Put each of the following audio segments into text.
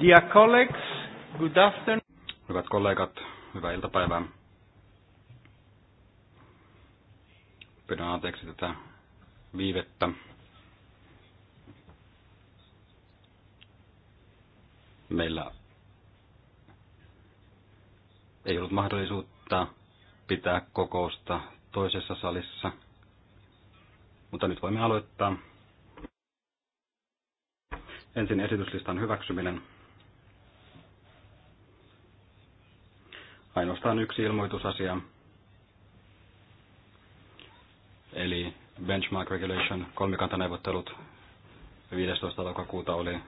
Dear colleagues, good afternoon. Hyvät kollegat, hyvää iltapäivää. Pyydän anteeksi tätä viivettä. Meillä ei ollut mahdollisuutta pitää kokousta toisessa salissa, mutta nyt voimme aloittaa. Ensin esityslistan hyväksyminen. ainoastaan yksi ilmoitusasia, eli Benchmark Regulation kolmikantaneuvottelut 15. lokakuuta oli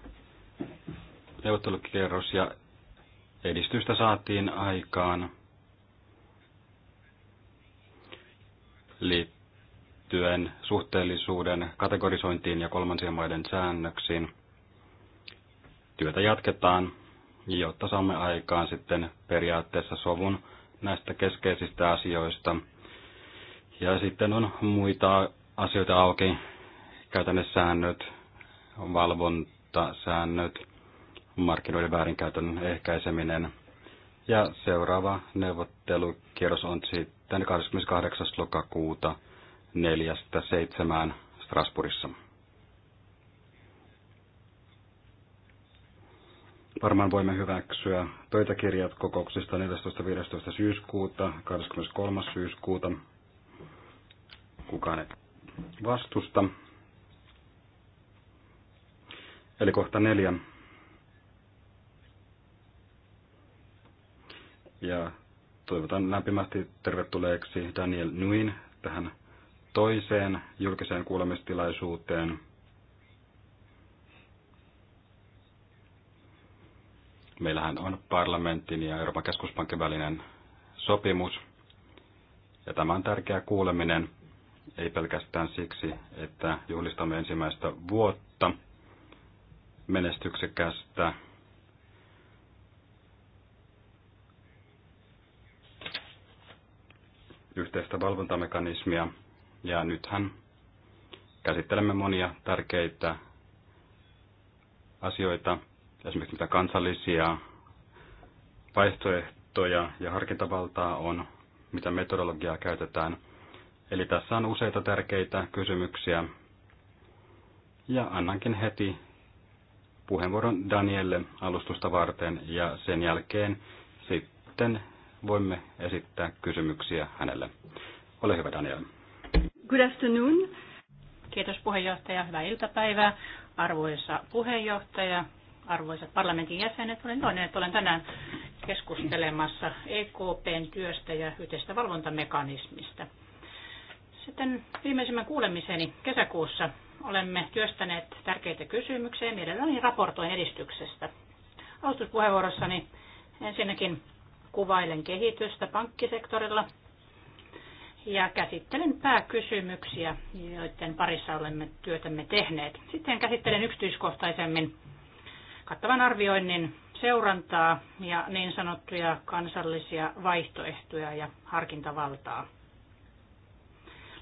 neuvottelukierros ja edistystä saatiin aikaan liittyen suhteellisuuden kategorisointiin ja kolmansien maiden säännöksiin. Työtä jatketaan jotta saamme aikaan sitten periaatteessa sovun näistä keskeisistä asioista. Ja sitten on muita asioita auki, käytännössäännöt, valvontasäännöt, markkinoiden väärinkäytön ehkäiseminen. Ja seuraava neuvottelukierros on sitten 28. lokakuuta 4.7. Strasbourgissa. Varmaan voimme hyväksyä pöytäkirjat kokouksista 14.15. syyskuuta, 23. syyskuuta. Kukaan ei vastusta. Eli kohta neljä. Ja toivotan lämpimästi tervetulleeksi Daniel Nguyen tähän toiseen julkiseen kuulemistilaisuuteen – Meillähän on parlamentin ja Euroopan keskuspankin välinen sopimus. Ja tämä on tärkeä kuuleminen, ei pelkästään siksi, että juhlistamme ensimmäistä vuotta menestyksekästä yhteistä valvontamekanismia. Ja nythän käsittelemme monia tärkeitä asioita, esimerkiksi mitä kansallisia vaihtoehtoja ja harkintavaltaa on, mitä metodologiaa käytetään. Eli tässä on useita tärkeitä kysymyksiä. Ja annankin heti puheenvuoron Danielle alustusta varten ja sen jälkeen sitten voimme esittää kysymyksiä hänelle. Ole hyvä Daniel. Good afternoon. Kiitos puheenjohtaja. Hyvää iltapäivää. Arvoisa puheenjohtaja, arvoisat parlamentin jäsenet. Olen toinen, että olen tänään keskustelemassa EKPn työstä ja yhteistä valvontamekanismista. Sitten viimeisimmän kuulemiseni kesäkuussa olemme työstäneet tärkeitä kysymyksiä ja mielelläni raportoin edistyksestä. Alustuspuheenvuorossani ensinnäkin kuvailen kehitystä pankkisektorilla ja käsittelen pääkysymyksiä, joiden parissa olemme työtämme tehneet. Sitten käsittelen yksityiskohtaisemmin kattavan arvioinnin seurantaa ja niin sanottuja kansallisia vaihtoehtoja ja harkintavaltaa.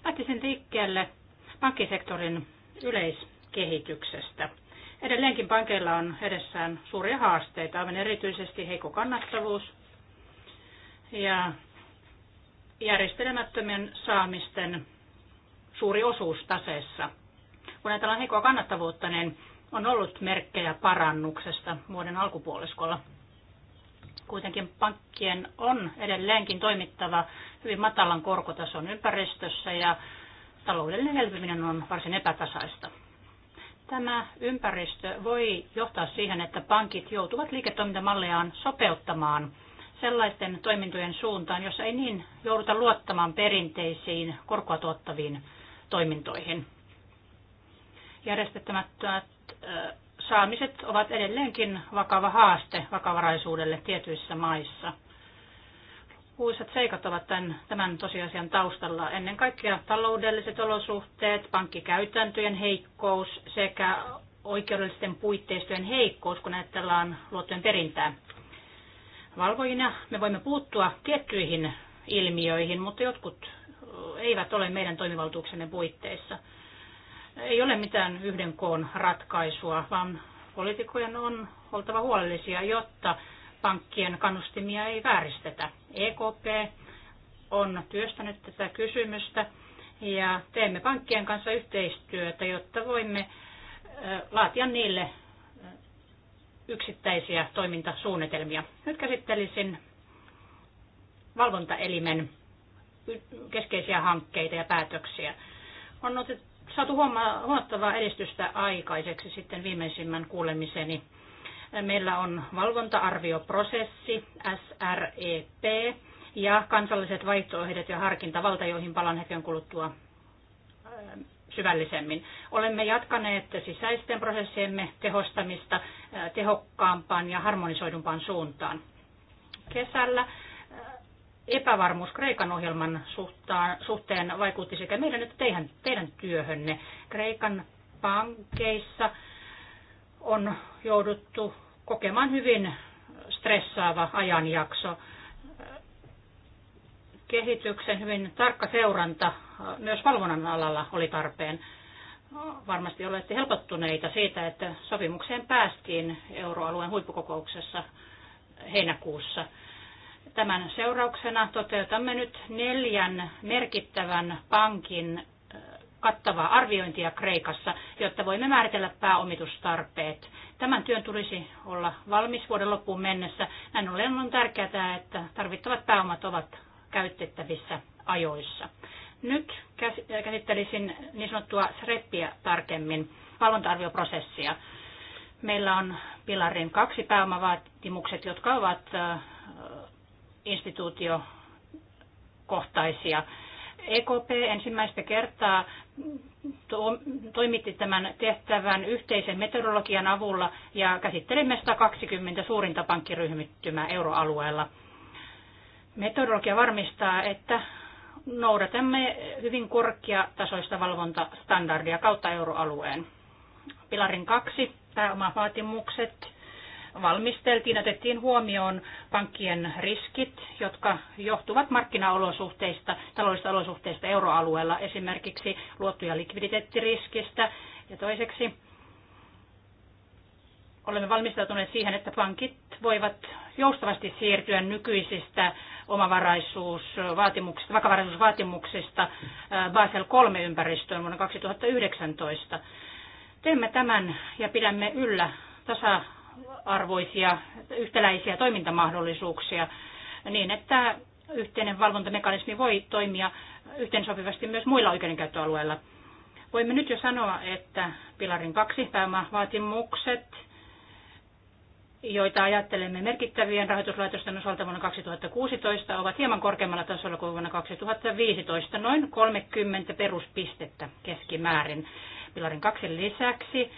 Lähtisin liikkeelle pankkisektorin yleiskehityksestä. Edelleenkin pankeilla on edessään suuria haasteita, aivan erityisesti heikko kannattavuus ja järjestelemättömien saamisten suuri osuus taseessa. Kun ajatellaan heikkoa kannattavuutta, niin on ollut merkkejä parannuksesta vuoden alkupuoliskolla. Kuitenkin pankkien on edelleenkin toimittava hyvin matalan korkotason ympäristössä ja taloudellinen elpyminen on varsin epätasaista. Tämä ympäristö voi johtaa siihen, että pankit joutuvat liiketoimintamallejaan sopeuttamaan sellaisten toimintojen suuntaan, jossa ei niin jouduta luottamaan perinteisiin korkoa tuottaviin toimintoihin. Järjestettämättömät saamiset ovat edelleenkin vakava haaste vakavaraisuudelle tietyissä maissa. Lukuisat seikat ovat tämän, tämän tosiasian taustalla. Ennen kaikkea taloudelliset olosuhteet, pankkikäytäntöjen heikkous sekä oikeudellisten puitteistojen heikkous, kun ajatellaan luottojen perintää. Valvojina me voimme puuttua tiettyihin ilmiöihin, mutta jotkut eivät ole meidän toimivaltuuksemme puitteissa ei ole mitään yhden koon ratkaisua, vaan poliitikkojen on oltava huolellisia, jotta pankkien kannustimia ei vääristetä. EKP on työstänyt tätä kysymystä ja teemme pankkien kanssa yhteistyötä, jotta voimme laatia niille yksittäisiä toimintasuunnitelmia. Nyt käsittelisin valvontaelimen keskeisiä hankkeita ja päätöksiä. On otettu saatu huoma- huomattavaa edistystä aikaiseksi sitten viimeisimmän kuulemiseni. Meillä on valvonta-arvioprosessi, SREP, ja kansalliset vaihtoehdot ja harkintavalta, joihin palan hetken kuluttua ähm, syvällisemmin. Olemme jatkaneet sisäisten prosessiemme tehostamista äh, tehokkaampaan ja harmonisoidumpaan suuntaan. Kesällä epävarmuus Kreikan ohjelman suhtaan, suhteen vaikutti sekä meidän että teidän, teidän työhönne. Kreikan pankeissa on jouduttu kokemaan hyvin stressaava ajanjakso. Kehityksen hyvin tarkka seuranta myös valvonnan alalla oli tarpeen. Varmasti olette helpottuneita siitä, että sopimukseen päästiin euroalueen huippukokouksessa heinäkuussa – Tämän seurauksena toteutamme nyt neljän merkittävän pankin kattavaa arviointia Kreikassa, jotta voimme määritellä pääomitustarpeet. Tämän työn tulisi olla valmis vuoden loppuun mennessä. Näin ollen on tärkeää, että tarvittavat pääomat ovat käytettävissä ajoissa. Nyt käsittelisin niin sanottua SREPiä tarkemmin, valvonta-arvioprosessia. Meillä on pilarin kaksi pääomavaatimukset, jotka ovat instituutiokohtaisia. EKP ensimmäistä kertaa toimitti tämän tehtävän yhteisen metodologian avulla ja käsittelimme 120 suurinta pankkiryhmittymää euroalueella. Metodologia varmistaa, että noudatamme hyvin korkeatasoista valvontastandardia kautta euroalueen. Pilarin kaksi, pääomavaatimukset valmisteltiin, otettiin huomioon pankkien riskit, jotka johtuvat markkinaolosuhteista, taloudellisista olosuhteista euroalueella, esimerkiksi luotto- ja likviditeettiriskistä. Ja toiseksi olemme valmistautuneet siihen, että pankit voivat joustavasti siirtyä nykyisistä omavaraisuusvaatimuksista, vakavaraisuusvaatimuksista äh, Basel 3 ympäristöön vuonna 2019. Teemme tämän ja pidämme yllä tasa arvoisia yhtäläisiä toimintamahdollisuuksia niin, että yhteinen valvontamekanismi voi toimia yhteensopivasti myös muilla oikeudenkäyttöalueilla. Voimme nyt jo sanoa, että pilarin kaksi pääomavaatimukset, joita ajattelemme merkittävien rahoituslaitosten osalta vuonna 2016, ovat hieman korkeammalla tasolla kuin vuonna 2015, noin 30 peruspistettä keskimäärin. Pilarin kaksi lisäksi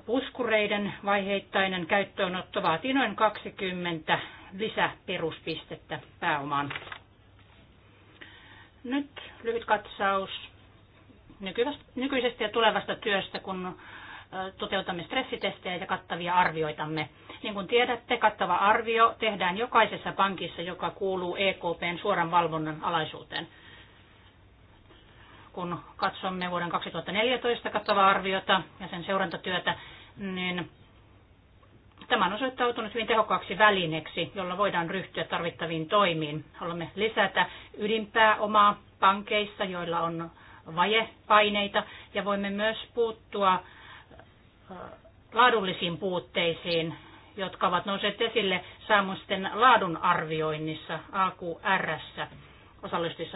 puskureiden vaiheittainen käyttöönotto vaatii noin 20 lisäperuspistettä pääomaan. Nyt lyhyt katsaus nykyisestä ja tulevasta työstä, kun toteutamme stressitestejä ja kattavia arvioitamme. Niin kuin tiedätte, kattava arvio tehdään jokaisessa pankissa, joka kuuluu EKPn suoran valvonnan alaisuuteen – kun katsomme vuoden 2014 kattavaa arviota ja sen seurantatyötä, niin tämä on osoittautunut hyvin tehokkaaksi välineeksi, jolla voidaan ryhtyä tarvittaviin toimiin. Haluamme lisätä ydinpääomaa pankeissa, joilla on vajepaineita, ja voimme myös puuttua laadullisiin puutteisiin, jotka ovat nousseet esille saamusten laadun arvioinnissa AQR-ssä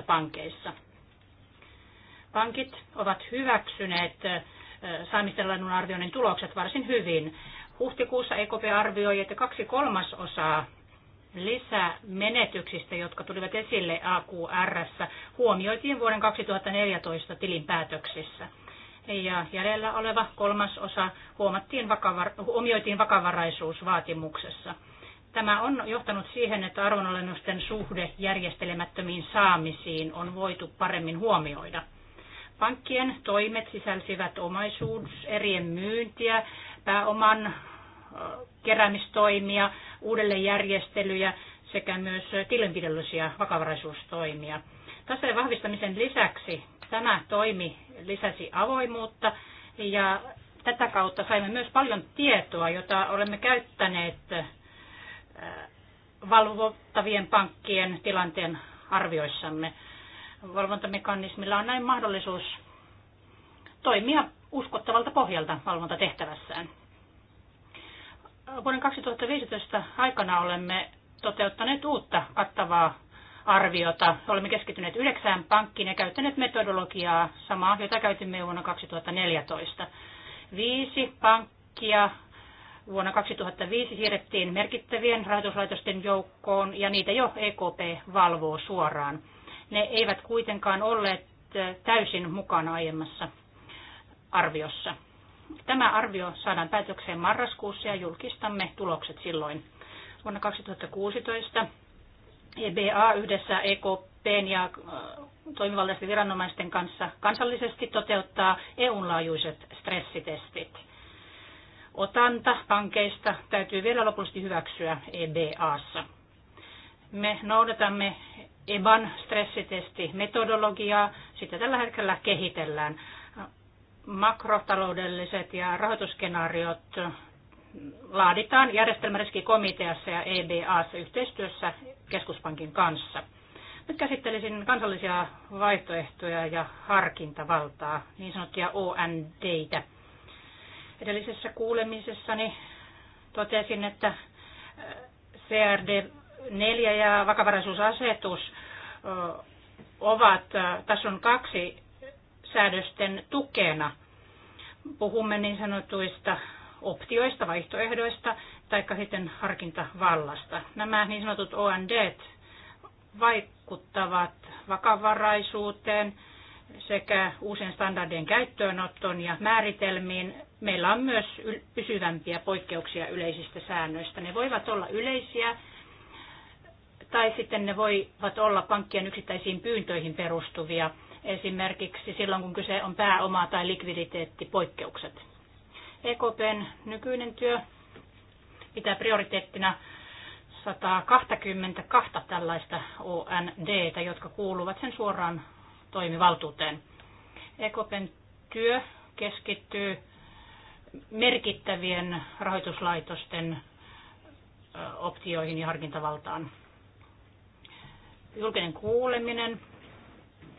pankeissa. Pankit ovat hyväksyneet saamistellannun arvioinnin tulokset varsin hyvin. Huhtikuussa EKP arvioi, että kaksi kolmasosaa lisämenetyksistä, jotka tulivat esille AQR, huomioitiin vuoden 2014 tilinpäätöksissä. Ja jäljellä oleva osa huomattiin vakavar- huomioitiin vakavaraisuusvaatimuksessa. Tämä on johtanut siihen, että arvonalennusten suhde järjestelemättömiin saamisiin on voitu paremmin huomioida – Pankkien toimet sisälsivät omaisuuserien myyntiä, pääoman keräämistoimia, uudelleenjärjestelyjä sekä myös tilinpidollisia vakavaraisuustoimia. Taseen vahvistamisen lisäksi tämä toimi lisäsi avoimuutta ja tätä kautta saimme myös paljon tietoa, jota olemme käyttäneet valvottavien pankkien tilanteen arvioissamme. Valvontamekanismilla on näin mahdollisuus toimia uskottavalta pohjalta valvontatehtävässään. Vuoden 2015 aikana olemme toteuttaneet uutta kattavaa arviota. Olemme keskittyneet yhdeksään pankkiin ja käyttäneet metodologiaa, samaa, jota käytimme vuonna 2014. Viisi pankkia vuonna 2005 siirrettiin merkittävien rahoituslaitosten joukkoon ja niitä jo EKP valvoo suoraan. Ne eivät kuitenkaan olleet täysin mukana aiemmassa arviossa. Tämä arvio saadaan päätökseen marraskuussa ja julkistamme tulokset silloin. Vuonna 2016 EBA yhdessä EKPn ja toimivaltaisten viranomaisten kanssa kansallisesti toteuttaa eu laajuiset stressitestit. Otanta pankeista täytyy vielä lopullisesti hyväksyä EBAssa. Me noudatamme EBAN stressitestimetodologiaa. Sitä tällä hetkellä kehitellään. Makrotaloudelliset ja rahoitusskenaariot laaditaan järjestelmäriskikomiteassa ja EBAssa yhteistyössä keskuspankin kanssa. Nyt käsittelisin kansallisia vaihtoehtoja ja harkintavaltaa, niin sanottuja ONDitä. Edellisessä kuulemisessani totesin, että CRD4 ja vakavaraisuusasetus ovat on kaksi säädösten tukena. Puhumme niin sanotuista optioista, vaihtoehdoista tai sitten harkintavallasta. Nämä niin sanotut OND vaikuttavat vakavaraisuuteen sekä uusien standardien käyttöönottoon ja määritelmiin. Meillä on myös pysyvämpiä poikkeuksia yleisistä säännöistä. Ne voivat olla yleisiä tai sitten ne voivat olla pankkien yksittäisiin pyyntöihin perustuvia, esimerkiksi silloin kun kyse on pääoma- tai likviditeettipoikkeukset. EKPn nykyinen työ pitää prioriteettina 122 tällaista OND, jotka kuuluvat sen suoraan toimivaltuuteen. EKPn työ keskittyy merkittävien rahoituslaitosten optioihin ja harkintavaltaan julkinen kuuleminen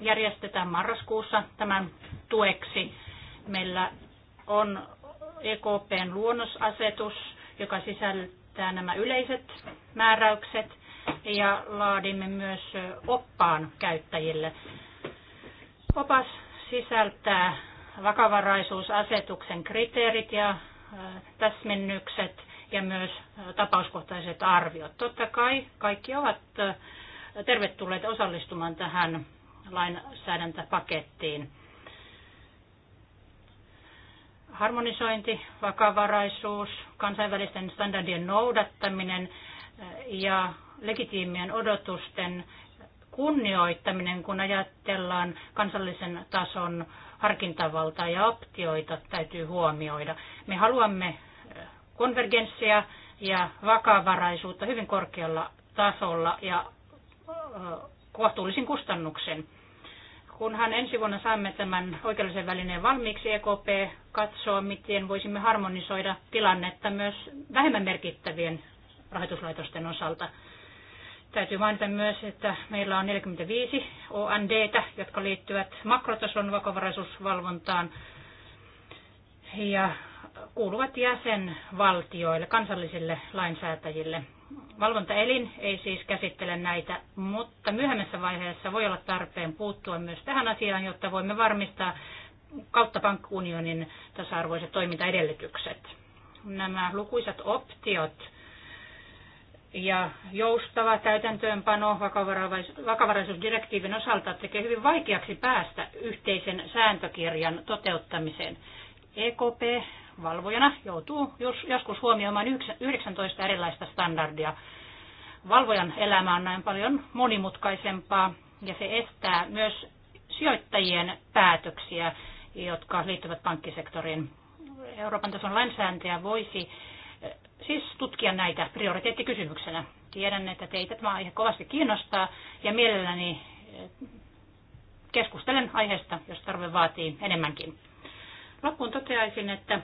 järjestetään marraskuussa tämän tueksi. Meillä on EKPn luonnosasetus, joka sisältää nämä yleiset määräykset ja laadimme myös oppaan käyttäjille. Opas sisältää vakavaraisuusasetuksen kriteerit ja täsmennykset ja myös tapauskohtaiset arviot. Totta kai kaikki ovat tervetulleet osallistumaan tähän lainsäädäntöpakettiin. Harmonisointi, vakavaraisuus, kansainvälisten standardien noudattaminen eh, ja legitiimien odotusten kunnioittaminen, kun ajatellaan kansallisen tason harkintavaltaa ja optioita, täytyy huomioida. Me haluamme eh, konvergenssia ja vakavaraisuutta hyvin korkealla tasolla ja kohtuullisin kustannuksen. Kunhan ensi vuonna saamme tämän oikeudellisen välineen valmiiksi, EKP katsoo, miten voisimme harmonisoida tilannetta myös vähemmän merkittävien rahoituslaitosten osalta. Täytyy mainita myös, että meillä on 45 OND, jotka liittyvät makrotason vakavaraisuusvalvontaan ja kuuluvat jäsenvaltioille, kansallisille lainsäätäjille. Valvontaelin ei siis käsittele näitä, mutta myöhemmässä vaiheessa voi olla tarpeen puuttua myös tähän asiaan, jotta voimme varmistaa kautta pankkiunionin tasa-arvoiset toimintaedellytykset. Nämä lukuisat optiot ja joustava täytäntöönpano vakavaraisuusdirektiivin osalta tekee hyvin vaikeaksi päästä yhteisen sääntökirjan toteuttamiseen. EKP valvojana joutuu joskus huomioimaan 19 erilaista standardia. Valvojan elämä on näin paljon monimutkaisempaa ja se estää myös sijoittajien päätöksiä, jotka liittyvät pankkisektoriin. Euroopan tason lainsääntöjä voisi eh, siis tutkia näitä prioriteettikysymyksenä. Tiedän, että teitä tämä aihe kovasti kiinnostaa ja mielelläni eh, keskustelen aiheesta, jos tarve vaatii enemmänkin. Loppuun toteaisin, että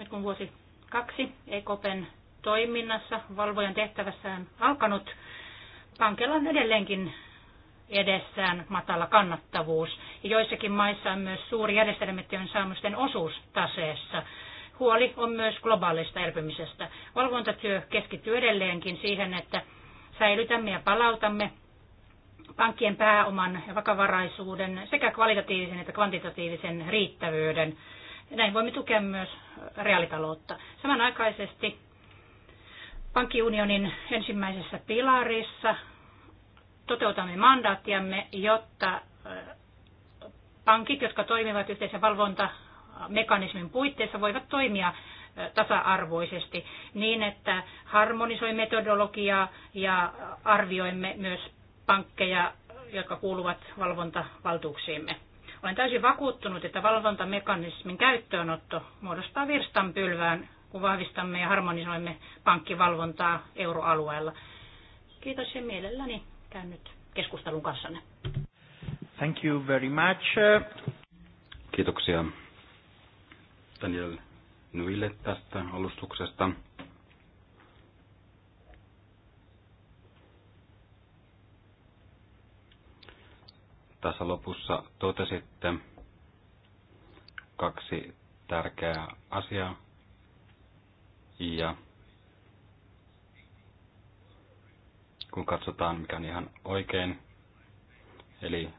nyt kun vuosi kaksi EKPn toiminnassa, valvojan tehtävässään alkanut, pankilla on edelleenkin edessään matala kannattavuus. Ja joissakin maissa on myös suuri järjestelmätyön saamusten osuus taseessa. Huoli on myös globaalista elpymisestä. Valvontatyö keskittyy edelleenkin siihen, että säilytämme ja palautamme pankkien pääoman ja vakavaraisuuden sekä kvalitatiivisen että kvantitatiivisen riittävyyden. Näin voimme tukea myös reaalitaloutta. Samanaikaisesti pankkiunionin ensimmäisessä pilarissa toteutamme mandaattiamme, jotta pankit, jotka toimivat yhteisen valvontamekanismin puitteissa, voivat toimia tasa-arvoisesti niin, että harmonisoi metodologiaa ja arvioimme myös pankkeja, jotka kuuluvat valvontavaltuuksiimme. Olen täysin vakuuttunut, että valvontamekanismin käyttöönotto muodostaa virstanpylvään, kun vahvistamme ja harmonisoimme pankkivalvontaa euroalueella. Kiitos ja mielelläni käyn nyt keskustelun kanssanne. Thank you very much. Kiitoksia Daniel Nuille tästä alustuksesta. tässä lopussa totesitte kaksi tärkeää asiaa. Ja kun katsotaan, mikä on ihan oikein, eli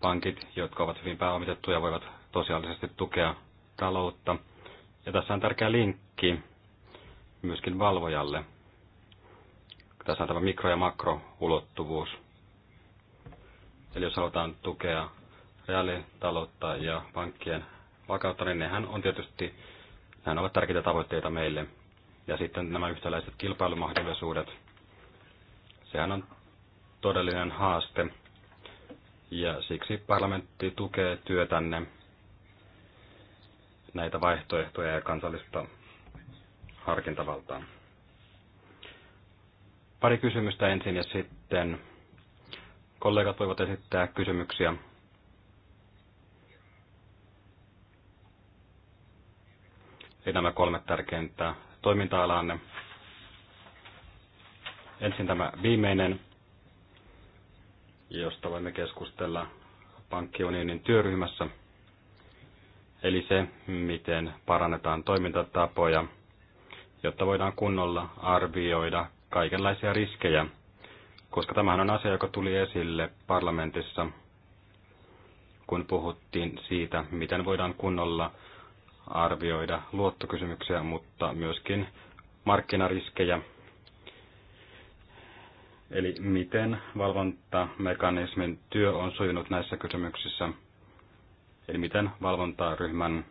pankit, jotka ovat hyvin pääomitettuja, voivat tosiaalisesti tukea taloutta. Ja tässä on tärkeä linkki myöskin valvojalle. Tässä on tämä mikro- ja makroulottuvuus. Eli jos halutaan tukea reaalitaloutta ja pankkien vakautta, niin nehän on tietysti nehän ovat tärkeitä tavoitteita meille. Ja sitten nämä yhtäläiset kilpailumahdollisuudet, sehän on todellinen haaste. Ja siksi parlamentti tukee työtänne näitä vaihtoehtoja ja kansallista harkintavaltaa. Pari kysymystä ensin ja sitten Kollegat voivat esittää kysymyksiä. Eli nämä kolme tärkeintä toiminta-alaanne. Ensin tämä viimeinen, josta voimme keskustella pankkiunionin työryhmässä. Eli se, miten parannetaan toimintatapoja, jotta voidaan kunnolla arvioida kaikenlaisia riskejä, koska tämähän on asia, joka tuli esille parlamentissa, kun puhuttiin siitä, miten voidaan kunnolla arvioida luottokysymyksiä, mutta myöskin markkinariskejä. Eli miten valvontamekanismin työ on sujunut näissä kysymyksissä, eli miten valvontaryhmän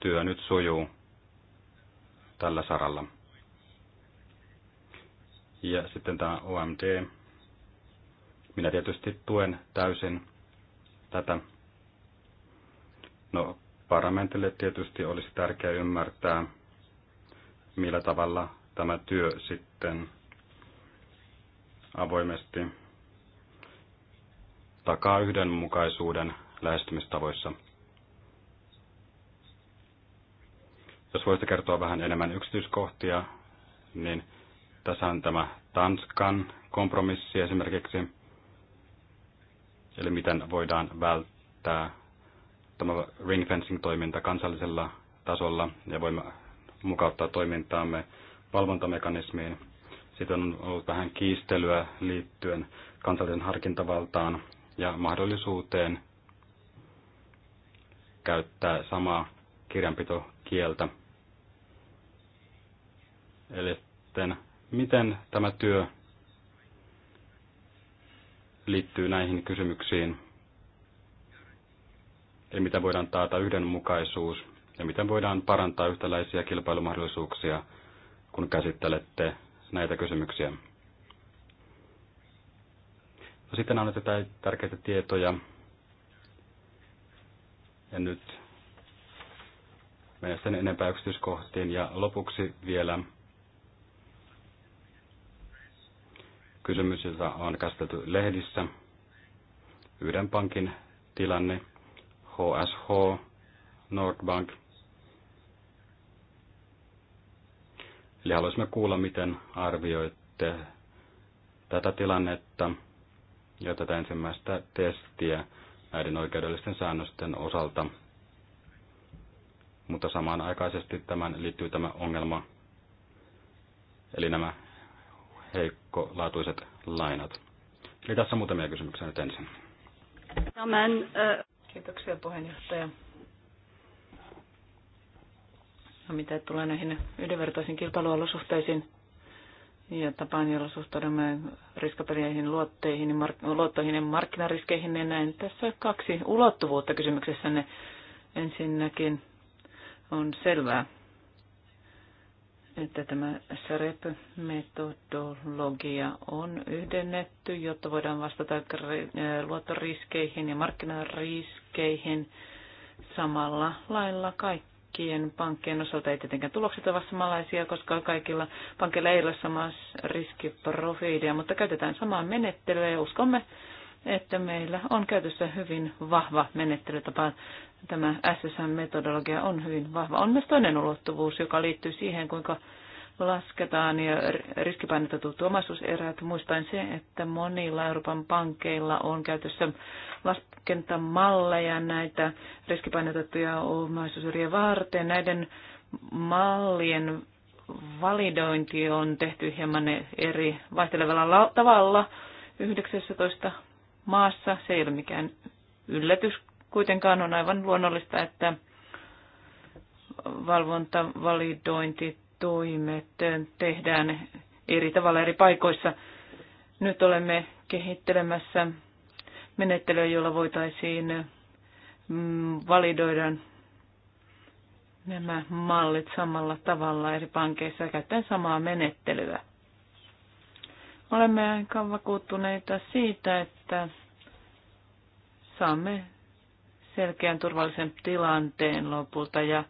työ nyt sujuu tällä saralla. Ja sitten tämä OMD. Minä tietysti tuen täysin tätä. No, parlamentille tietysti olisi tärkeää ymmärtää, millä tavalla tämä työ sitten avoimesti takaa yhdenmukaisuuden lähestymistavoissa. Jos voisitte kertoa vähän enemmän yksityiskohtia, niin tässä on tämä Tanskan kompromissi esimerkiksi, eli miten voidaan välttää tämä ring fencing toiminta kansallisella tasolla ja voimme mukauttaa toimintaamme valvontamekanismiin. Sitten on ollut vähän kiistelyä liittyen kansallisen harkintavaltaan ja mahdollisuuteen käyttää samaa kirjanpitokieltä. Eli sitten miten tämä työ liittyy näihin kysymyksiin, eli miten voidaan taata yhdenmukaisuus ja miten voidaan parantaa yhtäläisiä kilpailumahdollisuuksia, kun käsittelette näitä kysymyksiä. No, sitten annetaan tärkeitä tietoja. En nyt mene sen enempää yksityiskohtiin. Ja lopuksi vielä kysymys, jota on käsitelty lehdissä. Yhden pankin tilanne, HSH, Nordbank. Eli haluaisimme kuulla, miten arvioitte tätä tilannetta ja tätä ensimmäistä testiä näiden oikeudellisten säännösten osalta. Mutta samanaikaisesti tämän liittyy tämä ongelma, eli nämä heikkolaatuiset lainat. Eli tässä muutamia kysymyksiä nyt ensin. Tämän, äh... Kiitoksia puheenjohtaja. No, mitä tulee näihin yhdenvertaisiin kilpailuolosuhteisiin ja tapaan, jolla suhtaudumme riskapeleihin, luotteihin, ja niin mark- luottoihin ja markkinariskeihin, niin näin tässä kaksi ulottuvuutta kysymyksessänne. Ensinnäkin on selvää, että tämä SREP-metodologia on yhdennetty, jotta voidaan vastata luottoriskeihin ja markkinariskeihin samalla lailla kaikkien pankkien osalta. Ei tietenkään tulokset ole samanlaisia, koska kaikilla pankilla ei ole samaa riskiprofiilia, mutta käytetään samaa menettelyä ja uskomme, että meillä on käytössä hyvin vahva menettelytapa. Tämä SSM-metodologia on hyvin vahva. On myös toinen ulottuvuus, joka liittyy siihen, kuinka lasketaan ja riskipainotetut omaisuuserät, Muistan se, että monilla Euroopan pankeilla on käytössä laskentamalleja näitä riskipainotettuja omaisuuseriä varten. Näiden mallien validointi on tehty hieman eri vaihtelevalla tavalla. 19 maassa. Se ei ole mikään yllätys kuitenkaan. On aivan luonnollista, että valvontavalidointitoimet tehdään eri tavalla eri paikoissa. Nyt olemme kehittelemässä menettelyä, jolla voitaisiin mm, validoida nämä mallit samalla tavalla eri pankeissa käyttäen samaa menettelyä. Olemme aika vakuuttuneita siitä, että saamme selkeän turvallisen tilanteen lopulta ja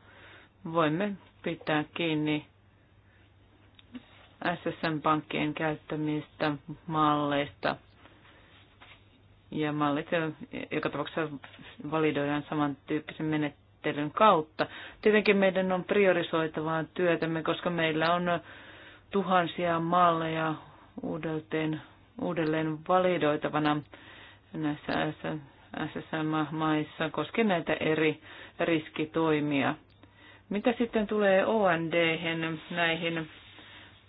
voimme pitää kiinni SSM-pankkien käyttämistä malleista. Ja mallit joka tapauksessa validoidaan samantyyppisen menettelyn kautta. Tietenkin meidän on priorisoitavaa työtämme, koska meillä on tuhansia malleja uudelleen, uudelleen validoitavana näissä SSM-maissa koskien näitä eri riskitoimia. Mitä sitten tulee OND, näihin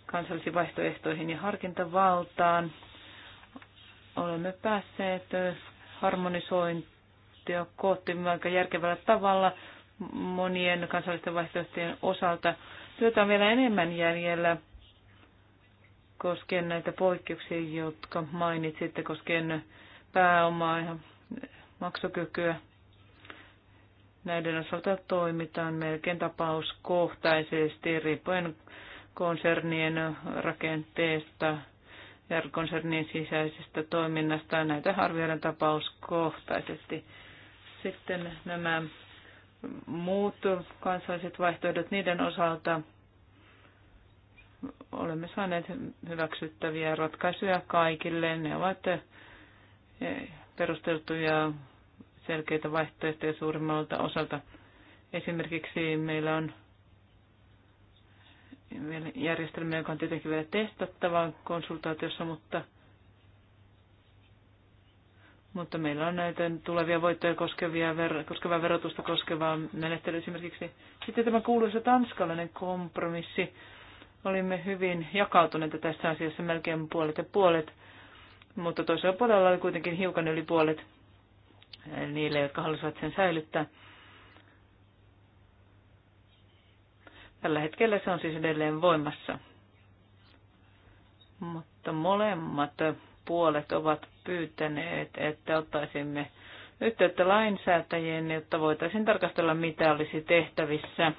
kansallisiin vaihtoehtoihin ja harkintavaltaan? Olemme päässeet harmonisointia kohti aika järkevällä tavalla monien kansallisten vaihtoehtojen osalta. Työtä on vielä enemmän jäljellä koskien näitä poikkeuksia, jotka mainitsitte, koskien pääomaa ja maksukykyä. Näiden osalta toimitaan melkein tapauskohtaisesti riippuen konsernien rakenteesta ja konsernin sisäisestä toiminnasta. Näitä arvioidaan tapauskohtaisesti. Sitten nämä muut kansalliset vaihtoehdot, niiden osalta olemme saaneet hyväksyttäviä ratkaisuja kaikille. Ne ovat eh, perusteltuja selkeitä vaihtoehtoja suurimmalta osalta. Esimerkiksi meillä on vielä järjestelmä, joka on tietenkin vielä testattava konsultaatiossa, mutta, mutta meillä on näitä tulevia voittoja koskevia, koskevaa verotusta koskevaa menettelyä esimerkiksi. Sitten tämä kuuluisa tanskalainen kompromissi olimme hyvin jakautuneita tässä asiassa melkein puolet ja puolet, mutta toisella puolella oli kuitenkin hiukan yli puolet niille, jotka halusivat sen säilyttää. Tällä hetkellä se on siis edelleen voimassa. Mutta molemmat puolet ovat pyytäneet, että ottaisimme yhteyttä lainsäätäjien, jotta voitaisiin tarkastella, mitä olisi tehtävissä –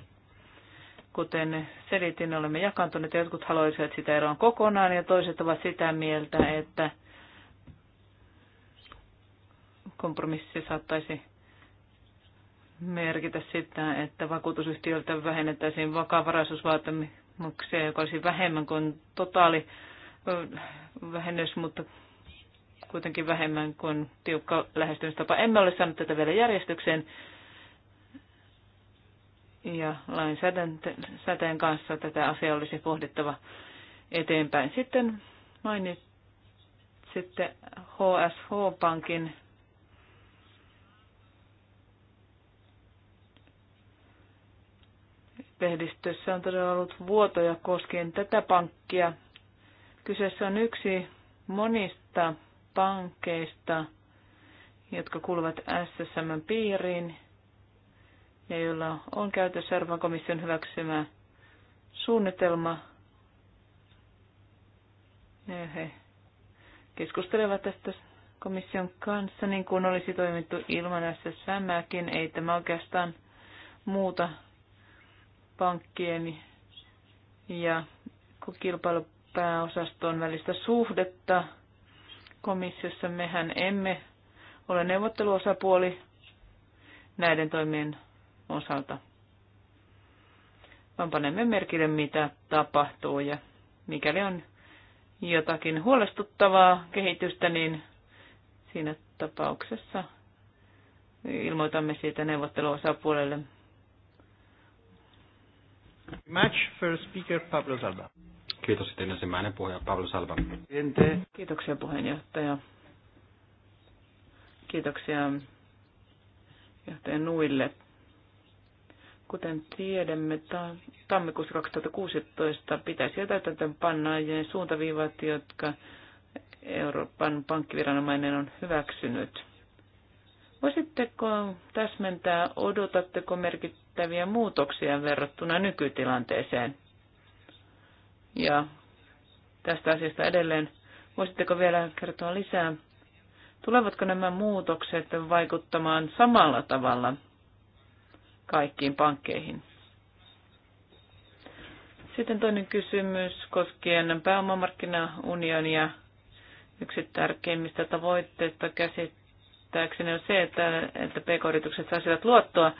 Kuten selitin, olemme jakantuneet. Jotkut haluaisivat sitä eroon kokonaan ja toiset ovat sitä mieltä, että kompromissi saattaisi merkitä sitä, että vakuutusyhtiöltä vähennettäisiin vakavaraisuusvaatimuksia, joka olisi vähemmän kuin totaali vähennys, mutta kuitenkin vähemmän kuin tiukka lähestymistapa. Emme ole saaneet tätä vielä järjestykseen ja lainsäätäjän kanssa tätä asiaa olisi pohdittava eteenpäin. Sitten mainitsitte HSH-pankin lehdistössä on todella ollut vuotoja koskien tätä pankkia. Kyseessä on yksi monista pankkeista, jotka kuuluvat SSM piiriin ja joilla on käytössä Euroopan komission hyväksymä suunnitelma. Ja he keskustelevat tästä komission kanssa, niin kuin olisi toimittu ilman SSMääkin. Ei tämä oikeastaan muuta pankkien ja kilpailupääosaston välistä suhdetta. Komissiossa mehän emme ole neuvotteluosapuoli näiden toimien osalta, vaan panemme merkille, mitä tapahtuu ja mikäli on jotakin huolestuttavaa kehitystä, niin siinä tapauksessa ilmoitamme siitä neuvotteluosapuolelle. Match for speaker Pablo Salva. Kiitos sitten ensimmäinen puhuja Pablo Salva. Kiitoksia puheenjohtaja. Kiitoksia johtaja Nuille Kuten tiedämme, tammikuussa 2016 pitäisi jo täytäntöön panna suuntaviivat, jotka Euroopan pankkiviranomainen on hyväksynyt. Voisitteko täsmentää, odotatteko merkittäviä muutoksia verrattuna nykytilanteeseen? Ja tästä asiasta edelleen, voisitteko vielä kertoa lisää? Tulevatko nämä muutokset vaikuttamaan samalla tavalla kaikkiin pankkeihin. Sitten toinen kysymys koskien pääomamarkkinaunionia. Yksi tärkeimmistä tavoitteista käsittääkseni on se, että, että pk-yritykset saisivat luottoa.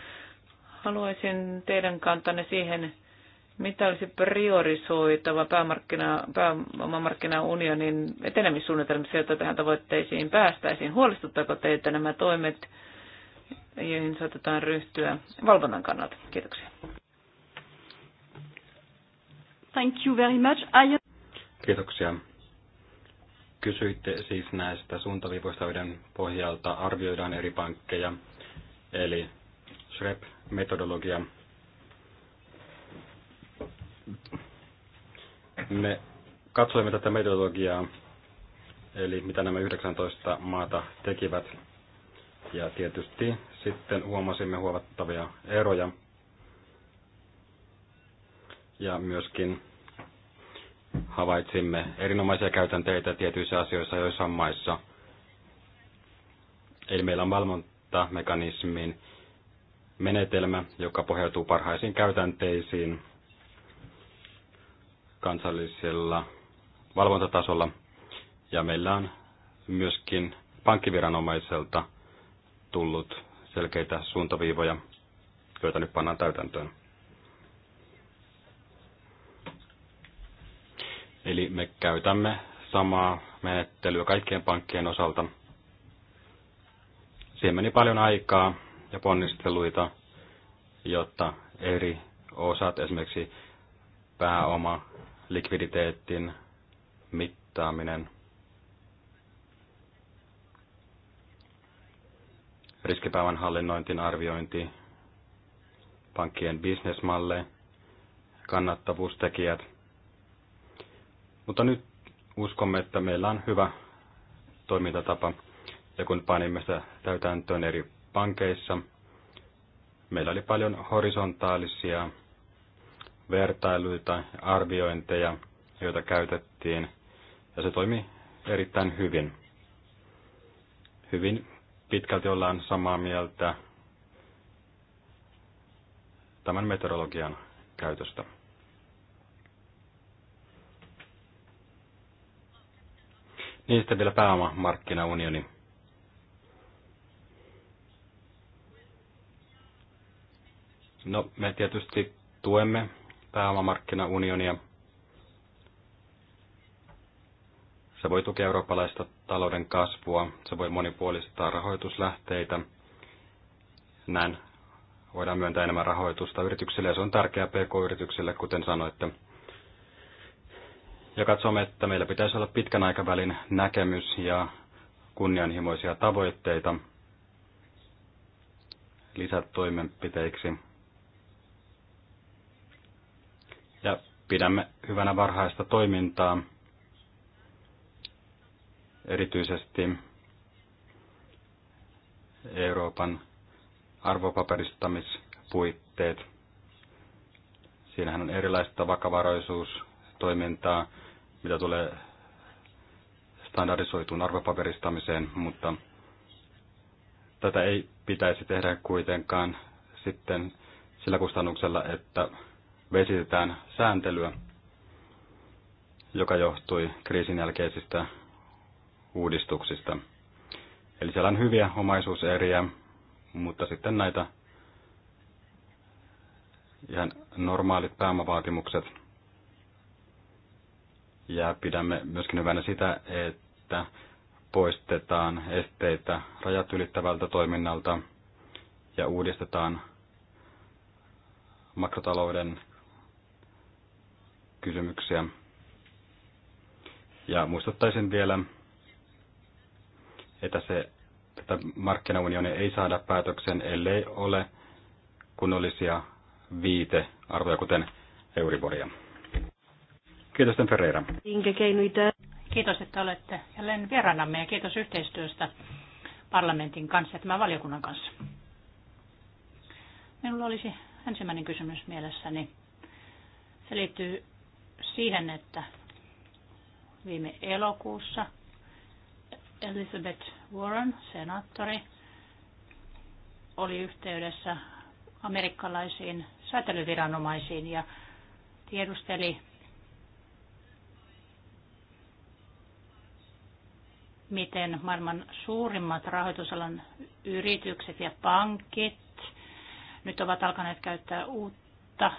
Haluaisin teidän kantanne siihen, mitä olisi priorisoitava päämarkkina, pääomamarkkinaunionin etenemissuunnitelmissa, jotta tähän tavoitteisiin päästäisiin? Huolestuttaako teitä nämä toimet joihin saatetaan ryhtyä valvonnan kannalta. Kiitoksia. Thank you very much. I... Kiitoksia. Kysyitte siis näistä suuntaviivoista, joiden pohjalta arvioidaan eri pankkeja, eli SREP-metodologia. Me katsoimme tätä metodologiaa, eli mitä nämä 19 maata tekivät ja tietysti sitten huomasimme huomattavia eroja. Ja myöskin havaitsimme erinomaisia käytänteitä tietyissä asioissa joissain maissa. Eli meillä on valvontamekanismin menetelmä, joka pohjautuu parhaisiin käytänteisiin kansallisella valvontatasolla. Ja meillä on myöskin pankkiviranomaiselta tullut selkeitä suuntaviivoja, joita nyt pannaan täytäntöön. Eli me käytämme samaa menettelyä kaikkien pankkien osalta. Siihen meni paljon aikaa ja ponnisteluita, jotta eri osat, esimerkiksi pääoma, likviditeetin mittaaminen – riskipäivän hallinnointin arviointi, pankkien bisnesmalle, kannattavuustekijät. Mutta nyt uskomme, että meillä on hyvä toimintatapa, ja kun panimme sitä täytäntöön eri pankeissa, meillä oli paljon horisontaalisia vertailuita ja arviointeja, joita käytettiin, ja se toimi erittäin hyvin. Hyvin pitkälti ollaan samaa mieltä tämän meteorologian käytöstä. Niin sitten vielä pääomamarkkinaunioni. No, me tietysti tuemme pääomamarkkinaunionia. Se voi tukea eurooppalaista talouden kasvua, se voi monipuolistaa rahoituslähteitä. Näin voidaan myöntää enemmän rahoitusta yrityksille ja se on tärkeää PK-yrityksille, kuten sanoitte. Ja katsomme, että meillä pitäisi olla pitkän aikavälin näkemys ja kunnianhimoisia tavoitteita lisätoimenpiteiksi. Ja pidämme hyvänä varhaista toimintaa erityisesti Euroopan arvopaperistamispuitteet. Siinähän on erilaista vakavaraisuustoimintaa, mitä tulee standardisoituun arvopaperistamiseen, mutta tätä ei pitäisi tehdä kuitenkaan sitten sillä kustannuksella, että vesitetään sääntelyä, joka johtui kriisin jälkeisistä uudistuksista. Eli siellä on hyviä omaisuuseriä, mutta sitten näitä ihan normaalit pääomavaatimukset. Ja pidämme myöskin hyvänä sitä, että poistetaan esteitä rajat ylittävältä toiminnalta ja uudistetaan makrotalouden kysymyksiä. Ja muistuttaisin vielä, että se, tätä markkinaunionia ei saada päätöksen, ellei ole kunnollisia viitearvoja, kuten Euriboria. Kiitos, Ferreira. Kiitos, että olette jälleen vieraanamme ja kiitos yhteistyöstä parlamentin kanssa ja tämän valiokunnan kanssa. Minulla olisi ensimmäinen kysymys mielessäni. Se liittyy siihen, että viime elokuussa Elizabeth Warren, senaattori, oli yhteydessä amerikkalaisiin säätelyviranomaisiin ja tiedusteli, miten maailman suurimmat rahoitusalan yritykset ja pankit nyt ovat alkaneet käyttää uutta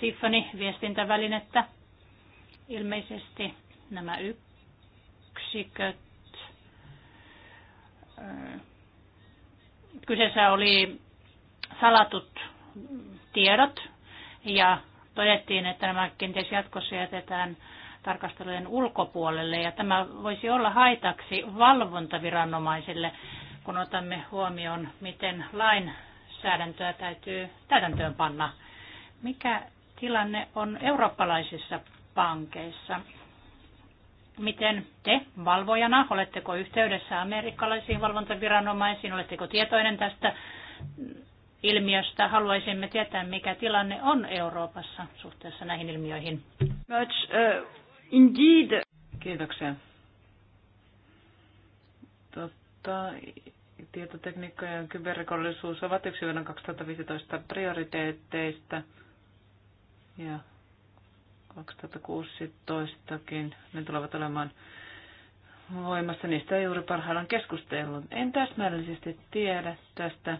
Symphony-viestintävälinettä. Ilmeisesti nämä yksiköt Kyseessä oli salatut tiedot ja todettiin, että nämä kenties jatkossa jätetään tarkastelujen ulkopuolelle ja tämä voisi olla haitaksi valvontaviranomaisille, kun otamme huomioon, miten lainsäädäntöä täytyy täytäntöön panna. Mikä tilanne on eurooppalaisissa pankeissa? Miten te valvojana, oletteko yhteydessä amerikkalaisiin valvontaviranomaisiin, oletteko tietoinen tästä ilmiöstä? Haluaisimme tietää, mikä tilanne on Euroopassa suhteessa näihin ilmiöihin. Much, uh, indeed. Kiitoksia. Totta, tietotekniikka ja kyberrikollisuus ovat yksi vuoden 2015 prioriteetteista. Ja 2016kin ne tulevat olemaan voimassa. Niistä ei juuri parhaillaan keskustellut. En täsmällisesti tiedä tästä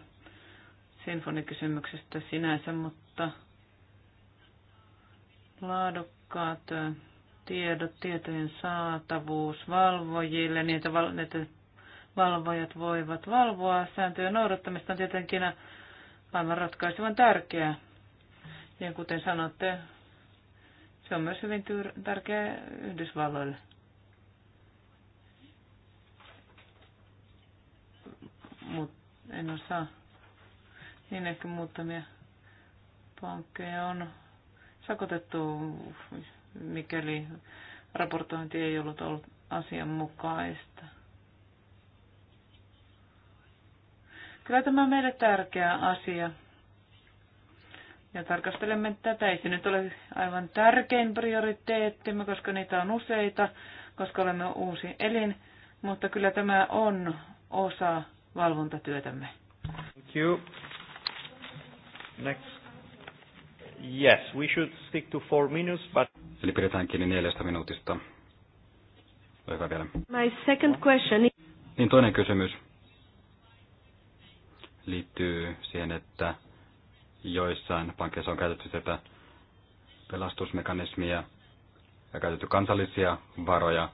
sinfonikysymyksestä sinänsä, mutta laadukkaat tiedot, tietojen saatavuus valvojille, niin, että valvojat voivat valvoa. Sääntöjen noudattamista on tietenkin aivan ratkaisevan tärkeää. Ja kuten sanotte, se on myös hyvin tärkeä Yhdysvalloille. Mut en osaa. Niin ehkä muutamia pankkeja on sakotettu, mikäli raportointi ei ollut ollut asianmukaista. Kyllä tämä on meille tärkeä asia. Ja tarkastelemme tätä. Ei se nyt ole aivan tärkein prioriteettimme, koska niitä on useita, koska olemme uusi elin, mutta kyllä tämä on osa valvontatyötämme. Thank you. Next. Yes, we should stick to four minutes, but... Eli pidetään kiinni neljästä minuutista. Ole hyvä vielä. My second question is... Niin toinen kysymys liittyy siihen, että Joissain pankeissa on käytetty tätä pelastusmekanismia ja käytetty kansallisia varoja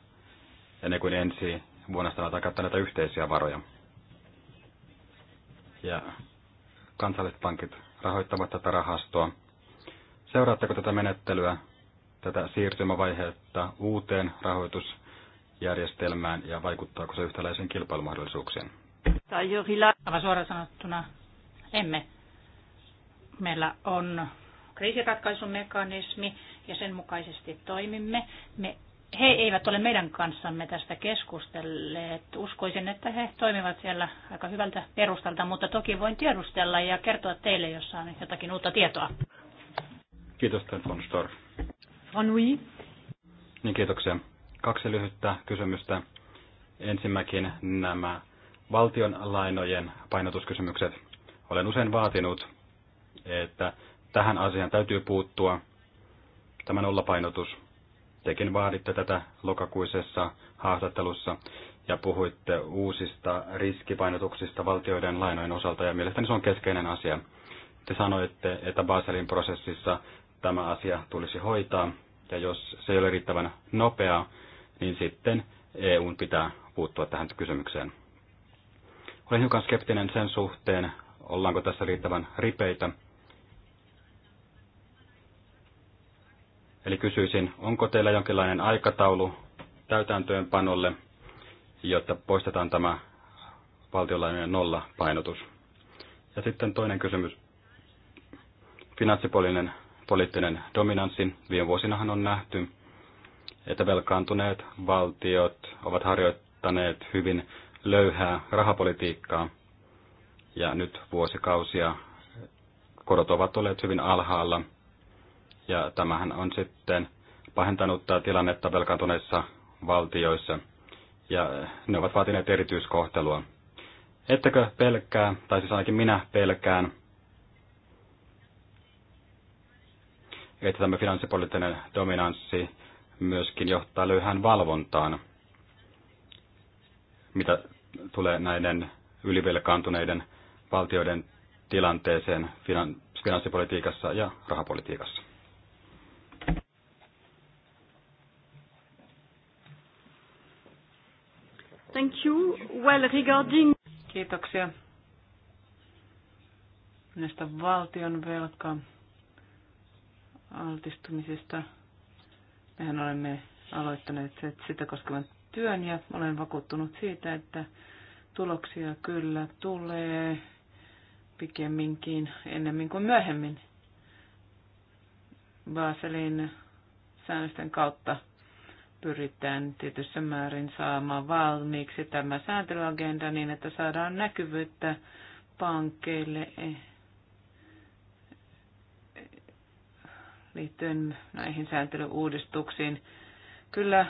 ennen kuin ensi vuonna sanotaan käyttää näitä yhteisiä varoja. Ja kansalliset pankit rahoittavat tätä rahastoa. Seuraatteko tätä menettelyä, tätä siirtymävaihetta uuteen rahoitusjärjestelmään ja vaikuttaako se yhtäläisiin kilpailumahdollisuuksiin? Aivan suoraan sanottuna emme. Meillä on kriisiratkaisumekanismi ja sen mukaisesti toimimme. Me, he eivät ole meidän kanssamme tästä keskustelleet. Uskoisin, että he toimivat siellä aika hyvältä perustalta, mutta toki voin tiedustella ja kertoa teille, jos saan jotakin uutta tietoa. Kiitos, von Storff. Von oui. Niin, kiitoksia. Kaksi lyhyttä kysymystä. Ensimmäkin nämä valtion lainojen painotuskysymykset. Olen usein vaatinut, että tähän asiaan täytyy puuttua. Tämä nollapainotus. Tekin vaaditte tätä lokakuisessa haastattelussa ja puhuitte uusista riskipainotuksista valtioiden lainojen osalta ja mielestäni se on keskeinen asia. Te sanoitte, että Baselin prosessissa tämä asia tulisi hoitaa ja jos se ei ole riittävän nopeaa, niin sitten EUn pitää puuttua tähän kysymykseen. Olen hiukan skeptinen sen suhteen, ollaanko tässä riittävän ripeitä Eli kysyisin, onko teillä jonkinlainen aikataulu täytäntöönpanolle, jotta poistetaan tämä valtionlainojen nollapainotus? Ja sitten toinen kysymys. Finanssipoliittinen poliittinen dominanssi. Viime vuosinahan on nähty, että velkaantuneet valtiot ovat harjoittaneet hyvin löyhää rahapolitiikkaa. Ja nyt vuosikausia korot ovat olleet hyvin alhaalla – ja tämähän on sitten pahentanut tämä tilannetta velkaantuneissa valtioissa, ja ne ovat vaatineet erityiskohtelua. Ettekö pelkää, tai siis ainakin minä pelkään, että tämä finanssipoliittinen dominanssi myöskin johtaa löyhään valvontaan, mitä tulee näiden ylivelkaantuneiden valtioiden tilanteeseen finanssipolitiikassa ja rahapolitiikassa. Thank you. Well, regarding... Kiitoksia. Näistä valtion velka altistumisesta. Mehän olemme aloittaneet sitä koskevan työn ja olen vakuuttunut siitä, että tuloksia kyllä tulee pikemminkin ennemmin kuin myöhemmin Baselin säännösten kautta pyritään tietyssä määrin saamaan valmiiksi tämä sääntelyagenda niin, että saadaan näkyvyyttä pankeille e, liittyen näihin sääntelyuudistuksiin. Kyllä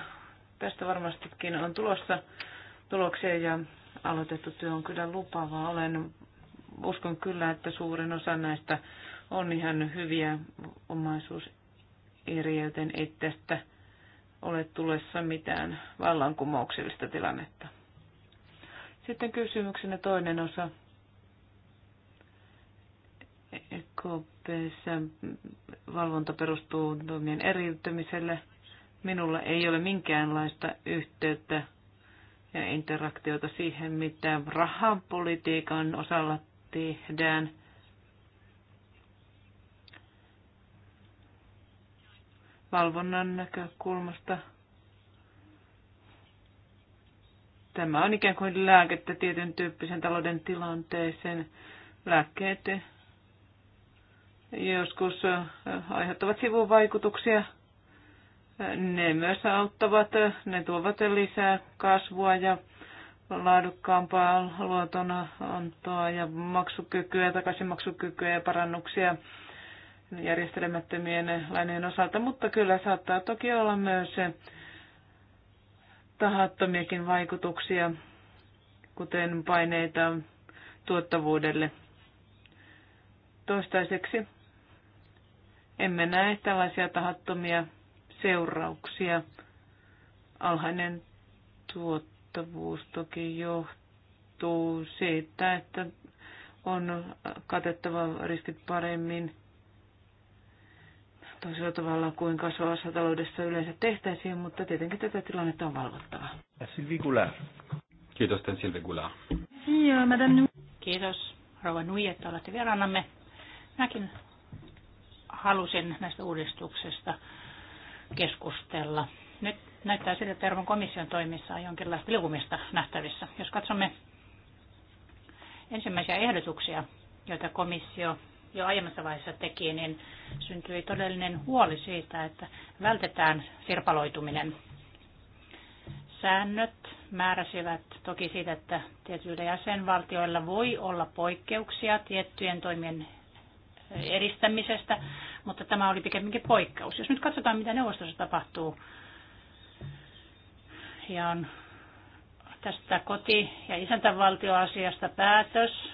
tästä varmastikin on tulossa tuloksia ja aloitettu työ on kyllä lupavaa. Olen, uskon kyllä, että suurin osa näistä on ihan hyviä omaisuuseriä, joten tästä ole tulessa mitään vallankumouksellista tilannetta. Sitten kysymyksenä toinen osa. EKPssä valvonta perustuu toimien eriyttämiselle. Minulla ei ole minkäänlaista yhteyttä ja interaktiota siihen, mitä rahapolitiikan osalla tehdään. valvonnan näkökulmasta. Tämä on ikään kuin lääkettä tietyn tyyppisen talouden tilanteeseen. Lääkkeet joskus aiheuttavat sivuvaikutuksia. Ne myös auttavat, ne tuovat lisää kasvua ja laadukkaampaa luotonantoa ja maksukykyä, maksukykyä ja parannuksia järjestelemättömien lainojen osalta, mutta kyllä saattaa toki olla myös tahattomiakin vaikutuksia, kuten paineita tuottavuudelle. Toistaiseksi emme näe tällaisia tahattomia seurauksia. Alhainen tuottavuus toki johtuu siitä, että on katettava riskit paremmin – toisella tavalla kuin kasvavassa taloudessa yleensä tehtäisiin, mutta tietenkin tätä tilannetta on valvottava. Sylvie Kiitos, tämän Sylvie Joo, madame. Kiitos, rouva Nui, että olette vierannamme. Mäkin halusin näistä uudistuksista keskustella. Nyt näyttää siltä, että Euroopan komission toimissa on jonkinlaista liukumista nähtävissä. Jos katsomme ensimmäisiä ehdotuksia, joita komissio jo aiemmassa vaiheessa teki, niin syntyi todellinen huoli siitä, että vältetään sirpaloituminen. Säännöt määräsivät toki siitä, että tietyillä jäsenvaltioilla voi olla poikkeuksia tiettyjen toimien eristämisestä, mutta tämä oli pikemminkin poikkeus. Jos nyt katsotaan, mitä neuvostossa tapahtuu, ja on tästä koti- ja isäntävaltioasiasta päätös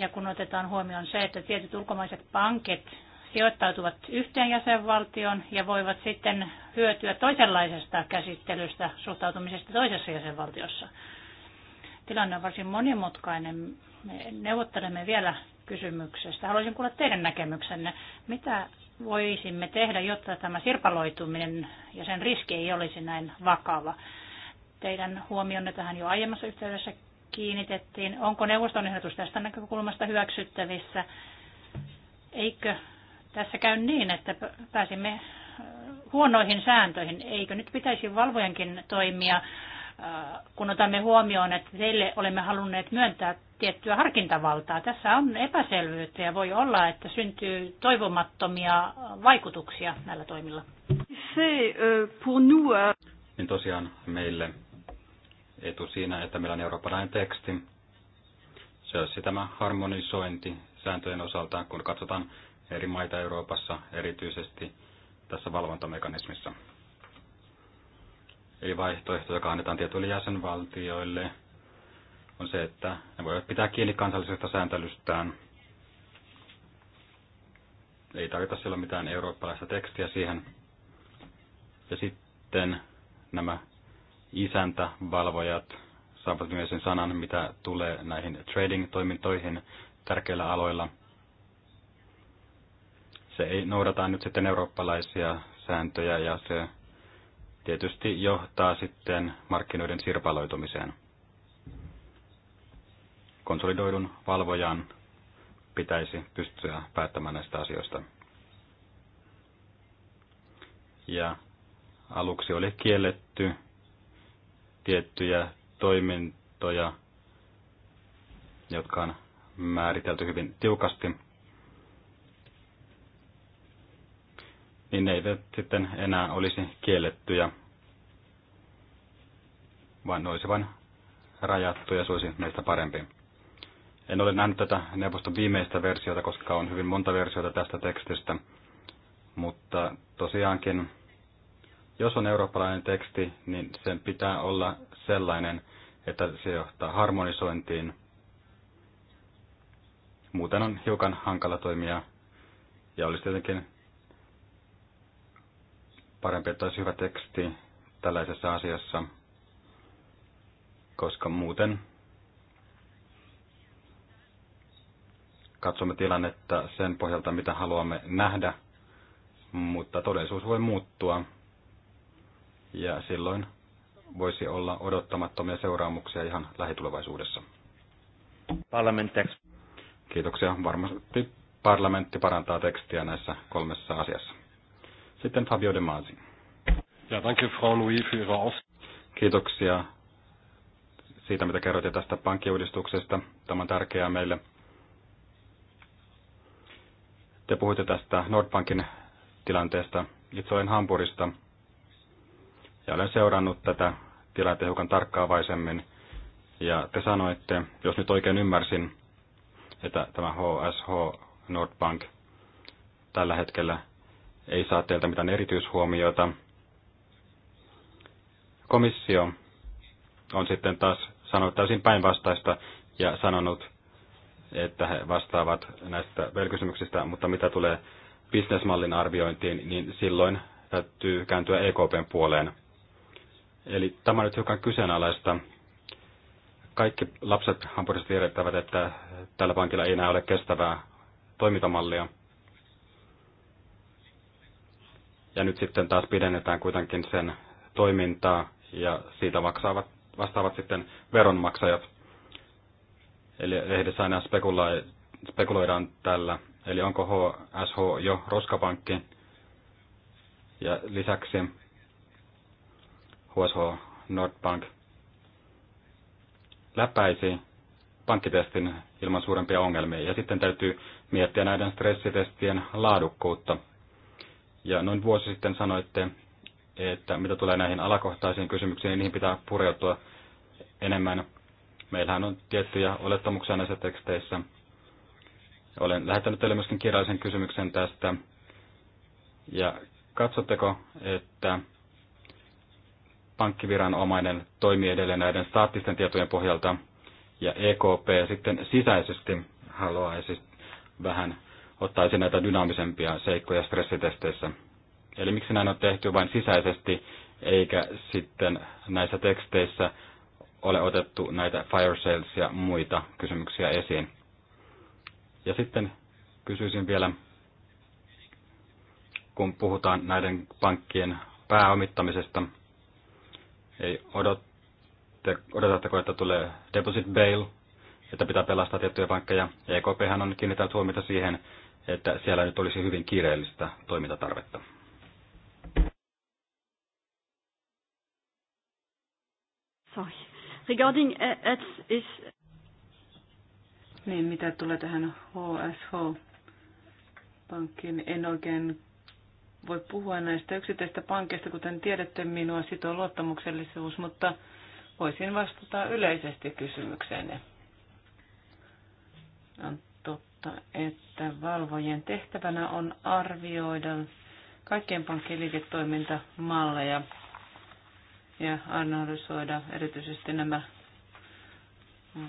ja kun otetaan huomioon se, että tietyt ulkomaiset pankit sijoittautuvat yhteen jäsenvaltioon ja voivat sitten hyötyä toisenlaisesta käsittelystä, suhtautumisesta toisessa jäsenvaltiossa. Tilanne on varsin monimutkainen. Me neuvottelemme vielä kysymyksestä. Haluaisin kuulla teidän näkemyksenne. Mitä voisimme tehdä, jotta tämä sirpaloituminen ja sen riski ei olisi näin vakava? Teidän huomionne tähän jo aiemmassa yhteydessä kiinnitettiin. Onko neuvoston ehdotus tästä näkökulmasta hyväksyttävissä? Eikö tässä käy niin, että pääsimme äh, huonoihin sääntöihin? Eikö nyt pitäisi valvojenkin toimia, äh, kun otamme huomioon, että teille olemme halunneet myöntää tiettyä harkintavaltaa? Tässä on epäselvyyttä ja voi olla, että syntyy toivomattomia vaikutuksia näillä toimilla. Se, äh, pour nous, niin tosiaan meille etu siinä, että meillä on eurooppalainen teksti. Se on olisi tämä harmonisointi sääntöjen osalta, kun katsotaan eri maita Euroopassa, erityisesti tässä valvontamekanismissa. Eli vaihtoehto, joka annetaan tietyille jäsenvaltioille, on se, että ne voivat pitää kiinni kansallisesta sääntelystään. Ei tarvita silloin mitään eurooppalaista tekstiä siihen. Ja sitten nämä isäntävalvojat saavat sen sanan, mitä tulee näihin trading-toimintoihin tärkeillä aloilla. Se ei noudata nyt sitten eurooppalaisia sääntöjä ja se tietysti johtaa sitten markkinoiden sirpaloitumiseen. Konsolidoidun valvojan pitäisi pystyä päättämään näistä asioista. Ja aluksi oli kielletty tiettyjä toimintoja, jotka on määritelty hyvin tiukasti, niin ne eivät sitten enää olisi kiellettyjä, vaan ne olisi vain rajattu ja se olisi meistä parempi. En ole nähnyt tätä neuvoston viimeistä versiota, koska on hyvin monta versiota tästä tekstistä, mutta tosiaankin jos on eurooppalainen teksti, niin sen pitää olla sellainen, että se johtaa harmonisointiin. Muuten on hiukan hankala toimia ja olisi tietenkin parempi, että olisi hyvä teksti tällaisessa asiassa, koska muuten katsomme tilannetta sen pohjalta, mitä haluamme nähdä, mutta todellisuus voi muuttua ja silloin voisi olla odottamattomia seuraamuksia ihan lähitulevaisuudessa. Parlamentti. Kiitoksia. Varmasti parlamentti parantaa tekstiä näissä kolmessa asiassa. Sitten Fabio De Masi. Ja, danke Frau Louis für ihre Aus Kiitoksia siitä, mitä kerroitte tästä pankkiuudistuksesta. Tämä on tärkeää meille. Te puhuitte tästä Nordbankin tilanteesta. Itse olen Hampurista ja olen seurannut tätä tilannetta hiukan tarkkaavaisemmin. Ja te sanoitte, jos nyt oikein ymmärsin, että tämä HSH Nordbank tällä hetkellä ei saa teiltä mitään erityishuomiota. Komissio on sitten taas sanonut täysin päinvastaista ja sanonut, että he vastaavat näistä velkysymyksistä, mutta mitä tulee bisnesmallin arviointiin, niin silloin täytyy kääntyä EKPn puoleen. Eli tämä on nyt hiukan kyseenalaista. Kaikki lapset Hampurissa tiedettävät, että tällä pankilla ei enää ole kestävää toimintamallia. Ja nyt sitten taas pidennetään kuitenkin sen toimintaa ja siitä maksaavat, vastaavat sitten veronmaksajat. Eli lehdessä aina spekuloidaan tällä. Eli onko HSH jo roskapankki? Ja lisäksi HSH Nordbank läpäisi pankkitestin ilman suurempia ongelmia. Ja sitten täytyy miettiä näiden stressitestien laadukkuutta. Ja noin vuosi sitten sanoitte, että mitä tulee näihin alakohtaisiin kysymyksiin, niin niihin pitää pureutua enemmän. Meillähän on tiettyjä olettamuksia näissä teksteissä. Olen lähettänyt teille myöskin kirjallisen kysymyksen tästä. Ja katsotteko, että pankkiviranomainen toimii edelleen näiden staattisten tietojen pohjalta, ja EKP sitten sisäisesti haluaisi vähän ottaisi näitä dynaamisempia seikkoja stressitesteissä. Eli miksi näin on tehty vain sisäisesti, eikä sitten näissä teksteissä ole otettu näitä fire sales ja muita kysymyksiä esiin. Ja sitten kysyisin vielä, kun puhutaan näiden pankkien pääomittamisesta – ei odotte, odotatteko, että tulee deposit bail, että pitää pelastaa tiettyjä pankkeja. EKP on kiinnittänyt huomiota siihen, että siellä nyt olisi hyvin kiireellistä toimintatarvetta. Sorry. Regarding ETS uh, is... Niin, mitä tulee tähän HSH-pankkiin, niin en oikein voi puhua näistä yksittäistä pankeista, kuten tiedätte, minua sitoo luottamuksellisuus, mutta voisin vastata yleisesti kysymykseenne. On totta, että valvojen tehtävänä on arvioida kaikkien pankkien liiketoimintamalleja ja analysoida erityisesti nämä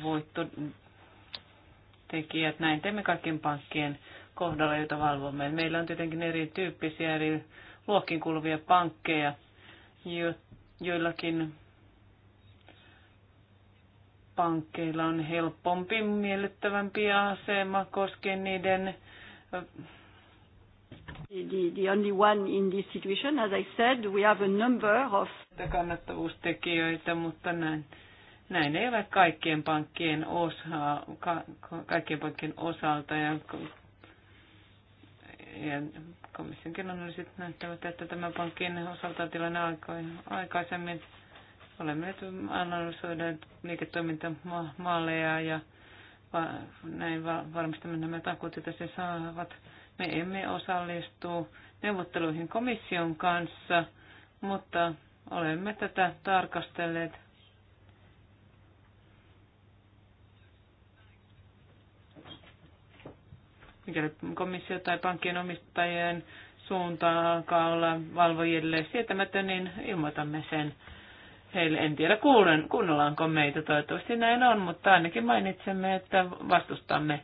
voittotekijät. Näin teemme kaikkien pankkien kohdalla, joita valvomme. Meillä on tietenkin erityyppisiä eri luokkiin kuuluvia pankkeja, jo, joillakin pankkeilla on helpompi, miellyttävämpi asema koskien niiden The, the only one in this situation, as I said, we have a number of kannattavuustekijöitä, mutta näin, näin ei ole kaikkien pankkien, osa, ka, kaikkien pankkien osalta ja ja komissionkin on sitten näyttävät, että tämä pankin osalta tilanne aikaisemmin. Olemme nyt analysoineet liiketoimintamalleja ja näin varmistamme nämä takut, että se saavat. Me emme osallistu neuvotteluihin komission kanssa, mutta olemme tätä tarkastelleet mikäli komissio tai pankkien omistajien suuntaan alkaa olla valvojille sietämättä, niin ilmoitamme sen heille. En tiedä, kuulen, kuunnellaanko meitä, toivottavasti näin on, mutta ainakin mainitsemme, että vastustamme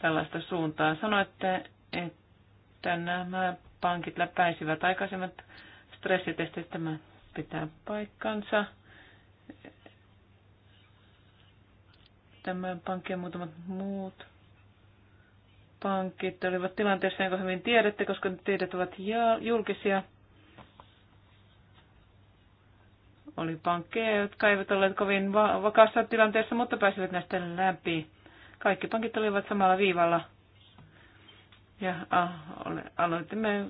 tällaista suuntaa. Sanoitte, että nämä pankit läpäisivät aikaisemmat stressitestit, tämä pitää paikkansa. Tämä pankki ja muutamat muut pankit olivat tilanteessa, jonka hyvin tiedätte, koska tiedot ovat julkisia. Oli pankkeja, jotka eivät olleet kovin vakaassa tilanteessa, mutta pääsivät näistä läpi. Kaikki pankit olivat samalla viivalla. Ja ah, aloitimme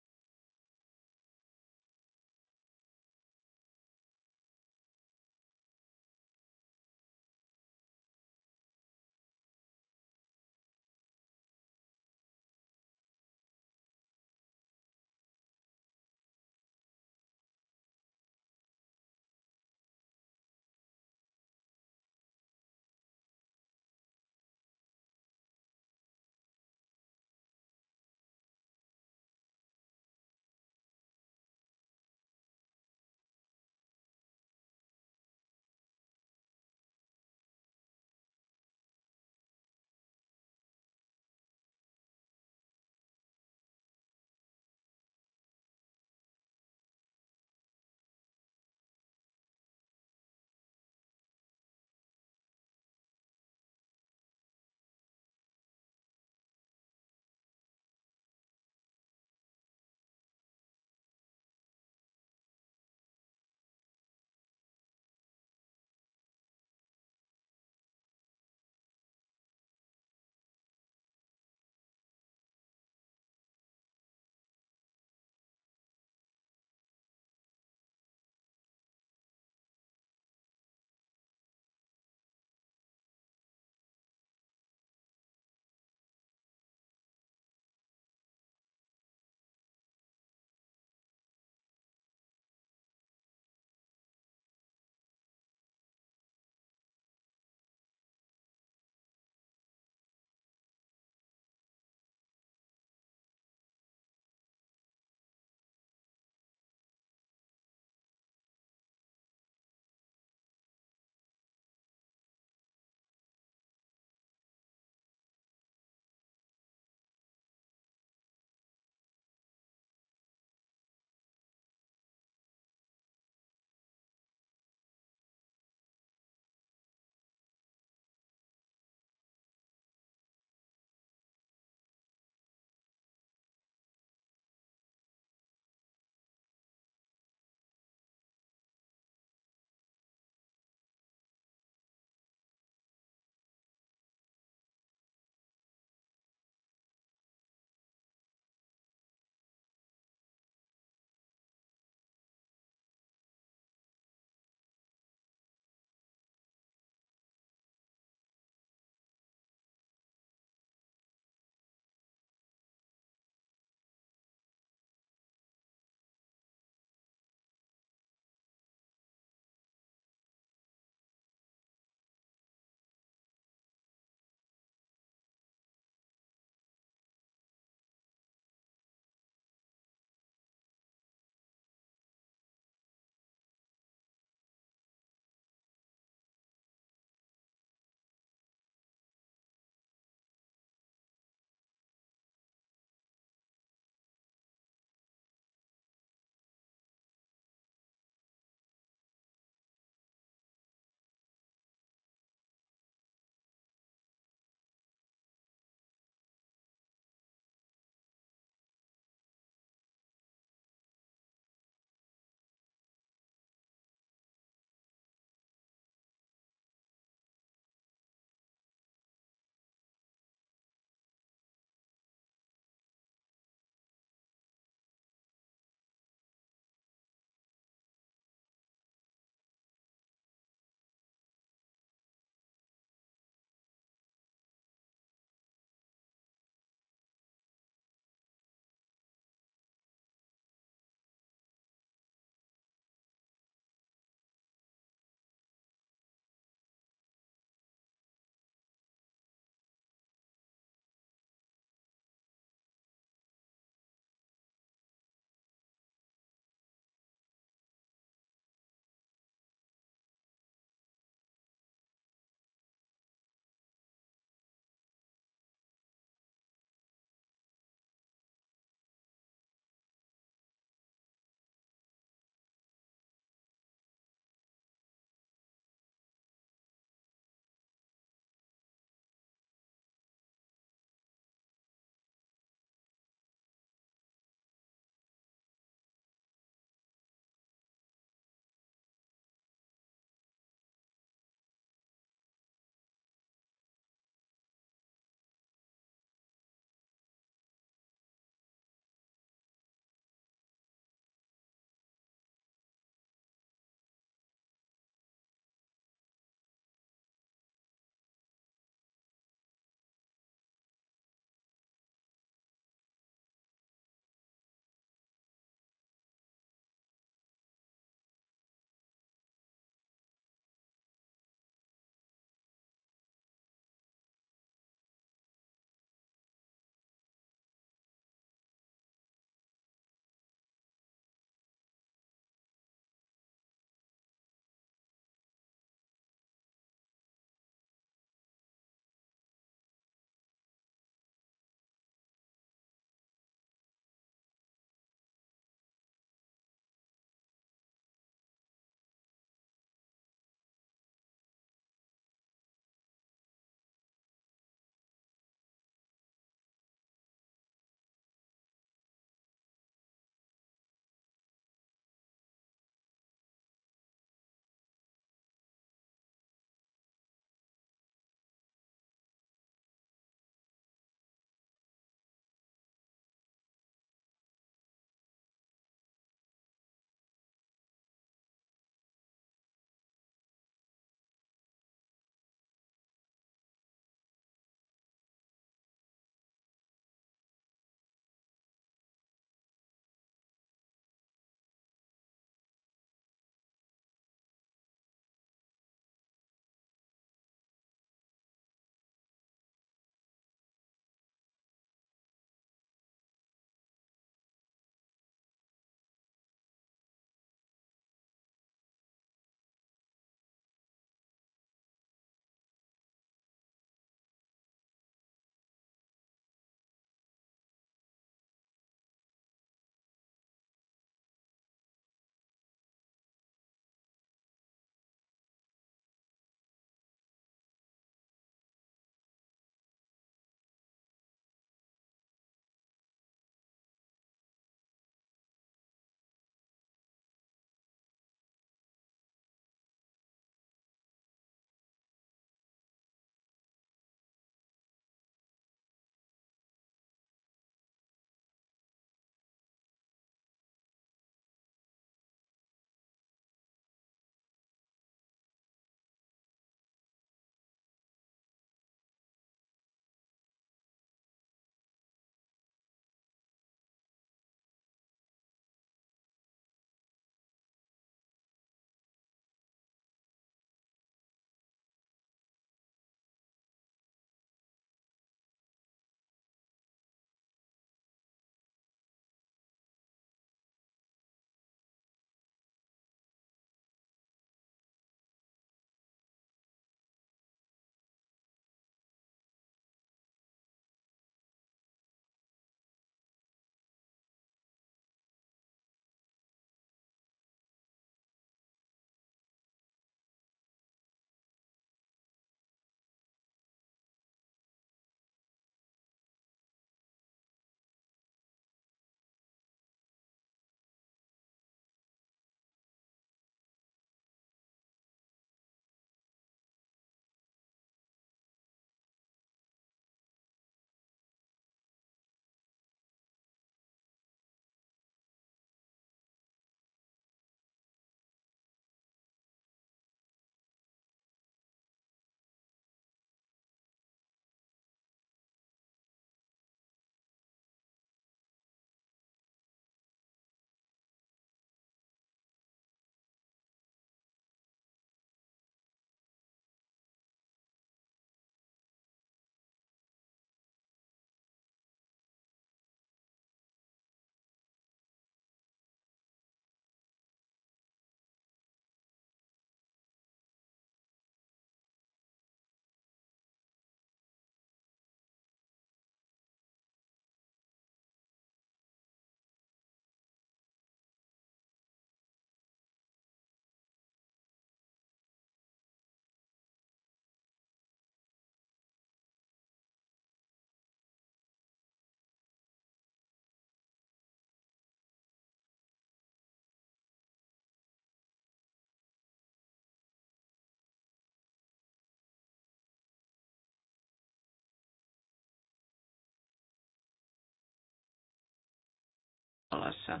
alassa.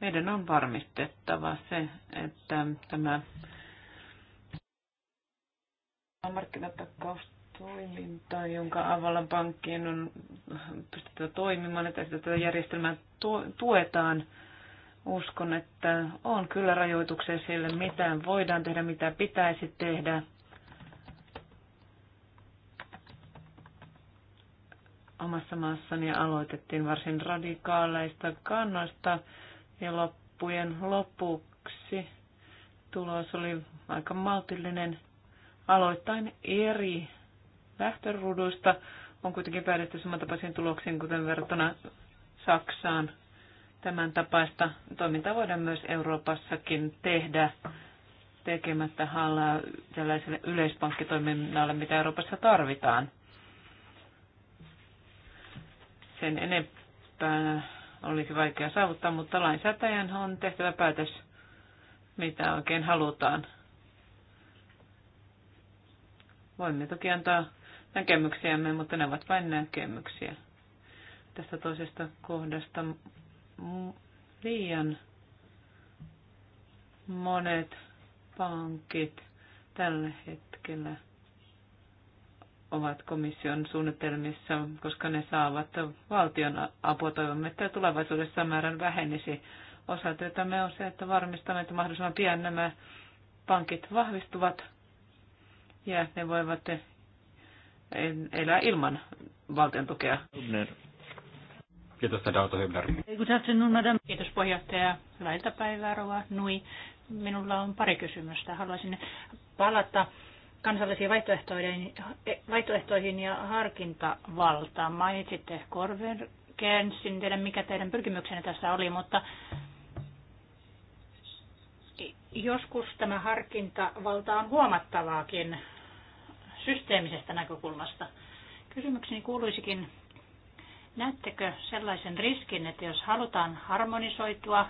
Meidän on varmistettava se, että tämä markkinatakkaustoiminta, jonka avalla pankkien on pystyttävä toimimaan, että sitä tätä järjestelmää tuetaan. Uskon, että on kyllä rajoituksia sille, mitä voidaan tehdä, mitä pitäisi tehdä omassa maassani aloitettiin varsin radikaaleista kannoista ja loppujen lopuksi tulos oli aika maltillinen aloittain eri lähtöruuduista. On kuitenkin päädytty samantapaisiin tuloksiin, kuten verrattuna Saksaan. Tämän tapaista toimintaa voidaan myös Euroopassakin tehdä tekemättä hallaa tällaiselle yleispankkitoiminnalle, mitä Euroopassa tarvitaan sen enempää olisi vaikea saavuttaa, mutta lainsäätäjän on tehtävä päätös, mitä oikein halutaan. Voimme toki antaa näkemyksiämme, mutta ne ovat vain näkemyksiä. Tästä toisesta kohdasta liian monet pankit tällä hetkellä – ovat komission suunnitelmissa, koska ne saavat valtion apua. Toivomme, että tulevaisuudessa määrän vähenisi. Osa työtämme on se, että varmistamme, että mahdollisimman pian nämä pankit vahvistuvat ja ne voivat elää ilman valtion tukea. Kiitos, Dauto Hybner. Good afternoon, madam. Kiitos puheenjohtaja. Hyvää iltapäivää, Rova Nui. Minulla on pari kysymystä. Haluaisin palata kansallisiin vaihtoehtoihin, vaihtoehtoihin ja harkintavaltaan. Mainitsitte konvergenssin, tiedä mikä teidän pyrkimyksenne tässä oli, mutta joskus tämä harkintavalta on huomattavaakin systeemisestä näkökulmasta. Kysymykseni kuuluisikin, näettekö sellaisen riskin, että jos halutaan harmonisoitua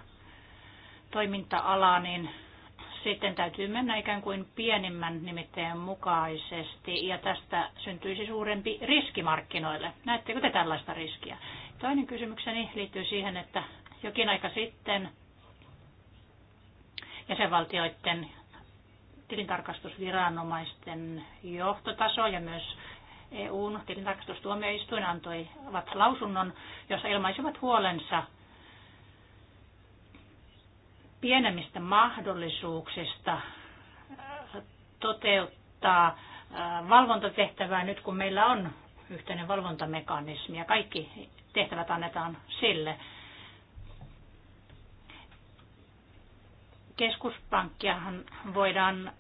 toiminta-alaa, niin sitten täytyy mennä ikään kuin pienimmän nimittäin mukaisesti, ja tästä syntyisi suurempi riski markkinoille. Näettekö te tällaista riskiä? Toinen kysymykseni liittyy siihen, että jokin aika sitten jäsenvaltioiden tilintarkastusviranomaisten johtotaso ja myös EUn tilintarkastustuomioistuin antoi lausunnon, jossa ilmaisivat huolensa pienemmistä mahdollisuuksista äh, toteuttaa äh, valvontatehtävää nyt, kun meillä on yhteinen valvontamekanismi ja kaikki tehtävät annetaan sille. Keskuspankkiahan voidaan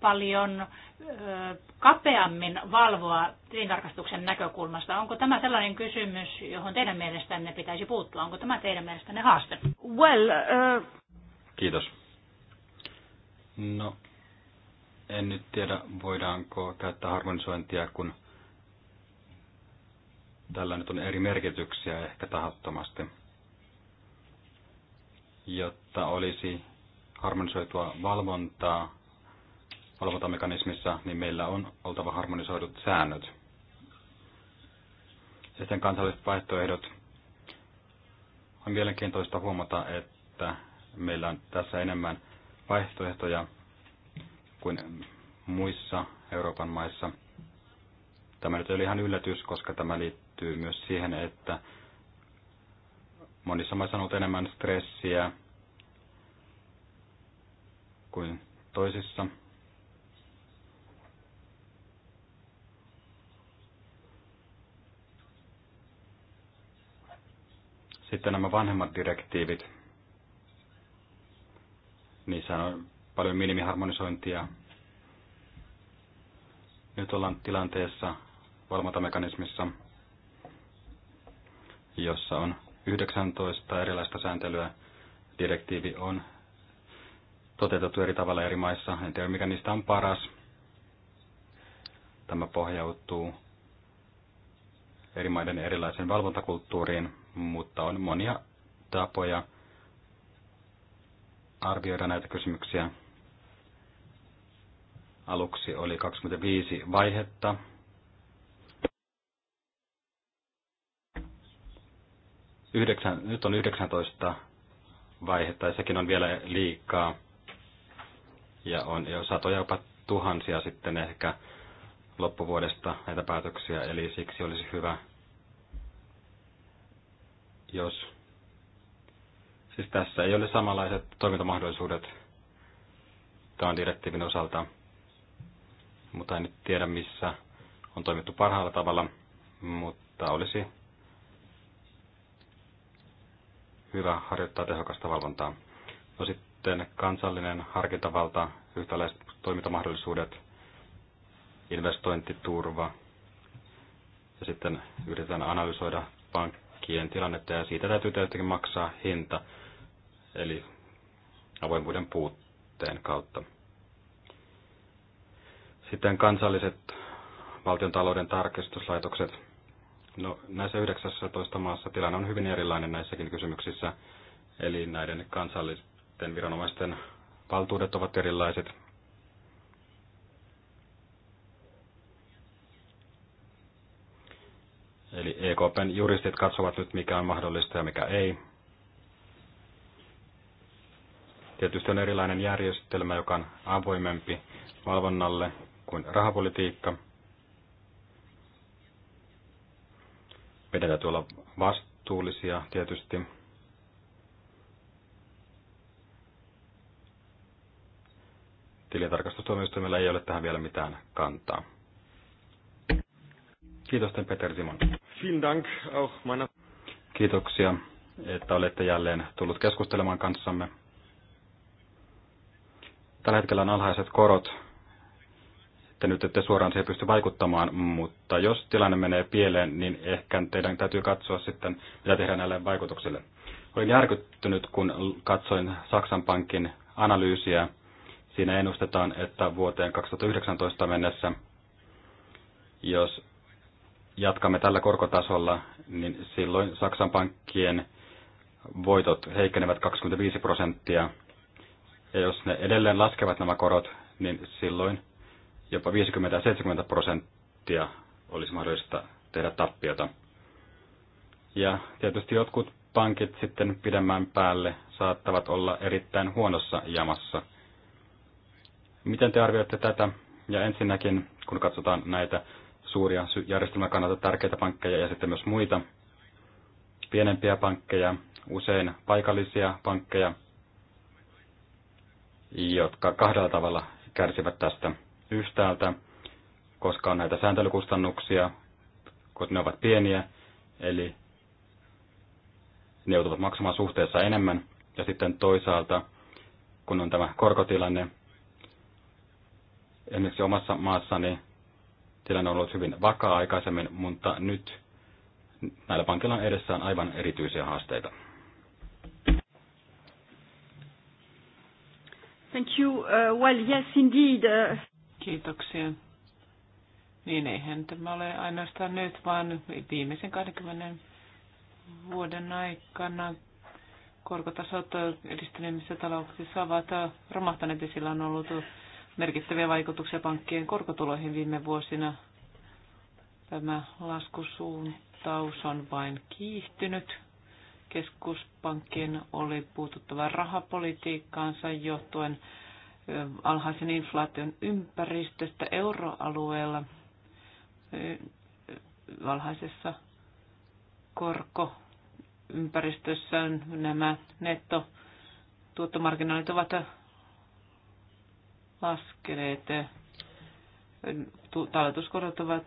paljon kapeammin valvoa tilintarkastuksen näkökulmasta? Onko tämä sellainen kysymys, johon teidän mielestänne pitäisi puuttua? Onko tämä teidän mielestänne haaste? Well, uh... Kiitos. No, en nyt tiedä, voidaanko käyttää harmonisointia, kun tällä nyt on eri merkityksiä ehkä tahattomasti, jotta olisi harmonisoitua valvontaa valvontamekanismissa, niin meillä on oltava harmonisoidut säännöt. Ja sitten kansalliset vaihtoehdot. On mielenkiintoista huomata, että meillä on tässä enemmän vaihtoehtoja kuin muissa Euroopan maissa. Tämä nyt oli ihan yllätys, koska tämä liittyy myös siihen, että monissa maissa on ollut enemmän stressiä kuin toisissa. Sitten nämä vanhemmat direktiivit. Niissä on paljon minimiharmonisointia. Nyt ollaan tilanteessa valvontamekanismissa, jossa on 19 erilaista sääntelyä. Direktiivi on toteutettu eri tavalla eri maissa. En tiedä, mikä niistä on paras. Tämä pohjautuu eri maiden erilaisen valvontakulttuuriin, mutta on monia tapoja arvioida näitä kysymyksiä. Aluksi oli 25 vaihetta. Yhdeksän, nyt on 19 vaihetta ja sekin on vielä liikaa. Ja on jo satoja jopa tuhansia sitten ehkä loppuvuodesta näitä päätöksiä, eli siksi olisi hyvä jos siis tässä ei ole samanlaiset toimintamahdollisuudet tämän direktiivin osalta, mutta en nyt tiedä missä on toimittu parhaalla tavalla, mutta olisi hyvä harjoittaa tehokasta valvontaa. No sitten kansallinen harkintavalta, yhtäläiset toimintamahdollisuudet, investointiturva ja sitten yritetään analysoida pankki pankkien tilannetta ja siitä täytyy tietysti maksaa hinta, eli avoimuuden puutteen kautta. Sitten kansalliset valtiontalouden tarkistuslaitokset. No, näissä 19 maassa tilanne on hyvin erilainen näissäkin kysymyksissä, eli näiden kansallisten viranomaisten valtuudet ovat erilaiset, Eli EKPn juristit katsovat nyt, mikä on mahdollista ja mikä ei. Tietysti on erilainen järjestelmä, joka on avoimempi valvonnalle kuin rahapolitiikka. Meidän täytyy olla vastuullisia tietysti. Tilintarkastustuomioistuimella ei ole tähän vielä mitään kantaa. Kiitos, Peter Simon. Vielen Dank auch meiner... Kiitoksia, että olette jälleen tullut keskustelemaan kanssamme. Tällä hetkellä on alhaiset korot. Te nyt ette suoraan siihen pysty vaikuttamaan, mutta jos tilanne menee pieleen, niin ehkä teidän täytyy katsoa sitten, mitä tehdään näille vaikutuksille. Olin järkyttynyt, kun katsoin Saksan Pankin analyysiä. Siinä ennustetaan, että vuoteen 2019 mennessä, jos jatkamme tällä korkotasolla, niin silloin Saksan pankkien voitot heikkenevät 25 prosenttia. Ja jos ne edelleen laskevat nämä korot, niin silloin jopa 50-70 prosenttia olisi mahdollista tehdä tappiota. Ja tietysti jotkut pankit sitten pidemmän päälle saattavat olla erittäin huonossa jamassa. Miten te arvioitte tätä? Ja ensinnäkin, kun katsotaan näitä suuria järjestelmän kannalta tärkeitä pankkeja ja sitten myös muita pienempiä pankkeja, usein paikallisia pankkeja, jotka kahdella tavalla kärsivät tästä yhtäältä, koska on näitä sääntelykustannuksia, koska ne ovat pieniä, eli ne joutuvat maksamaan suhteessa enemmän. Ja sitten toisaalta, kun on tämä korkotilanne, esimerkiksi omassa maassani Tilanne on ollut hyvin vakaa aikaisemmin, mutta nyt näillä pankilla on edessään aivan erityisiä haasteita. Thank you. Uh, well, yes, indeed. Uh... Kiitoksia. Niin eihän tämä ole ainoastaan nyt, vaan viimeisen 20 vuoden aikana korkotasot edistyneemmissä talouksissa ovat romahtaneet ja sillä on ollut merkittäviä vaikutuksia pankkien korkotuloihin viime vuosina. Tämä laskusuuntaus on vain kiihtynyt. Keskuspankkien oli puututtava rahapolitiikkaansa johtuen alhaisen inflaation ympäristöstä euroalueella alhaisessa korkoympäristössä nämä netto tuottomarginaalit ovat askeleet. Talletuskorot ovat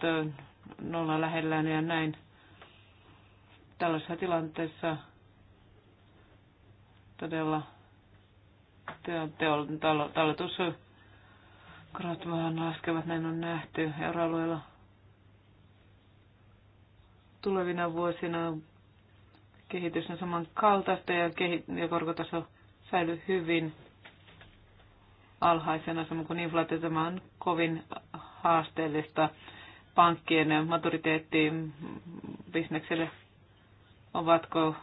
nolla lähellään ja näin. Tällaisessa tilanteessa todella talletuskorot vaan laskevat, näin on nähty euroalueella tulevina vuosina kehitys on samankaltaista ja, kehi- ja korkotaso säilyy hyvin alhaisena, samoin kuin inflaatio. Tämä on kovin haasteellista pankkien maturiteettiin bisnekselle. Ovatko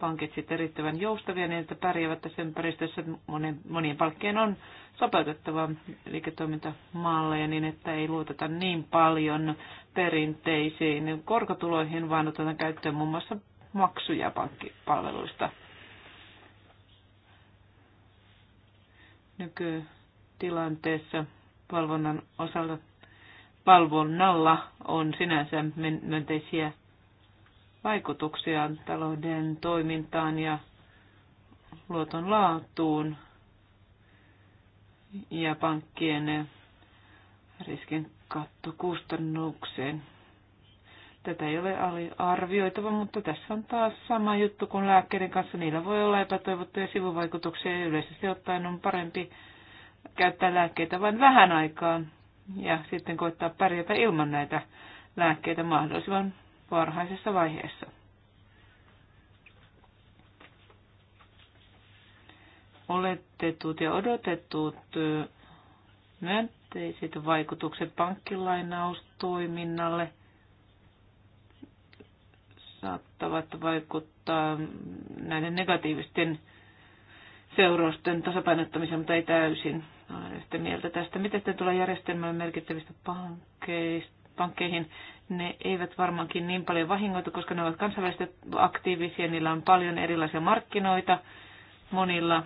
pankit sitten riittävän joustavia niin, että pärjäävät tässä ympäristössä. Monen, monien pankkien on sopeutettava liiketoimintamalleja niin, että ei luoteta niin paljon perinteisiin korkotuloihin, vaan otetaan käyttöön muun muassa maksuja pankkipalveluista. nykytilanteessa valvonnan osalta valvonnalla on sinänsä myönteisiä vaikutuksia talouden toimintaan ja luoton laatuun ja pankkien riskin kattokustannukseen. Tätä ei ole arvioitava, mutta tässä on taas sama juttu kuin lääkkeiden kanssa. Niillä voi olla epätoivottuja sivuvaikutuksia ja yleisesti ottaen on parempi käyttää lääkkeitä vain vähän aikaa ja sitten koittaa pärjätä ilman näitä lääkkeitä mahdollisimman varhaisessa vaiheessa. Oletetut ja odotetut myönteiset vaikutukset pankkilainaustoiminnalle – saattavat vaikuttaa näiden negatiivisten seurausten tasapainottamiseen, mutta ei täysin. Olen yhtä mieltä tästä. Miten sitten tulee järjestelmään merkittävistä pankkeista? pankkeihin, ne eivät varmaankin niin paljon vahingoitu, koska ne ovat kansainvälisesti aktiivisia, niillä on paljon erilaisia markkinoita, monilla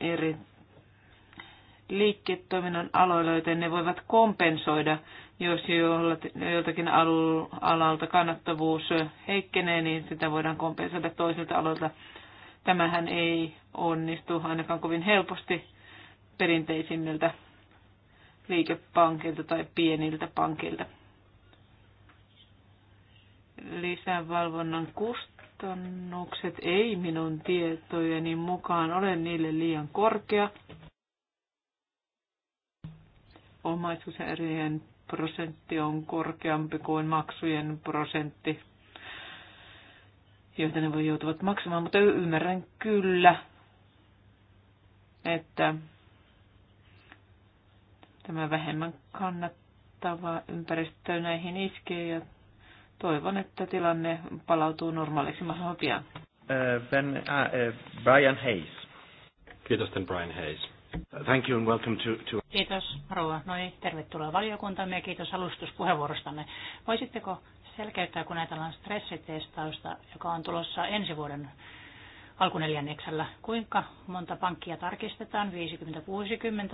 eri liiketoiminnan aloilla, joten ne voivat kompensoida jos joltakin alalta kannattavuus heikkenee, niin sitä voidaan kompensoida toiselta alalta Tämähän ei onnistu ainakaan kovin helposti perinteisimmiltä liikepankilta tai pieniltä pankilta. Lisävalvonnan kustannukset ei minun tietojeni mukaan ole niille liian korkea. Omaisuuserien prosentti on korkeampi kuin maksujen prosentti, joita ne voi joutuvat maksamaan, mutta ymmärrän kyllä, että tämä vähemmän kannattava ympäristö näihin iskee ja toivon, että tilanne palautuu normaaliksi mahdollisimman pian. Uh, ben, uh, uh, Brian Hayes. Kiitos, Brian Hayes. Thank you and welcome to, to... Kiitos Rouva. Noi, niin, tervetuloa valiokuntamme ja kiitos alustuspuheenvuorostanne. Voisitteko selkeyttää, kun ajatellaan stressitestausta, joka on tulossa ensi vuoden alkuneljänneksellä, kuinka monta pankkia tarkistetaan,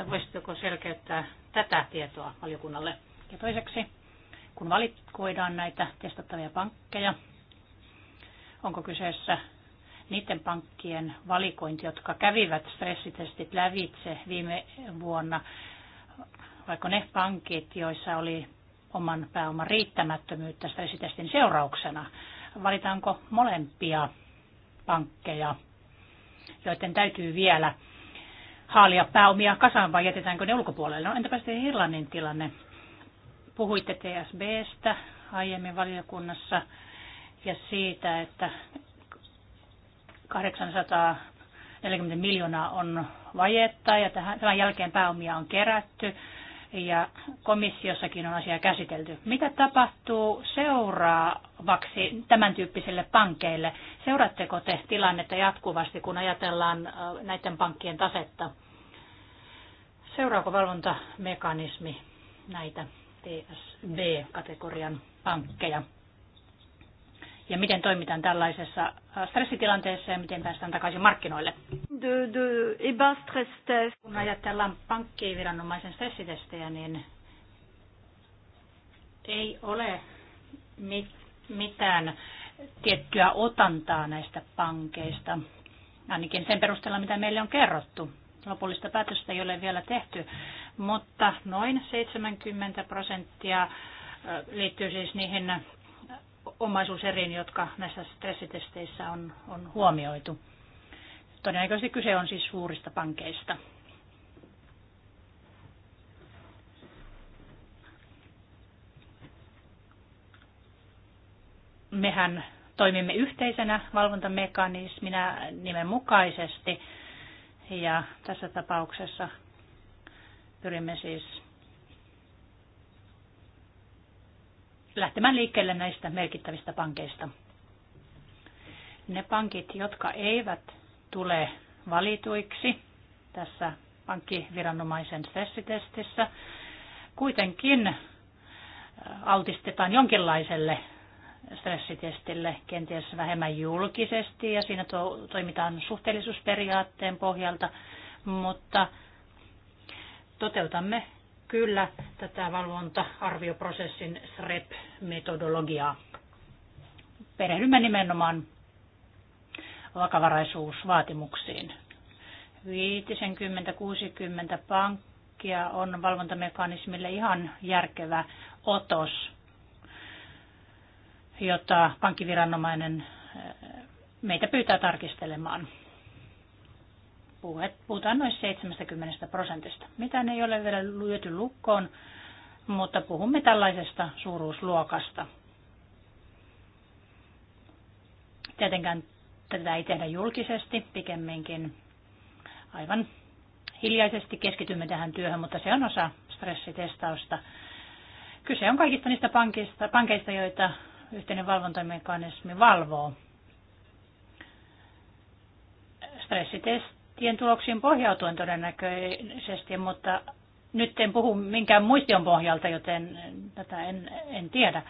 50-60, voisitteko selkeyttää tätä tietoa valiokunnalle? Ja toiseksi, kun valikoidaan näitä testattavia pankkeja, onko kyseessä niiden pankkien valikointi, jotka kävivät stressitestit lävitse viime vuonna, vaikka ne pankit, joissa oli oman pääoman riittämättömyyttä stressitestin seurauksena, valitaanko molempia pankkeja, joiden täytyy vielä haalia pääomia kasaan vai jätetäänkö ne ulkopuolelle? No entäpä sitten Irlannin tilanne? Puhuitte TSBstä aiemmin valiokunnassa ja siitä, että 840 miljoonaa on vajetta ja tähän, tämän jälkeen pääomia on kerätty ja komissiossakin on asia käsitelty. Mitä tapahtuu seuraavaksi tämän tyyppisille pankeille? Seuratteko te tilannetta jatkuvasti, kun ajatellaan äh, näiden pankkien tasetta? Seuraako valvontamekanismi näitä TSB-kategorian pankkeja? ja miten toimitaan tällaisessa äh, stressitilanteessa ja miten päästään takaisin markkinoille. De, de, ben stress test. Kun ajatellaan pankkiviranomaisen stressitestejä, niin ei ole mit, mitään tiettyä otantaa näistä pankeista, ainakin sen perusteella, mitä meille on kerrottu. Lopullista päätöstä ei ole vielä tehty, mutta noin 70 prosenttia liittyy siis niihin omaisuuseriin, jotka näissä stressitesteissä on, on huomioitu. Todennäköisesti kyse on siis suurista pankeista. Mehän toimimme yhteisenä valvontamekanismina nimenmukaisesti ja tässä tapauksessa pyrimme siis lähtemään liikkeelle näistä merkittävistä pankeista. Ne pankit, jotka eivät tule valituiksi tässä pankkiviranomaisen stressitestissä, kuitenkin äh, altistetaan jonkinlaiselle stressitestille, kenties vähemmän julkisesti, ja siinä to- toimitaan suhteellisuusperiaatteen pohjalta, mutta toteutamme kyllä tätä valvonta-arvioprosessin SREP-metodologiaa. Perehdymme nimenomaan vakavaraisuusvaatimuksiin. 50-60 pankkia on valvontamekanismille ihan järkevä otos, jota pankkiviranomainen eh, meitä pyytää tarkistelemaan. Puhutaan noin 70 prosentista. Mitään ei ole vielä lyöty lukkoon, mutta puhumme tällaisesta suuruusluokasta. Tietenkään tätä ei tehdä julkisesti, pikemminkin aivan hiljaisesti keskitymme tähän työhön, mutta se on osa stressitestausta. Kyse on kaikista niistä pankista, pankeista, joita yhteinen valvontamekanismi valvoo. Stressitest tien tuloksiin pohjautuen todennäköisesti, mutta nyt en puhu minkään muistion pohjalta, joten tätä en, en tiedä.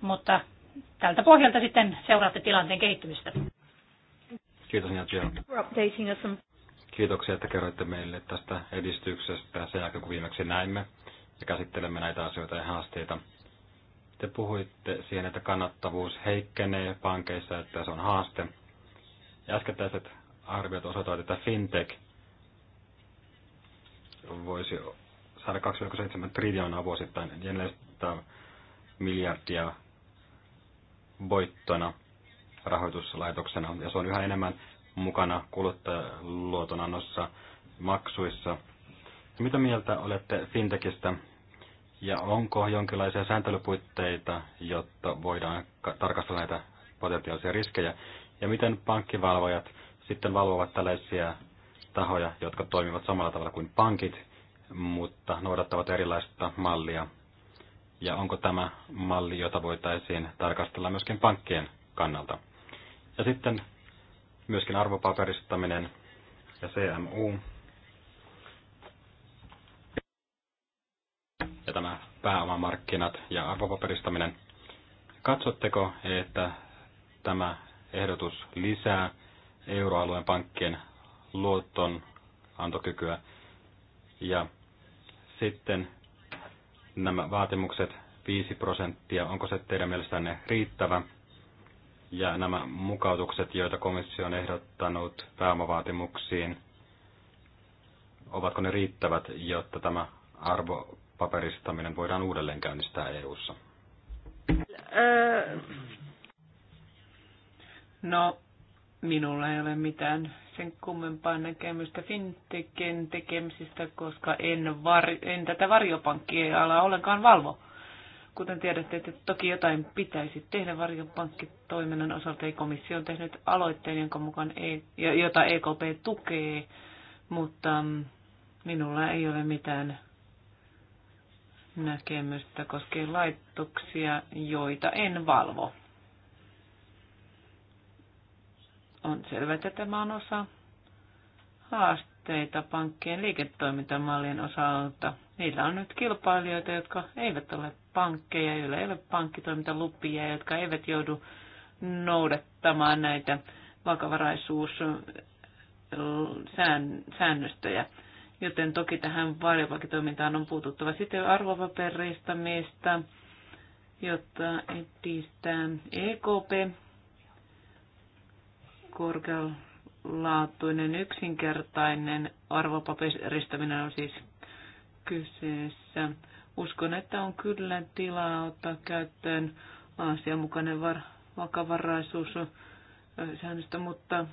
Mutta tältä pohjalta sitten seuraatte tilanteen kehittymistä. Kiitos Nadja. Kiitoksia, että kerroitte meille tästä edistyksestä sen jälkeen, kun viimeksi näimme ja käsittelemme näitä asioita ja haasteita. Te puhuitte siihen, että kannattavuus heikkenee pankeissa, että se on haaste. Äskettäiset arviot osoittavat, että fintech voisi saada 2,7 triljoonaa vuosittain, 400 miljardia voittona rahoituslaitoksena, ja se on yhä enemmän mukana kuluttajaluotonannossa, maksuissa. Mitä mieltä olette fintechistä, ja onko jonkinlaisia sääntelypuitteita, jotta voidaan tarkastella näitä potentiaalisia riskejä, ja miten pankkivalvojat sitten valvovat tällaisia tahoja, jotka toimivat samalla tavalla kuin pankit, mutta noudattavat erilaista mallia. Ja onko tämä malli, jota voitaisiin tarkastella myöskin pankkien kannalta? Ja sitten myöskin arvopaperistaminen ja CMU. Ja tämä pääomamarkkinat ja arvopaperistaminen. Katsotteko, että tämä ehdotus lisää euroalueen pankkien luoton antokykyä. Ja sitten nämä vaatimukset 5 prosenttia, onko se teidän mielestänne riittävä? Ja nämä mukautukset, joita komissio on ehdottanut pääomavaatimuksiin, ovatko ne riittävät, jotta tämä arvopaperistaminen voidaan uudelleen käynnistää EU-ssa? Äh. No, Minulla ei ole mitään sen kummempaa näkemystä fintekin tekemisistä, koska en, var, en tätä varjopankkia alaa ollenkaan valvo. Kuten tiedätte, että toki jotain pitäisi tehdä varjopankkitoiminnan osalta. Ei komissio on tehnyt aloitteen, jonka mukaan e, jota EKP tukee, mutta minulla ei ole mitään näkemystä koskien laitoksia, joita en valvo. On selvä, että tämä on osa haasteita pankkien liiketoimintamallien osalta. Niillä on nyt kilpailijoita, jotka eivät ole pankkeja, joilla ei ole pankkitoimintalupia, jotka eivät joudu noudattamaan näitä vakavaraisuussäännöstöjä. Joten toki tähän varjopankitoimintaan on puututtava. Sitten arvopaperistamista, jotta edistää EKP korkealaatuinen yksinkertainen arvopaperistäminen on siis kyseessä. Uskon, että on kyllä tilaa ottaa käyttöön asianmukainen var- vakavaraisuus säännöstä, mutta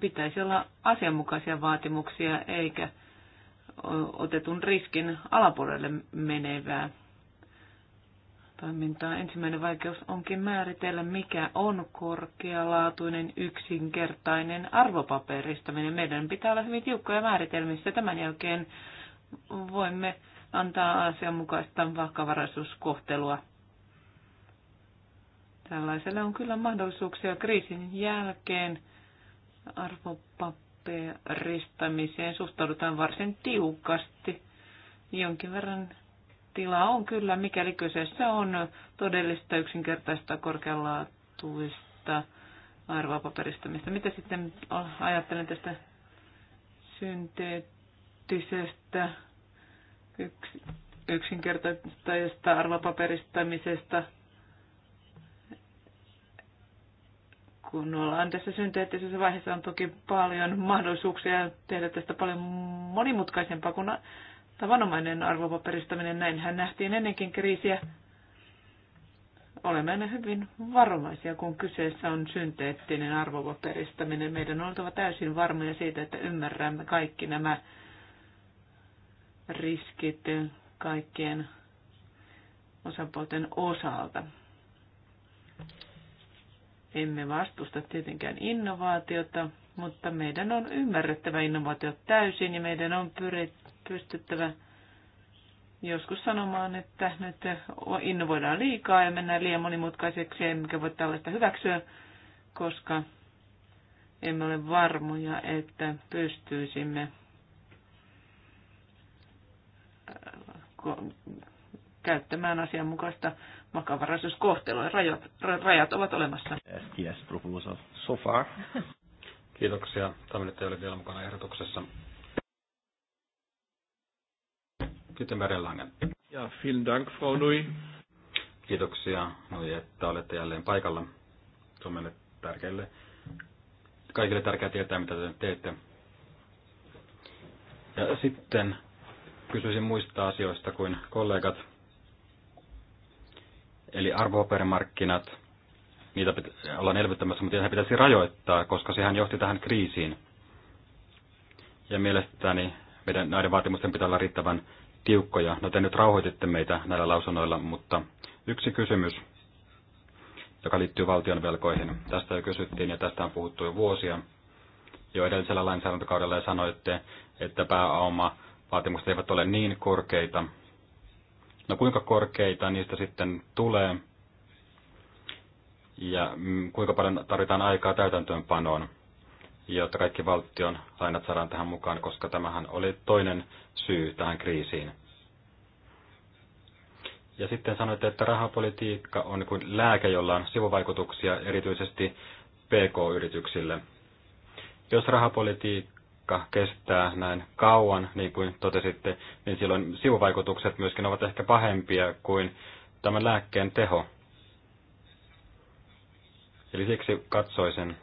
pitäisi olla asianmukaisia vaatimuksia eikä otetun riskin alapuolelle menevää toimintaa. Ensimmäinen vaikeus onkin määritellä, mikä on korkealaatuinen yksinkertainen arvopaperistaminen. Meidän pitää olla hyvin tiukkoja määritelmissä. Tämän jälkeen voimme antaa asianmukaista vakavaraisuuskohtelua. tällaiselle on kyllä mahdollisuuksia kriisin jälkeen arvopaperistamiseen suhtaudutaan varsin tiukasti. Jonkin verran tila on kyllä, mikäli kyseessä on todellista yksinkertaista korkealaatuista arvopaperistamista. Mitä sitten ajattelen tästä synteettisestä yks, yksinkertaisesta arvopaperistamisesta, kun ollaan tässä synteettisessä vaiheessa, on toki paljon mahdollisuuksia tehdä tästä paljon monimutkaisempaa kuin tavanomainen arvopaperistaminen. Näinhän nähtiin ennenkin kriisiä. Olemme aina hyvin varovaisia, kun kyseessä on synteettinen arvopaperistaminen. Meidän on oltava täysin varmoja siitä, että ymmärrämme kaikki nämä riskit kaikkien osapuolten osalta. Emme vastusta tietenkään innovaatiota, mutta meidän on ymmärrettävä innovaatiot täysin ja meidän on pyrittävä pystyttävä joskus sanomaan, että nyt innovoidaan liikaa ja mennään liian monimutkaiseksi, emmekä voi tällaista hyväksyä, koska emme ole varmoja, että pystyisimme äh, käyttämään asianmukaista vakavaraisuuskohtelua. Rajat, rajat ovat olemassa. Yes, proposal so far. Kiitoksia. Tämä nyt ei ole vielä mukana ehdotuksessa. Sitten Merenlangen. Ja, vielen dank, Frau Nui. Kiitoksia, Nui, että olette jälleen paikalla. Suomelle tärkeille, kaikille tärkeää tietää, mitä te teette. Ja sitten kysyisin muista asioista kuin kollegat. Eli arvopaperimarkkinat, niitä ollaan elvyttämässä, mutta niitä pitäisi rajoittaa, koska sehän johti tähän kriisiin. Ja mielestäni meidän näiden vaatimusten pitää olla riittävän tiukkoja. No te nyt rauhoititte meitä näillä lausunnoilla, mutta yksi kysymys, joka liittyy valtion velkoihin. Tästä jo kysyttiin ja tästä on puhuttu jo vuosia. Jo edellisellä lainsäädäntökaudella ja sanoitte, että pääoma vaatimukset eivät ole niin korkeita. No kuinka korkeita niistä sitten tulee ja mm, kuinka paljon tarvitaan aikaa täytäntöönpanoon? jotta kaikki valtion lainat saadaan tähän mukaan, koska tämähän oli toinen syy tähän kriisiin. Ja sitten sanoitte, että rahapolitiikka on kuin lääke, jolla on sivuvaikutuksia erityisesti PK-yrityksille. Jos rahapolitiikka kestää näin kauan, niin kuin totesitte, niin silloin sivuvaikutukset myöskin ovat ehkä pahempia kuin tämän lääkkeen teho. Eli siksi katsoisin,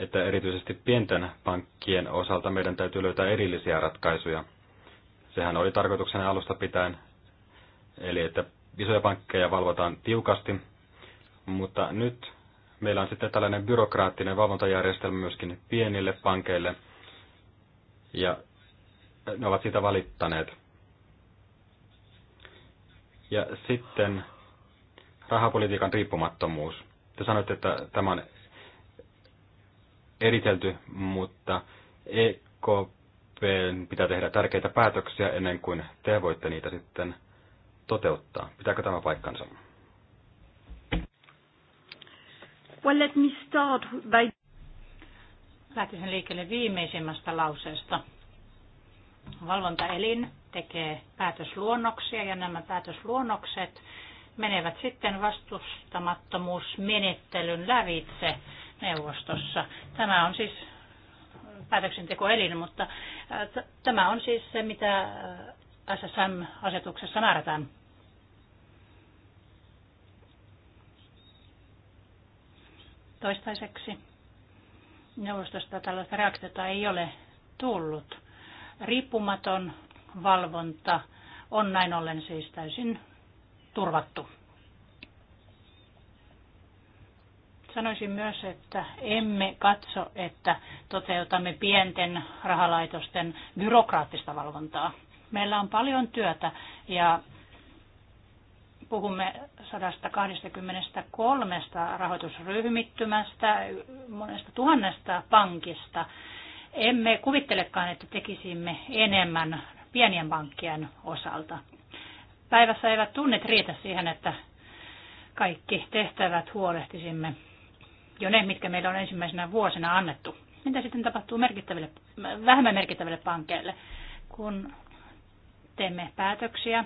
että erityisesti pienten pankkien osalta meidän täytyy löytää erillisiä ratkaisuja. Sehän oli tarkoituksena alusta pitäen, eli että isoja pankkeja valvotaan tiukasti, mutta nyt meillä on sitten tällainen byrokraattinen valvontajärjestelmä myöskin pienille pankeille, ja ne ovat siitä valittaneet. Ja sitten rahapolitiikan riippumattomuus. Te sanoitte, että tämä on eritelty, mutta EKP pitää tehdä tärkeitä päätöksiä ennen kuin te voitte niitä sitten toteuttaa. Pitääkö tämä paikkansa? Well, let me start by... Lähtisin liikkeelle viimeisimmästä lauseesta. Valvontaelin tekee päätösluonnoksia ja nämä päätösluonnokset menevät sitten vastustamattomuusmenettelyn lävitse neuvostossa. Tämä on siis päätöksentekoelin, mutta äh, tämä on siis se, mitä äh, SSM-asetuksessa määrätään. Toistaiseksi neuvostosta tällaista reaktiota ei ole tullut. Riippumaton valvonta on näin ollen siis täysin turvattu. Sanoisin myös, että emme katso, että toteutamme pienten rahalaitosten byrokraattista valvontaa. Meillä on paljon työtä ja puhumme 123 rahoitusryhmittymästä, monesta tuhannesta pankista. Emme kuvittelekaan, että tekisimme enemmän pienien pankkien osalta. Päivässä eivät tunnet riitä siihen, että kaikki tehtävät huolehtisimme jo ne, mitkä meillä on ensimmäisenä vuosina annettu. Mitä sitten tapahtuu merkittäville, vähemmän merkittäville pankeille, kun teemme päätöksiä,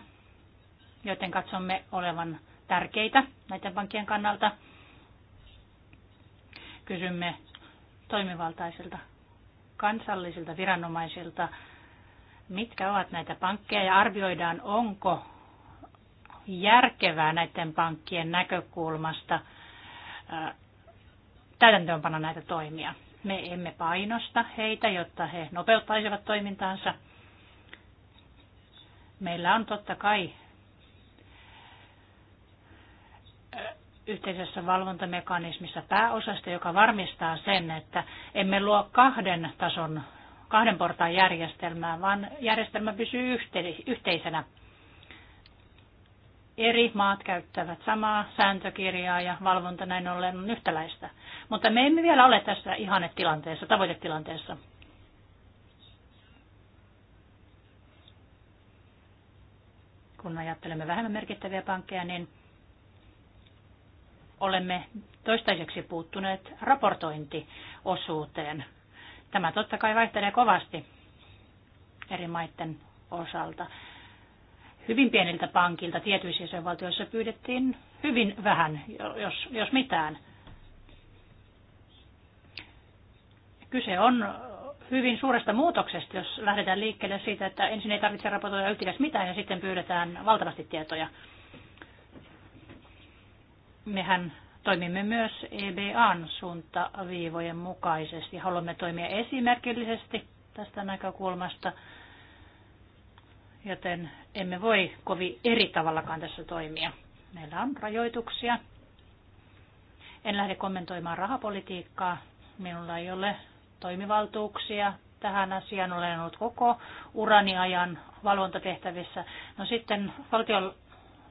joten katsomme olevan tärkeitä näiden pankkien kannalta. Kysymme toimivaltaisilta kansallisilta viranomaisilta, mitkä ovat näitä pankkeja ja arvioidaan, onko järkevää näiden pankkien näkökulmasta täytäntöönpana näitä toimia. Me emme painosta heitä, jotta he nopeuttaisivat toimintaansa. Meillä on totta kai yhteisessä valvontamekanismissa pääosasta, joka varmistaa sen, että emme luo kahden tason, kahden portaan järjestelmää, vaan järjestelmä pysyy yhteisenä. Eri maat käyttävät samaa sääntökirjaa ja valvonta näin ollen on yhtäläistä. Mutta me emme vielä ole tässä ihannetilanteessa, tavoitetilanteessa. Kun ajattelemme vähemmän merkittäviä pankkeja, niin olemme toistaiseksi puuttuneet raportointiosuuteen. Tämä totta kai vaihtelee kovasti eri maiden osalta. Hyvin pieniltä pankilta tietyissä jäsenvaltioissa pyydettiin hyvin vähän, jos, jos mitään. Kyse on hyvin suuresta muutoksesta, jos lähdetään liikkeelle siitä, että ensin ei tarvitse raportoida yhtikäs mitään ja sitten pyydetään valtavasti tietoja. Mehän toimimme myös EBAn suuntaviivojen mukaisesti. Haluamme toimia esimerkillisesti tästä näkökulmasta, joten emme voi kovin eri tavallakaan tässä toimia. Meillä on rajoituksia. En lähde kommentoimaan rahapolitiikkaa. Minulla ei ole toimivaltuuksia tähän asiaan. Olen ollut koko urani ajan valvontatehtävissä. No sitten valtion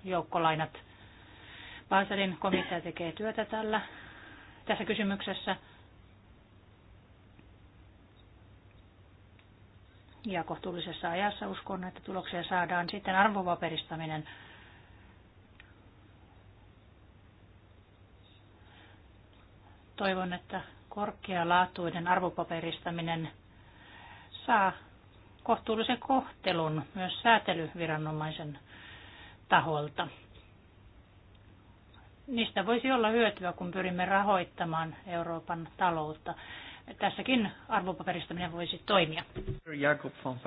joukkolainat. Baselin komitea tekee työtä tällä, tässä kysymyksessä. Ja kohtuullisessa ajassa uskon, että tuloksia saadaan sitten arvovaperistaminen. Toivon, että korkealaatuinen arvopaperistaminen saa kohtuullisen kohtelun myös säätelyviranomaisen taholta. Niistä voisi olla hyötyä, kun pyrimme rahoittamaan Euroopan taloutta. Tässäkin arvopaperistaminen voisi toimia. Jakob von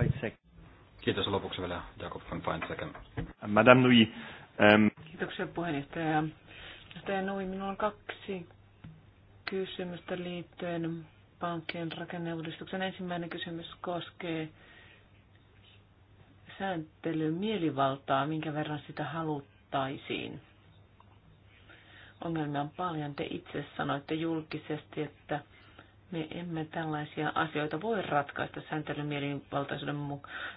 Kiitos lopuksi vielä Jakob von Weizsäck. Madame Nui. Um... Kiitoksia puheenjohtaja. Nui, minulla on kaksi kysymystä liittyen pankkien rakenneuudistuksen. Ensimmäinen kysymys koskee sääntelyn mielivaltaa, minkä verran sitä haluttaisiin. Ongelmia on paljon. Te itse sanoitte julkisesti, että me emme tällaisia asioita voi ratkaista sääntelyn mielivaltaisuuden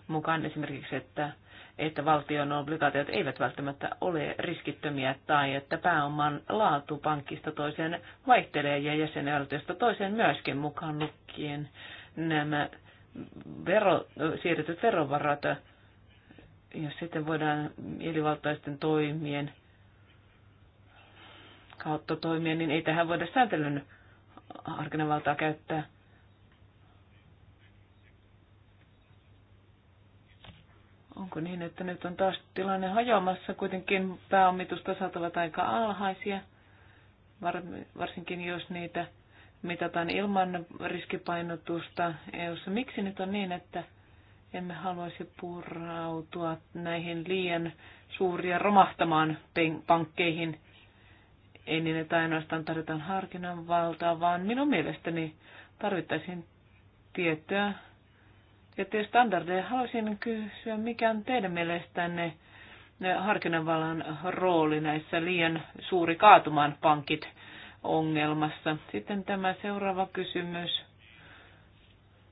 mukaan. Esimerkiksi, että että valtion obligaatiot eivät välttämättä ole riskittömiä tai että pääoman laatu pankista toiseen vaihtelee ja jäsenvaltiosta toiseen myöskin mukaan lukien nämä vero, siirretyt verovarat, jos sitten voidaan mielivaltaisten toimien kautta toimia, niin ei tähän voida sääntelyn harkinnanvaltaa käyttää. Onko niin, että nyt on taas tilanne hajoamassa? Kuitenkin pääomitustasat ovat aika alhaisia, varsinkin jos niitä mitataan ilman riskipainotusta EU-ssa. Miksi nyt on niin, että emme haluaisi purautua näihin liian suuria romahtamaan pankkeihin? Ei niin, että ainoastaan tarvitaan valtaa vaan minun mielestäni tarvittaisiin tiettyä tiettyjä standardeja. Haluaisin kysyä, mikä on teidän mielestänne eh, harkinnanvallan rooli näissä liian suuri kaatumaan pankit ongelmassa. Sitten tämä seuraava kysymys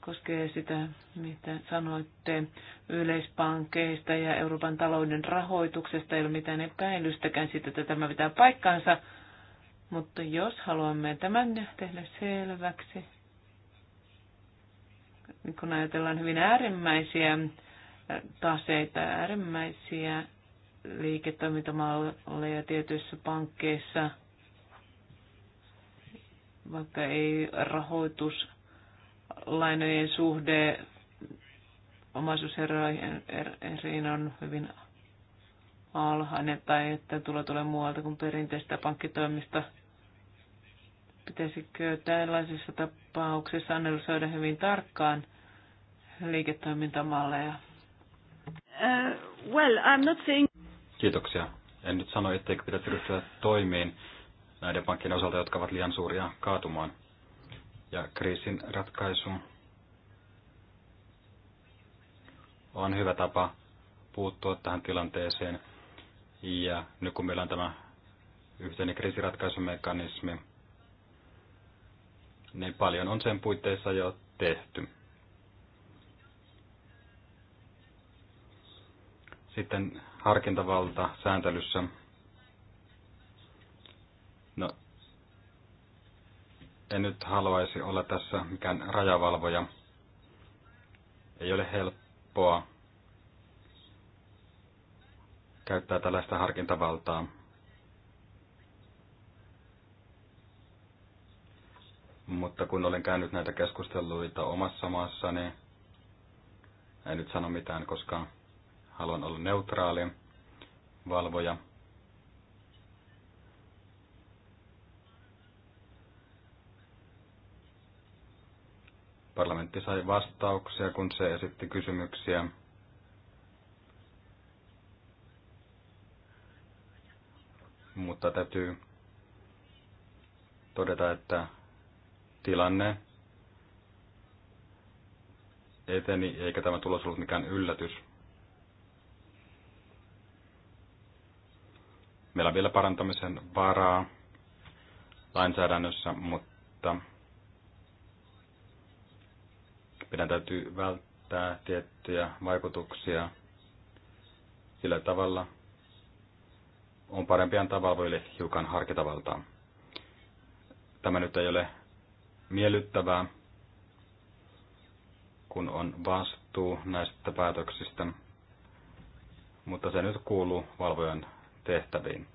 koskee sitä, mitä sanoitte yleispankkeista ja Euroopan talouden rahoituksesta. Ei ole mitään epäilystäkään siitä, että tämä pitää paikkansa. Mutta jos haluamme tämän tehdä selväksi, kun ajatellaan hyvin äärimmäisiä taseita, äärimmäisiä liiketoimintamalleja tietyissä pankkeissa, vaikka ei rahoituslainojen suhde omaisuuseriin on hyvin alhainen tai että tulo tulee muualta kuin perinteistä pankkitoimista. Pitäisikö tällaisissa tapauksissa analysoida hyvin tarkkaan liiketoimintamalleja? Uh, well, I'm not saying... Kiitoksia. En nyt sano, etteikö pitäisi ryhtyä toimiin näiden pankkien osalta, jotka ovat liian suuria kaatumaan. Ja kriisin ratkaisu on hyvä tapa puuttua tähän tilanteeseen. Ja nyt kun meillä on tämä yhteinen kriisiratkaisumekanismi, niin paljon on sen puitteissa jo tehty. Sitten harkintavalta sääntelyssä. No, en nyt haluaisi olla tässä mikään rajavalvoja. Ei ole helppoa käyttää tällaista harkintavaltaa. Mutta kun olen käynyt näitä keskusteluita omassa maassani, en nyt sano mitään, koska haluan olla neutraali valvoja. Parlamentti sai vastauksia, kun se esitti kysymyksiä. Mutta täytyy todeta, että tilanne eteni, eikä tämä tulos ollut mikään yllätys. Meillä on vielä parantamisen varaa lainsäädännössä, mutta meidän täytyy välttää tiettyjä vaikutuksia sillä tavalla, on parempi antaa valvojille hiukan harkitavaltaa. Tämä nyt ei ole miellyttävää, kun on vastuu näistä päätöksistä, mutta se nyt kuuluu valvojan tehtäviin.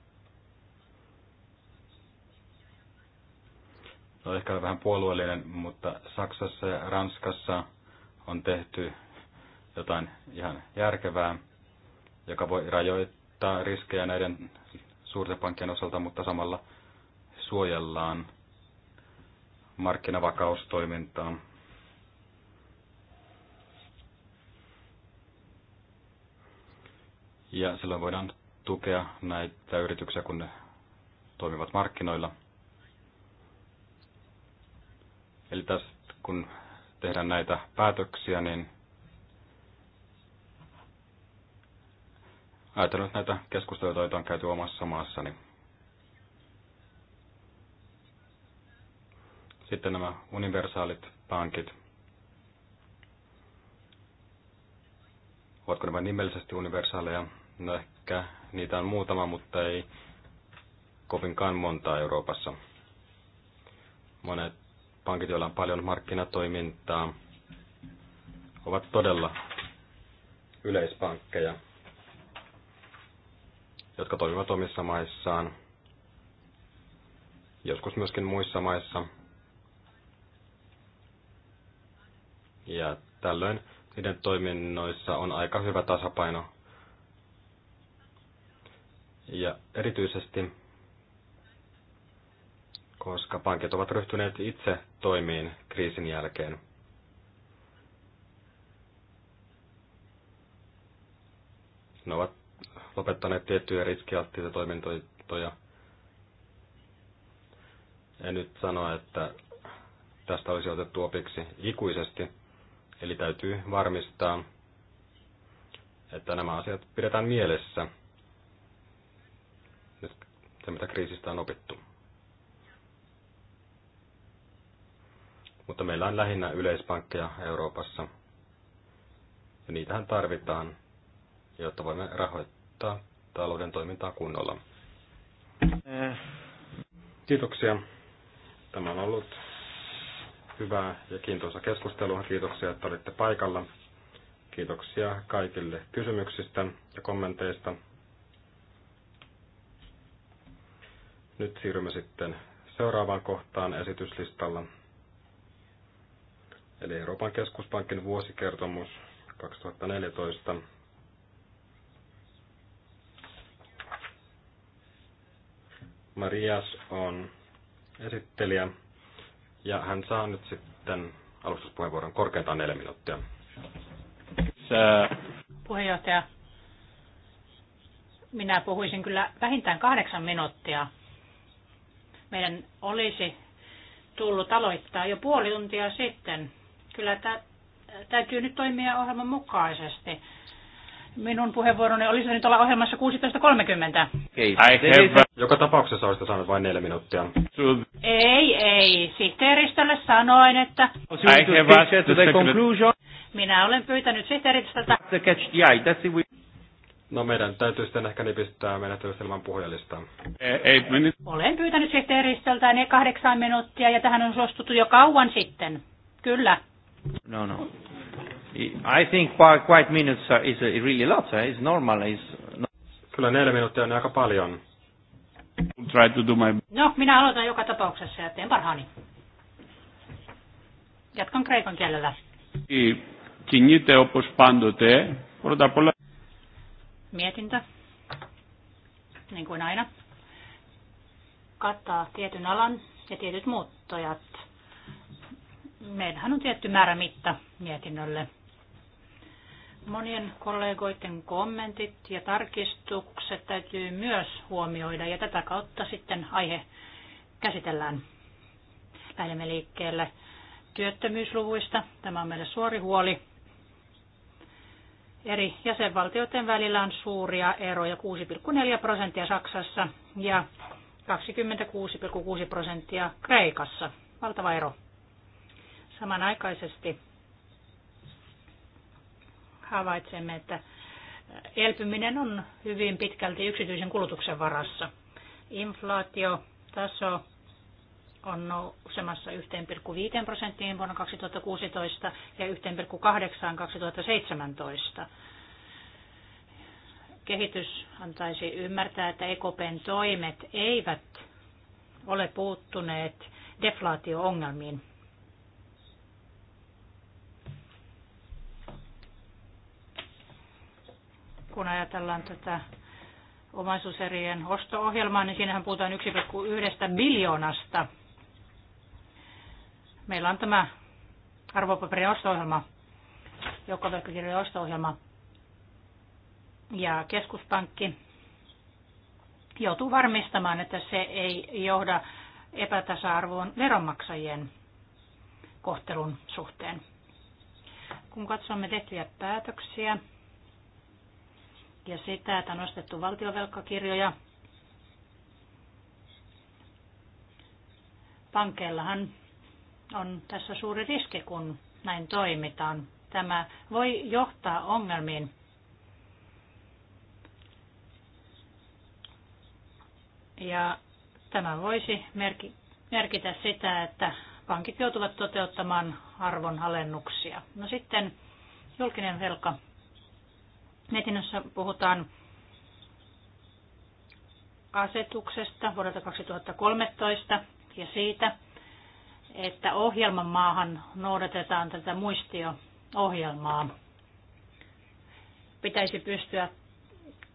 No ehkä vähän puolueellinen, mutta Saksassa ja Ranskassa on tehty jotain ihan järkevää, joka voi rajoittaa riskejä näiden suurten pankkien osalta, mutta samalla suojellaan markkinavakaustoimintaa. Ja silloin voidaan tukea näitä yrityksiä, kun ne toimivat markkinoilla. Eli tässä, kun tehdään näitä päätöksiä, niin ajatellut näitä keskusteluja joita on käyty omassa maassani. Sitten nämä universaalit pankit. Ovatko ne vain nimellisesti universaaleja? No ehkä Niitä on muutama, mutta ei kovinkaan montaa Euroopassa. Monet pankit, joilla on paljon markkinatoimintaa, ovat todella yleispankkeja, jotka toimivat omissa maissaan, joskus myöskin muissa maissa. Ja tällöin niiden toiminnoissa on aika hyvä tasapaino ja erityisesti, koska pankit ovat ryhtyneet itse toimiin kriisin jälkeen. Ne ovat lopettaneet tiettyjä riskialttiita toimintoja. En nyt sano, että tästä olisi otettu opiksi ikuisesti, eli täytyy varmistaa, että nämä asiat pidetään mielessä – se mitä kriisistä on opittu. Mutta meillä on lähinnä yleispankkeja Euroopassa, ja niitähän tarvitaan, jotta voimme rahoittaa talouden toimintaa kunnolla. Kiitoksia. Tämä on ollut hyvää ja kiintoisa keskustelua. Kiitoksia, että olitte paikalla. Kiitoksia kaikille kysymyksistä ja kommenteista. Nyt siirrymme sitten seuraavaan kohtaan esityslistalla. Eli Euroopan keskuspankin vuosikertomus 2014. Marias on esittelijä ja hän saa nyt sitten alustuspuheenvuoron korkeintaan neljä minuuttia. Puheenjohtaja, minä puhuisin kyllä vähintään kahdeksan minuuttia, meidän olisi tullut aloittaa jo puoli tuntia sitten. Kyllä täytyy nyt toimia ohjelman mukaisesti. Minun puheenvuoroni olisi nyt olla ohjelmassa 16.30. Ei, siis- Joka tapauksessa olisit saanut vain neljä minuuttia. Ei, ei. Sihteeristölle sanoin, että... conclusion. Minä olen pyytänyt sihteeristöltä... catch the eye. That's the No meidän täytyy sitten ehkä nipistää menettelystä ilman puhujalistaa. Ei, ei meni. Olen pyytänyt sihteeristöltä ne kahdeksan minuuttia ja tähän on suostuttu jo kauan sitten. Kyllä. No, no. I think quite minutes is really lot. Eh? It's normal. It's not... Kyllä neljä minuuttia on aika paljon. Try to do my... No, minä aloitan joka tapauksessa ja teen parhaani. Jatkan kreikan kielellä. Κινείται όπως πάντοτε πρώτα mietintö, niin kuin aina, kattaa tietyn alan ja tietyt muuttojat. Meillähän on tietty määrä mitta mietinnölle. Monien kollegoiden kommentit ja tarkistukset täytyy myös huomioida ja tätä kautta sitten aihe käsitellään. Lähdemme liikkeelle työttömyysluvuista. Tämä on meille suori huoli eri jäsenvaltioiden välillä on suuria eroja, 6,4 prosenttia Saksassa ja 26,6 prosenttia Kreikassa. Valtava ero. Samanaikaisesti havaitsemme, että elpyminen on hyvin pitkälti yksityisen kulutuksen varassa. Inflaatio, taso on nousemassa 1,5 prosenttiin vuonna 2016 ja 1,8 2017. Kehitys antaisi ymmärtää, että EKPn toimet eivät ole puuttuneet deflaatio-ongelmiin. Kun ajatellaan tätä omaisuuserien osto-ohjelmaa, niin siinähän puhutaan 1,1 biljoonasta Meillä on tämä arvopaperin osto-ohjelma, joukkovelkakirjojen osto-ohjelma. Ja keskuspankki joutuu varmistamaan, että se ei johda epätasa-arvoon veronmaksajien kohtelun suhteen. Kun katsomme tehtyjä päätöksiä ja sitä, että on ostettu valtiovelkakirjoja, pankeillahan on tässä suuri riski, kun näin toimitaan. Tämä voi johtaa ongelmiin. Ja tämä voisi merkitä sitä, että pankit joutuvat toteuttamaan arvonalennuksia. No sitten julkinen velka. Mietinnössä puhutaan asetuksesta vuodelta 2013 ja siitä, että ohjelman maahan noudatetaan tätä muistio-ohjelmaa. Pitäisi pystyä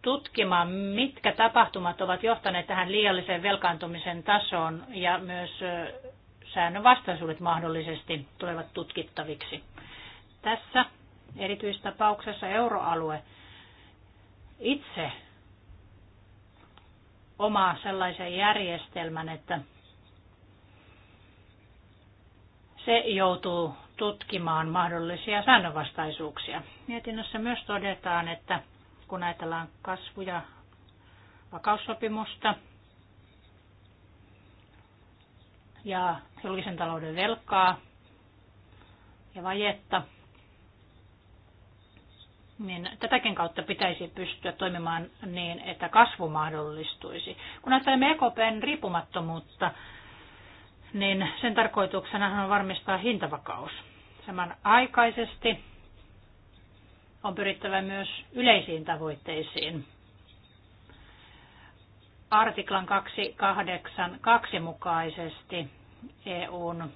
tutkimaan, mitkä tapahtumat ovat johtaneet tähän liialliseen velkaantumisen tasoon ja myös säännön vastaisuudet mahdollisesti tulevat tutkittaviksi. Tässä erityistapauksessa euroalue itse omaa sellaisen järjestelmän, että se joutuu tutkimaan mahdollisia säännönvastaisuuksia. Mietinnössä myös todetaan, että kun ajatellaan kasvu- ja vakaussopimusta ja julkisen talouden velkaa ja vajetta, niin tätäkin kautta pitäisi pystyä toimimaan niin, että kasvu mahdollistuisi. Kun ajattelemme EKPn riippumattomuutta, niin sen tarkoituksena on varmistaa hintavakaus. Samanaikaisesti on pyrittävä myös yleisiin tavoitteisiin. Artiklan 282 mukaisesti EUn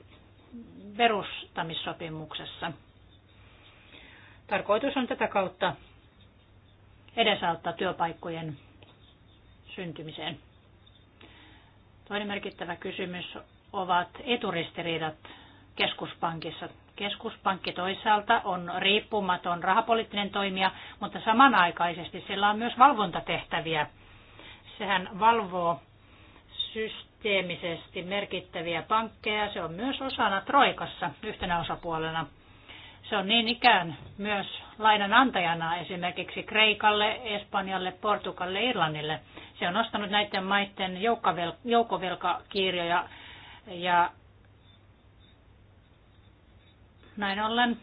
perustamissopimuksessa. Tarkoitus on tätä kautta edesauttaa työpaikkojen syntymiseen. Toinen merkittävä kysymys ovat eturistiriidat keskuspankissa. Keskuspankki toisaalta on riippumaton rahapoliittinen toimija, mutta samanaikaisesti sillä on myös valvontatehtäviä. Sehän valvoo systeemisesti merkittäviä pankkeja. Se on myös osana Troikassa yhtenä osapuolena. Se on niin ikään myös lainanantajana esimerkiksi Kreikalle, Espanjalle, Portugalle, Irlannille. Se on ostanut näiden maiden joukkovelkakirjoja ja näin ollen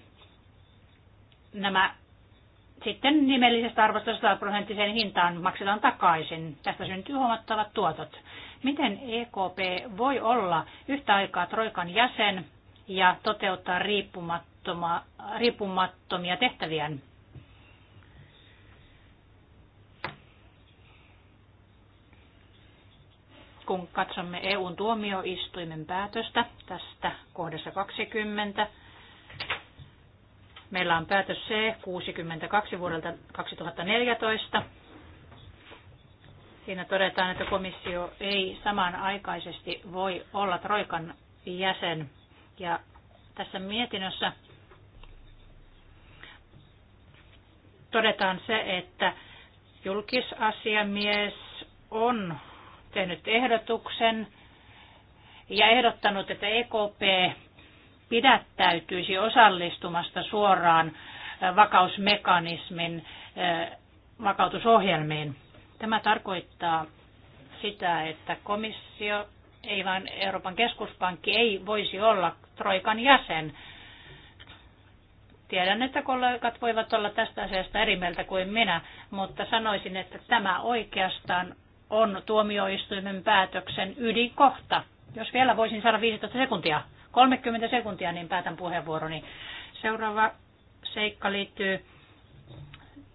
nämä sitten nimellisestä arvosta 100 prosenttiseen hintaan maksetaan takaisin. Tästä syntyy huomattavat tuotot. Miten EKP voi olla yhtä aikaa Troikan jäsen ja toteuttaa riippumattomia tehtäviä? kun katsomme EUn tuomioistuimen päätöstä tästä kohdassa 20. Meillä on päätös C62 vuodelta 2014. Siinä todetaan, että komissio ei samanaikaisesti voi olla Troikan jäsen. Ja tässä mietinnössä todetaan se, että julkisasiamies on tehnyt ehdotuksen ja ehdottanut, että EKP pidättäytyisi osallistumasta suoraan äh, vakausmekanismin äh, vakautusohjelmiin. Tämä tarkoittaa sitä, että komissio, ei vaan Euroopan keskuspankki, ei voisi olla Troikan jäsen. Tiedän, että kollegat voivat olla tästä asiasta eri mieltä kuin minä, mutta sanoisin, että tämä oikeastaan on tuomioistuimen päätöksen ydinkohta. Jos vielä voisin saada 15 sekuntia, 30 sekuntia, niin päätän puheenvuoroni. Seuraava seikka liittyy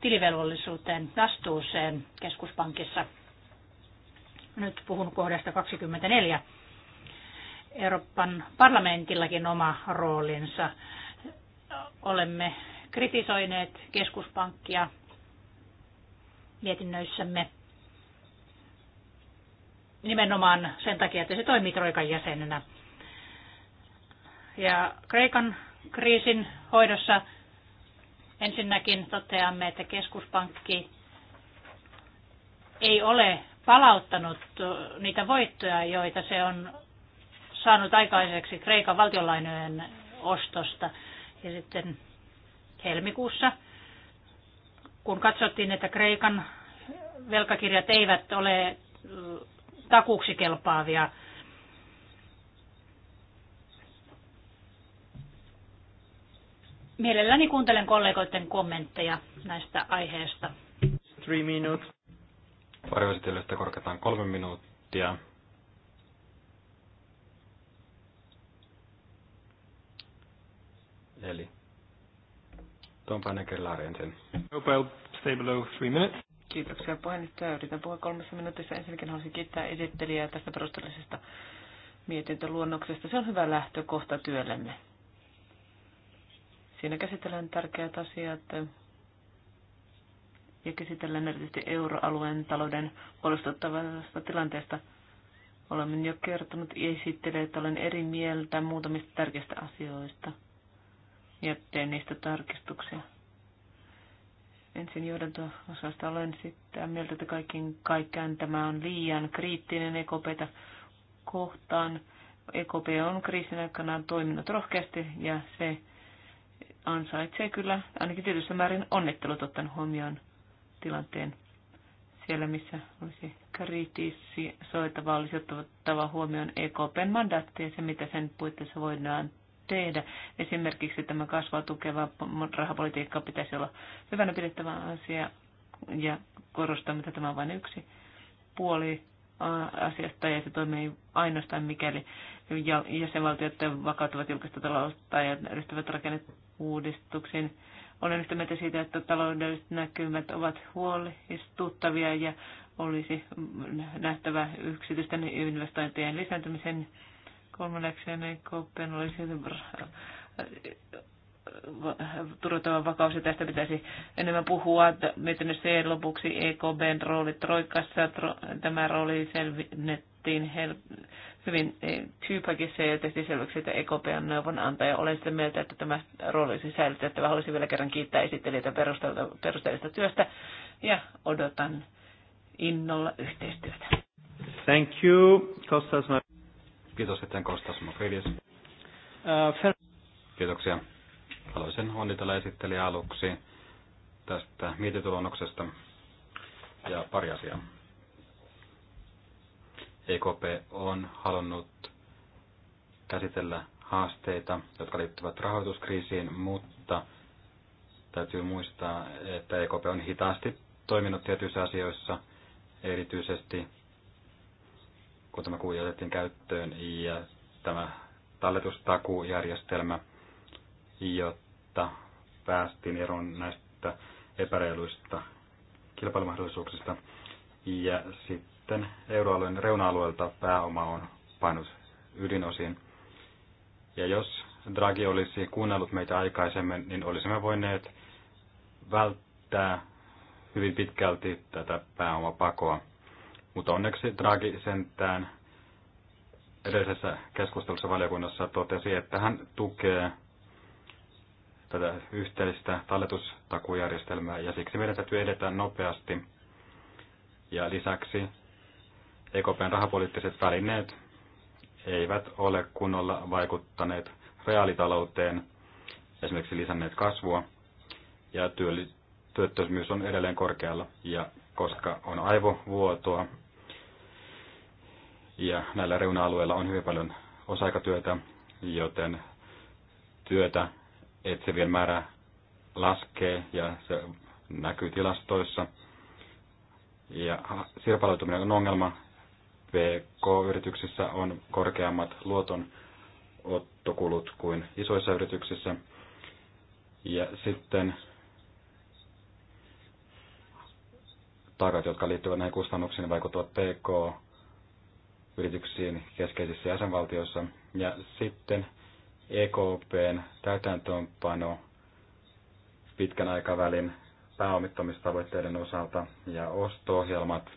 tilivelvollisuuteen, vastuuseen keskuspankissa. Nyt puhun kohdasta 24. Euroopan parlamentillakin oma roolinsa. Olemme kritisoineet keskuspankkia mietinnöissämme nimenomaan sen takia, että se toimii Troikan jäsenenä. Ja Kreikan kriisin hoidossa ensinnäkin toteamme, että keskuspankki ei ole palauttanut niitä voittoja, joita se on saanut aikaiseksi Kreikan valtionlainojen ostosta. Ja sitten helmikuussa, kun katsottiin, että Kreikan velkakirjat eivät ole takuuksi kelpaavia mielelläni kuuntelen kollegoiden kommentteja näistä aiheista. Three minutes. Varjoesittelystä korkeataan kolme minuuttia. Eli Tom Paneker ensin. Hope stay below three minutes. Kiitoksia puheenjohtaja. Yritän puhua kolmessa minuutissa. Ensinnäkin haluaisin kiittää esittelijää tästä perusteellisesta mietintöluonnoksesta. Se on hyvä lähtökohta työllemme. Siinä käsitellään tärkeät asiat ja käsitellään erityisesti euroalueen talouden huolestuttavasta tilanteesta. Olen jo kertonut esittele, että olen eri mieltä muutamista tärkeistä asioista ja teen niistä tarkistuksia ensin johdanto-osasta olen sitä mieltä, että kaiken kaikkiaan tämä on liian kriittinen EKPtä kohtaan. EKP on kriisin aikana toiminut rohkeasti ja se ansaitsee kyllä ainakin tietyssä määrin onnittelut ottaen huomioon tilanteen siellä, missä olisi kriittisi soitava, olisi otettava huomioon EKPn mandaatti ja se, mitä sen puitteissa voidaan tehdä. Esimerkiksi tämä kasvaa tukeva rahapolitiikka pitäisi olla hyvänä pidettävä asia ja korostaa, että tämä on vain yksi puoli asiasta ja se toimii ainoastaan mikäli jäsenvaltiot vakautuvat julkista taloutta ja ryhtyvät uudistuksiin. Olen yhtä mieltä siitä, että taloudelliset näkymät ovat huolestuttavia ja olisi nähtävä yksityisten investointien lisääntymisen Kolmanneksi EKPn olisi turvattava vakaus, ja tästä pitäisi enemmän puhua. miten se lopuksi EKBn rooli Troikassa, tämä rooli selvinnettiin hel- hyvin e, Tyypäkissä ja tehti selväksi, että EKP on neuvonantaja. Olen sitä mieltä, että tämä rooli olisi säilytettävä. Haluaisin vielä kerran kiittää esittelijöitä perusteellisesta työstä ja odotan innolla yhteistyötä. Thank you, Kostas. Kiitos sitten Kostas Mokridis. Kiitoksia. Haluaisin onnitella esittelijä aluksi tästä mietitulonnoksesta ja pari asiaa. EKP on halunnut käsitellä haasteita, jotka liittyvät rahoituskriisiin, mutta täytyy muistaa, että EKP on hitaasti toiminut tietyissä asioissa, erityisesti kun tämä kuvio otettiin käyttöön ja tämä talletustakuujärjestelmä, jotta päästiin eroon näistä epäreiluista kilpailumahdollisuuksista. Ja sitten euroalueen reuna-alueelta pääoma on painut ydinosiin. Ja jos Draghi olisi kuunnellut meitä aikaisemmin, niin olisimme voineet välttää hyvin pitkälti tätä pääomapakoa. Mutta onneksi Draghi sentään edellisessä keskustelussa valiokunnassa totesi, että hän tukee tätä yhteistä talletustakujärjestelmää ja siksi meidän täytyy edetä nopeasti. Ja lisäksi EKPn rahapoliittiset välineet eivät ole kunnolla vaikuttaneet reaalitalouteen, esimerkiksi lisänneet kasvua ja työttömyys on edelleen korkealla. Ja koska on aivovuotoa, ja näillä reuna-alueilla on hyvin paljon osa-aikatyötä, joten työtä etsevien määrä laskee ja se näkyy tilastoissa. Ja sirpaloituminen on ongelma. PK-yrityksissä on korkeammat luotonottokulut kuin isoissa yrityksissä. Ja sitten taakat, jotka liittyvät näihin kustannuksiin, vaikuttavat PK yrityksiin keskeisissä jäsenvaltioissa. Ja sitten EKPn täytäntöönpano pitkän aikavälin pääomittamistavoitteiden osalta ja osto-ohjelmat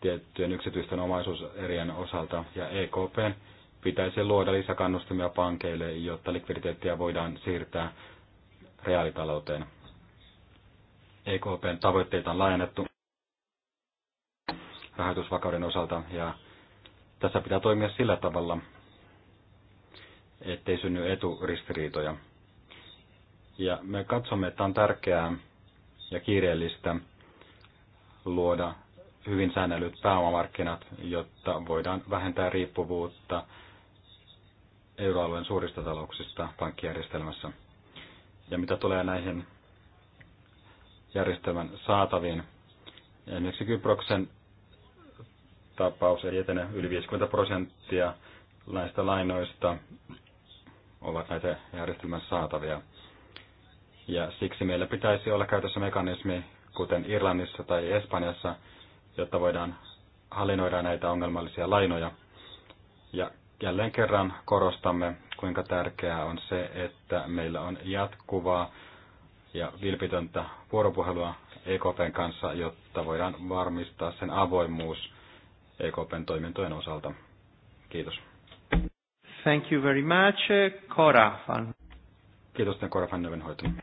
tiettyjen yksityisten omaisuuserien osalta ja EKPn pitäisi luoda lisäkannustimia pankeille, jotta likviditeettiä voidaan siirtää reaalitalouteen. EKPn tavoitteita on laajennettu rahoitusvakauden osalta ja tässä pitää toimia sillä tavalla, ettei synny eturistiriitoja. Ja me katsomme, että on tärkeää ja kiireellistä luoda hyvin säännellyt pääomamarkkinat, jotta voidaan vähentää riippuvuutta euroalueen suurista talouksista pankkijärjestelmässä. Ja mitä tulee näihin järjestelmän saataviin, esimerkiksi Kyproksen tapaus ei etene. Yli 50 prosenttia näistä lainoista ovat näitä järjestelmän saatavia. Ja siksi meillä pitäisi olla käytössä mekanismi, kuten Irlannissa tai Espanjassa, jotta voidaan hallinnoida näitä ongelmallisia lainoja. Ja jälleen kerran korostamme, kuinka tärkeää on se, että meillä on jatkuvaa ja vilpitöntä vuoropuhelua EKPn kanssa, jotta voidaan varmistaa sen avoimuus EKPn toimintojen osalta. Kiitos. Thank you very much, Cora van. Kiitos, Cora van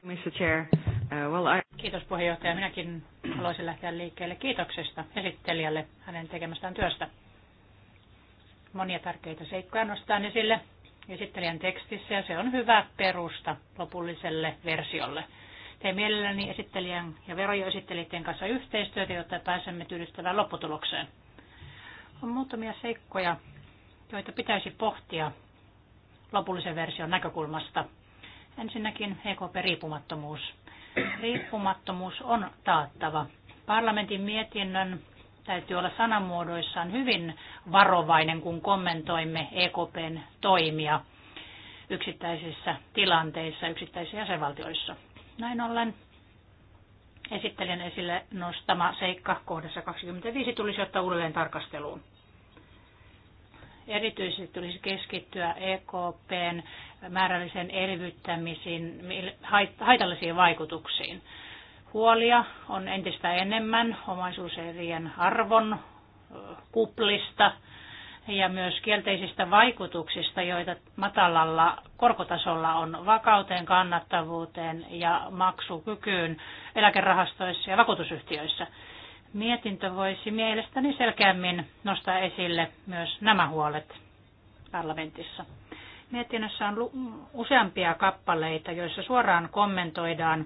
Mr. Chair, uh, well, I... Kiitos puheenjohtaja. Minäkin haluaisin lähteä liikkeelle kiitoksesta esittelijälle hänen tekemästään työstä. Monia tärkeitä seikkoja nostaa esille esittelijän tekstissä ja se on hyvä perusta lopulliselle versiolle. Tein mielelläni esittelijän ja esittelijien kanssa yhteistyötä, jotta pääsemme tyydyttävään lopputulokseen. On muutamia seikkoja, joita pitäisi pohtia lopullisen version näkökulmasta. Ensinnäkin EKP-riippumattomuus. Riippumattomuus on taattava. Parlamentin mietinnön täytyy olla sanamuodoissaan hyvin varovainen, kun kommentoimme EKPn toimia yksittäisissä tilanteissa, yksittäisissä jäsenvaltioissa. Näin ollen esittelijän esille nostama seikka kohdassa 25 tulisi ottaa uudelleen tarkasteluun. Erityisesti tulisi keskittyä EKPn määrällisen elvyttämisiin haitallisiin vaikutuksiin. Huolia on entistä enemmän omaisuuserien arvon kuplista – ja myös kielteisistä vaikutuksista, joita matalalla korkotasolla on vakauteen, kannattavuuteen ja maksukykyyn eläkerahastoissa ja vakuutusyhtiöissä. Mietintö voisi mielestäni selkeämmin nostaa esille myös nämä huolet parlamentissa. Mietinnössä on useampia kappaleita, joissa suoraan kommentoidaan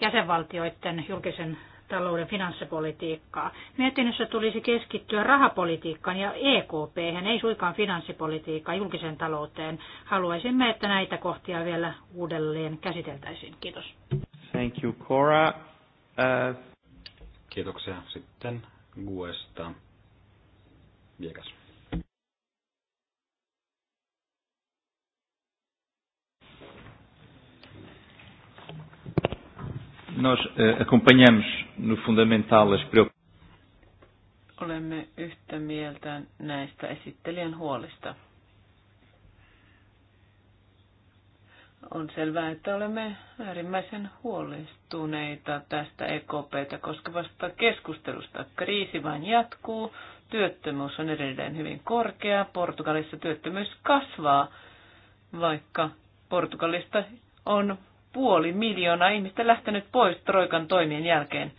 jäsenvaltioiden julkisen talouden finanssipolitiikkaa. Mietinnössä tulisi keskittyä rahapolitiikkaan ja EKP, ei suinkaan finanssipolitiikkaan, julkiseen talouteen. Haluaisimme, että näitä kohtia vielä uudelleen käsiteltäisiin. Kiitos. Thank you, Cora. Uh... Kiitoksia. Sitten Guesta. Viekas. nós eh, acompanhamos no fundamental as Olemme yhtä mieltä näistä esittelijän huolista. On selvää, että olemme äärimmäisen huolestuneita tästä EKPtä koskevasta keskustelusta. Kriisi vain jatkuu, työttömyys on edelleen hyvin korkea, Portugalissa työttömyys kasvaa, vaikka Portugalista on puoli miljoonaa ihmistä lähtenyt pois Troikan toimien jälkeen.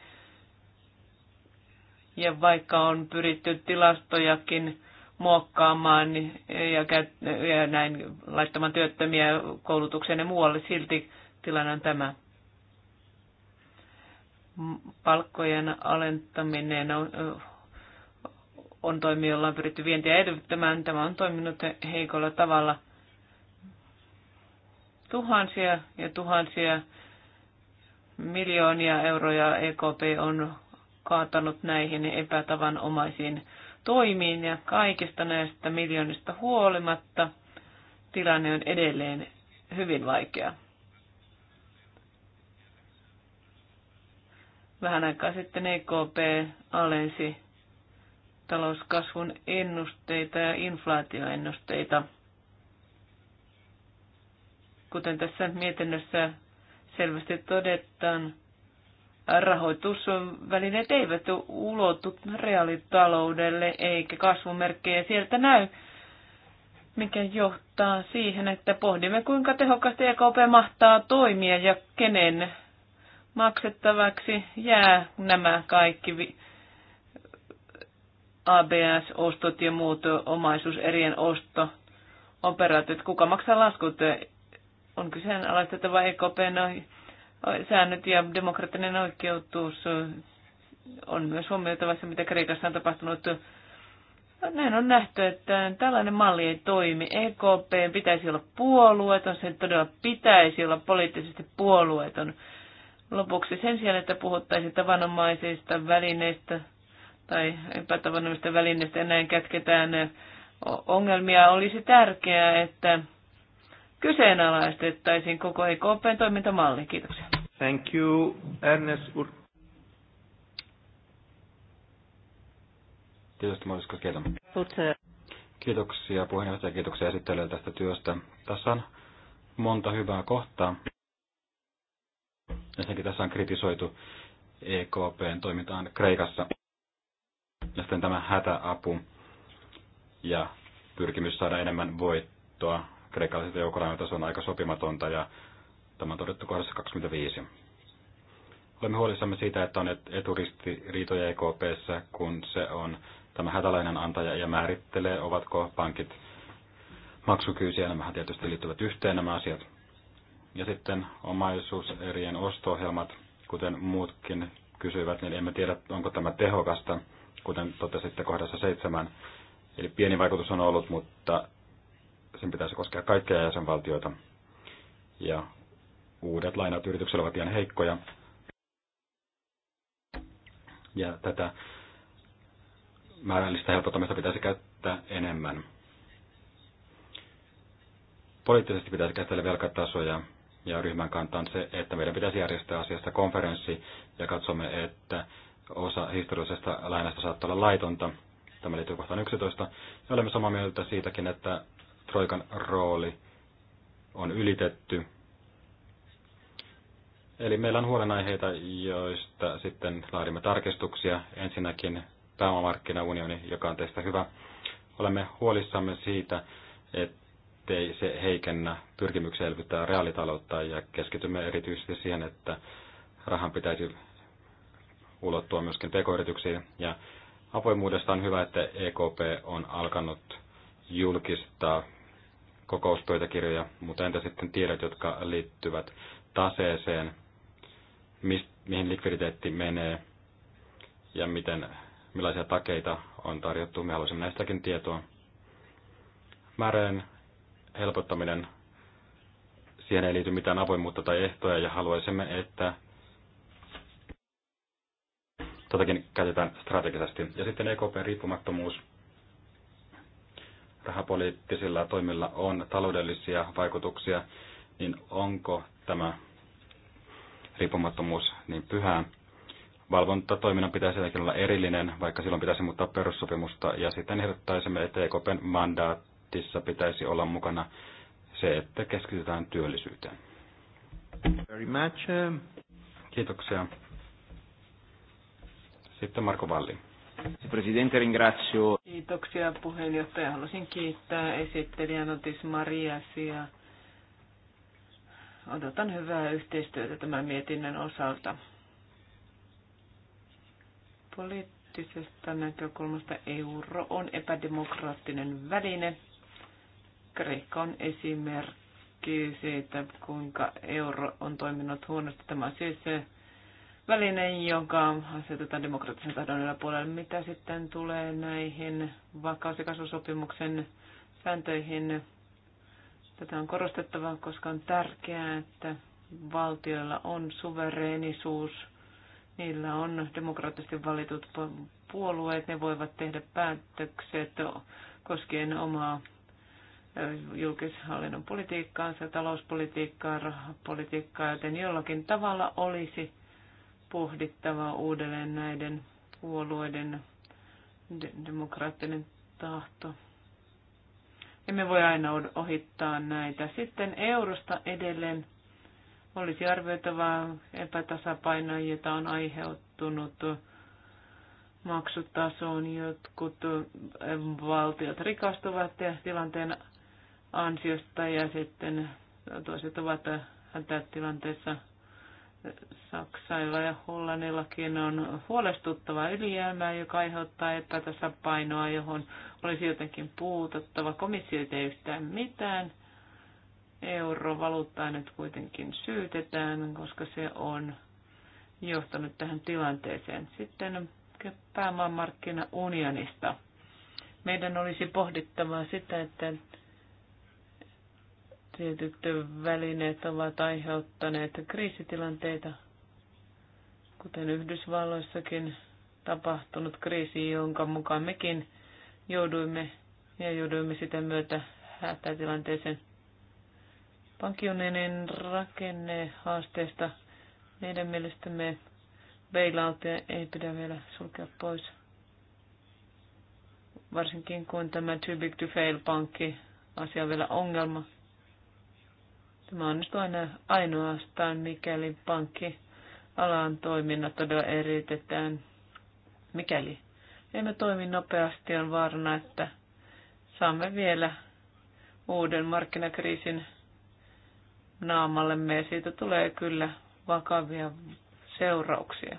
Ja vaikka on pyritty tilastojakin muokkaamaan niin ja, ja näin laittamaan työttömiä koulutukseen ja muualle, silti tilanne on tämä. Palkkojen alentaminen on, on toimi, jolla on pyritty vientiä edellyttämään. Tämä on toiminut heikolla tavalla. Tuhansia ja tuhansia miljoonia euroja EKP on kaatanut näihin epätavanomaisiin toimiin ja kaikista näistä miljoonista huolimatta tilanne on edelleen hyvin vaikea. Vähän aikaa sitten EKP alensi talouskasvun ennusteita ja inflaatioennusteita. Kuten tässä mietinnössä selvästi todetaan, rahoitusvälineet eivät ulotu reaalitaloudelle eikä kasvumerkkejä sieltä näy, mikä johtaa siihen, että pohdimme kuinka tehokkaasti EKP mahtaa toimia ja kenen maksettavaksi jää nämä kaikki ABS-ostot ja muut omaisuuserien osto operaatiot. Kuka maksaa laskut? On kyseenalaistettava e noihin säännöt ja demokraattinen oikeutus on myös huomioitava se, mitä Kreikassa on tapahtunut. Näin on nähty, että tällainen malli ei toimi. EKP pitäisi olla puolueeton, sen todella pitäisi olla poliittisesti puolueeton. Lopuksi sen sijaan, että puhuttaisiin tavanomaisista välineistä tai epätavanomaisista välineistä ja näin kätketään ongelmia, olisi tärkeää, että kyseenalaistettaisiin koko EKPn toimintamalli. Kiitoksia. Thank you, Ernest Ur... Kiitos, Mariska Kelman. Kiitoksia puheenjohtaja, kiitoksia esittelijöille tästä työstä. Tässä on monta hyvää kohtaa. Ensinnäkin tässä on kritisoitu EKPn toimintaan Kreikassa. Ja sitten tämä hätäapu ja pyrkimys saada enemmän voittoa kreikkalaisilta joukkolainoilta se on aika sopimatonta ja tämä on todettu kohdassa 25. Olemme huolissamme siitä, että on eturistiriitoja EKPssä, kun se on tämä hätälainen antaja ja määrittelee, ovatko pankit maksukyysiä. Nämähän tietysti liittyvät yhteen nämä asiat. Ja sitten omaisuuserien osto-ohjelmat, kuten muutkin kysyivät, niin emme tiedä, onko tämä tehokasta, kuten totesitte kohdassa seitsemän. Eli pieni vaikutus on ollut, mutta sen pitäisi koskea kaikkia jäsenvaltioita. Ja uudet lainat yrityksellä ovat ihan heikkoja. Ja tätä määrällistä helpottamista pitäisi käyttää enemmän. Poliittisesti pitäisi käsitellä velkatasoja ja ryhmän kanta on se, että meidän pitäisi järjestää asiasta konferenssi ja katsomme, että osa historiallisesta lainasta saattaa olla laitonta. Tämä liittyy kohtaan 11. Ja olemme samaa mieltä siitäkin, että Troikan rooli on ylitetty. Eli meillä on huolenaiheita, joista sitten laadimme tarkistuksia. Ensinnäkin pääomamarkkinaunioni, joka on teistä hyvä. Olemme huolissamme siitä, ettei se heikennä pyrkimyksiä elvyttää reaalitaloutta ja keskitymme erityisesti siihen, että rahan pitäisi ulottua myöskin pk-yrityksiin. Ja avoimuudesta on hyvä, että EKP on alkanut julkistaa kokouspöytäkirjoja, mutta entä sitten tiedot, jotka liittyvät taseeseen, mihin likviditeetti menee ja miten, millaisia takeita on tarjottu. Me haluaisimme näistäkin tietoa. Määrän helpottaminen, siihen ei liity mitään avoimuutta tai ehtoja ja haluaisimme, että tätäkin käytetään strategisesti. Ja sitten EKP riippumattomuus rahapoliittisilla toimilla on taloudellisia vaikutuksia, niin onko tämä riippumattomuus niin pyhää? Valvontatoiminnan pitäisi jotenkin olla erillinen, vaikka silloin pitäisi muuttaa perussopimusta, ja sitten ehdottaisimme, että EKPn mandaatissa pitäisi olla mukana se, että keskitytään työllisyyteen. Very much. Um, Kiitoksia. Sitten Marko Valli. Presidente, ringrazio. Kiitoksia puheenjohtaja. Haluaisin kiittää esittelijä Notis Mariasia. Odotan hyvää yhteistyötä tämän mietinnön osalta. Poliittisesta näkökulmasta euro on epädemokraattinen väline. Kreikka on esimerkki siitä, kuinka euro on toiminut huonosti. Tämä on siis se väline, joka asetetaan demokraattisen tahdon yläpuolelle. Mitä sitten tulee näihin vakaus- ja kasvusopimuksen sääntöihin? Tätä on korostettava, koska on tärkeää, että valtioilla on suvereenisuus. Niillä on demokraattisesti valitut puolueet. Ne voivat tehdä päätökset koskien omaa julkishallinnon politiikkaansa, talouspolitiikkaa, rahapolitiikkaa, joten jollakin tavalla olisi pohdittava uudelleen näiden puolueiden de- demokraattinen tahto. Emme voi aina ohittaa näitä. Sitten eurosta edelleen olisi arvioitavaa epätasapainoa, jota on aiheuttunut maksutasoon. Jotkut eh, valtiot rikastuvat tilanteen ansiosta ja sitten toiset ovat hätätilanteessa Saksailla ja Hollannillakin on huolestuttava ylijäämää, joka aiheuttaa epätasapainoa, johon olisi jotenkin puututtava. Komissio ei yhtään mitään. Eurovaluuttaa nyt kuitenkin syytetään, koska se on johtanut tähän tilanteeseen. Sitten päämaamarkkinaunionista. Meidän olisi pohdittava sitä, että Tietyt välineet ovat aiheuttaneet kriisitilanteita, kuten Yhdysvalloissakin tapahtunut kriisi, jonka mukaan mekin jouduimme ja jouduimme sitä myötä hätätilanteeseen. Pankkiunionin haasteesta, meidän mielestämme bailoutia ei pidä vielä sulkea pois. Varsinkin kun tämä too big to fail pankki asia on vielä ongelma. Tämä onnistuu aina ainoastaan, mikäli pankkialan toiminnat todella eritetään. Mikäli emme toimi nopeasti, on vaarana, että saamme vielä uuden markkinakriisin naamallemme ja siitä tulee kyllä vakavia seurauksia.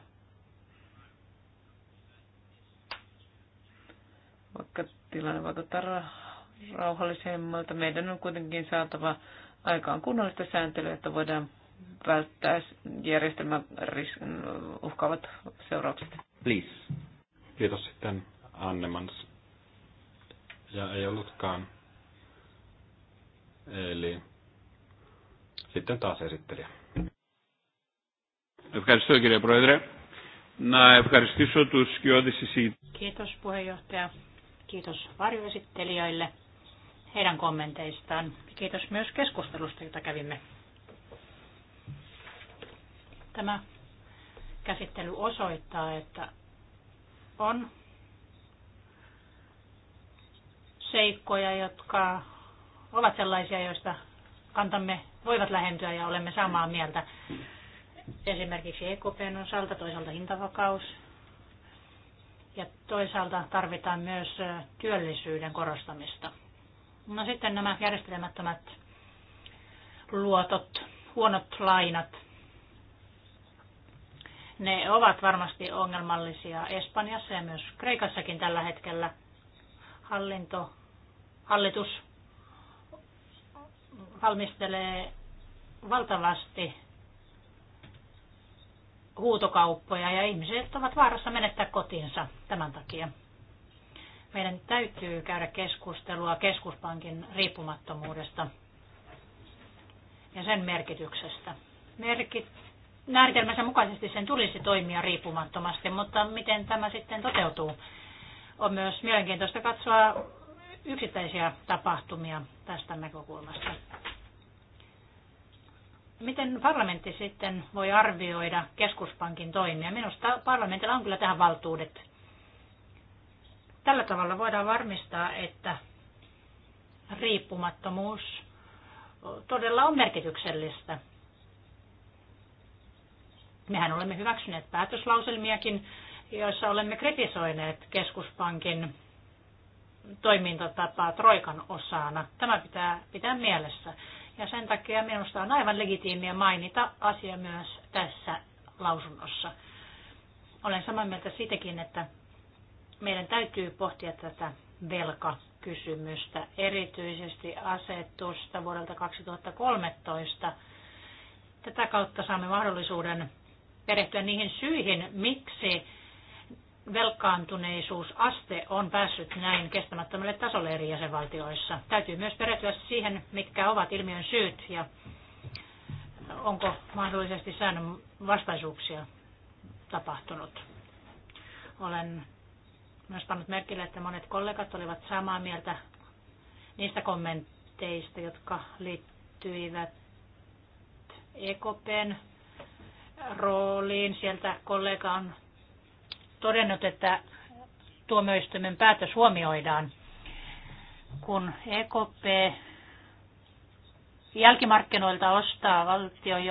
Vaikka tilanne vaikuttaa rauhallisemmalta, meidän on kuitenkin saatava aikaan kunnollista sääntelyä, että voidaan välttää järjestelmän uhkaavat seuraukset. Please. Kiitos sitten Annemans. Ja ei ollutkaan. Eli sitten taas esittelijä. Kiitos puheenjohtaja. Kiitos varjoesittelijöille heidän kommenteistaan. Kiitos myös keskustelusta, jota kävimme. Tämä käsittely osoittaa, että on seikkoja, jotka ovat sellaisia, joista kantamme voivat lähentyä ja olemme samaa mieltä. Esimerkiksi EKPn osalta, toisaalta hintavakaus ja toisaalta tarvitaan myös työllisyyden korostamista. No sitten nämä järjestelemättömät luotot, huonot lainat. Ne ovat varmasti ongelmallisia Espanjassa ja myös Kreikassakin tällä hetkellä. Hallinto, hallitus valmistelee valtavasti huutokauppoja ja ihmiset ovat vaarassa menettää kotinsa tämän takia. Meidän täytyy käydä keskustelua keskuspankin riippumattomuudesta ja sen merkityksestä. Merkit, määritelmänsä mukaisesti sen tulisi toimia riippumattomasti, mutta miten tämä sitten toteutuu? On myös mielenkiintoista katsoa yksittäisiä tapahtumia tästä näkökulmasta. Miten parlamentti sitten voi arvioida keskuspankin toimia? Minusta parlamentilla on kyllä tähän valtuudet. Tällä tavalla voidaan varmistaa, että riippumattomuus todella on merkityksellistä. Mehän olemme hyväksyneet päätöslauselmiakin, joissa olemme kritisoineet keskuspankin toimintatapaa Troikan osana. Tämä pitää pitää mielessä. Ja sen takia minusta on aivan legitiimiä mainita asia myös tässä lausunnossa. Olen samaa mieltä siitäkin, että meidän täytyy pohtia tätä velkakysymystä, erityisesti asetusta vuodelta 2013. Tätä kautta saamme mahdollisuuden perehtyä niihin syihin, miksi velkaantuneisuusaste on päässyt näin kestämättömälle tasolle eri jäsenvaltioissa. Täytyy myös perehtyä siihen, mitkä ovat ilmiön syyt ja onko mahdollisesti säännön vastaisuuksia tapahtunut. Olen myös pannut merkille, että monet kollegat olivat samaa mieltä niistä kommenteista, jotka liittyivät EKPn rooliin. Sieltä kollega on todennut, että tuomioistuimen päätös huomioidaan, kun EKP jälkimarkkinoilta ostaa valtion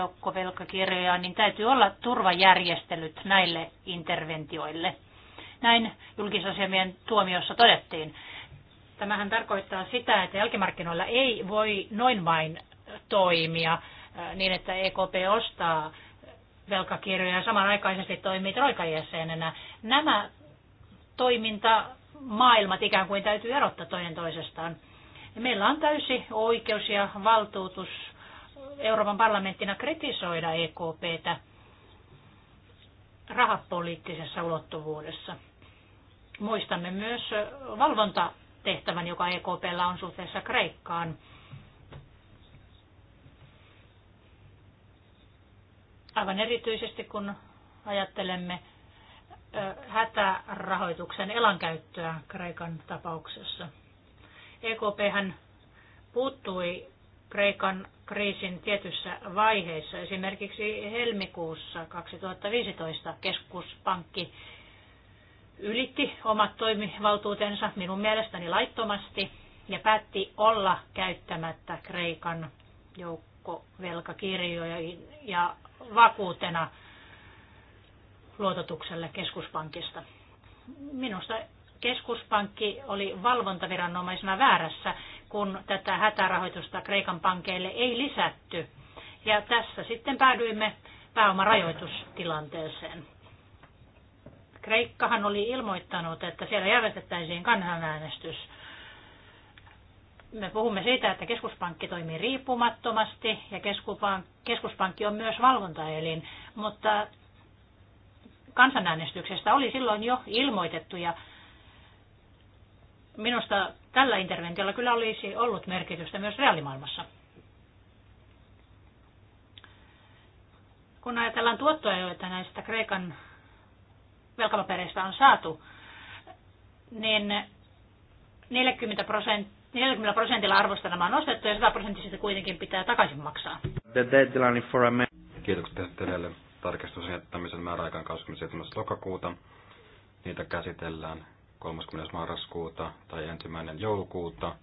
niin täytyy olla turvajärjestelyt näille interventioille – näin julkisasiamien tuomiossa todettiin. Tämähän tarkoittaa sitä, että jälkimarkkinoilla ei voi noin vain toimia äh, niin, että EKP ostaa velkakirjoja ja samanaikaisesti toimii troikajäsenenä. jäsenenä. Nämä toimintamaailmat ikään kuin täytyy erottaa toinen toisestaan. Meillä on täysi oikeus ja valtuutus Euroopan parlamenttina kritisoida EKPtä rahapoliittisessa ulottuvuudessa. Muistamme myös valvontatehtävän, joka EKPllä on suhteessa Kreikkaan. Aivan erityisesti kun ajattelemme hätärahoituksen elankäyttöä Kreikan tapauksessa. EKP hän puuttui Kreikan kriisin tietyssä vaiheessa. Esimerkiksi helmikuussa 2015 keskuspankki ylitti omat toimivaltuutensa minun mielestäni laittomasti ja päätti olla käyttämättä Kreikan joukkovelkakirjoja ja vakuutena luototukselle keskuspankista. Minusta keskuspankki oli valvontaviranomaisena väärässä, kun tätä hätärahoitusta Kreikan pankeille ei lisätty. Ja tässä sitten päädyimme pääomarajoitustilanteeseen. Kreikkahan oli ilmoittanut, että siellä järjestettäisiin kansanäänestys. Me puhumme siitä, että keskuspankki toimii riippumattomasti ja keskuspankki on myös valvontaelin, mutta kansanäänestyksestä oli silloin jo ilmoitettu ja minusta tällä interventiolla kyllä olisi ollut merkitystä myös reaalimaailmassa. Kun ajatellaan tuottoja, joita näistä Kreikan velkapapereista on saatu, niin 40 prosenttia 40 prosentilla arvosta nämä on ostettu ja 100 prosenttisesti kuitenkin pitää takaisin maksaa. The deadline for a Kiitokset esittelijälle. Tarkistus jättämisen määräaikaan 27. lokakuuta. Niitä käsitellään 30. marraskuuta tai 1. joulukuuta.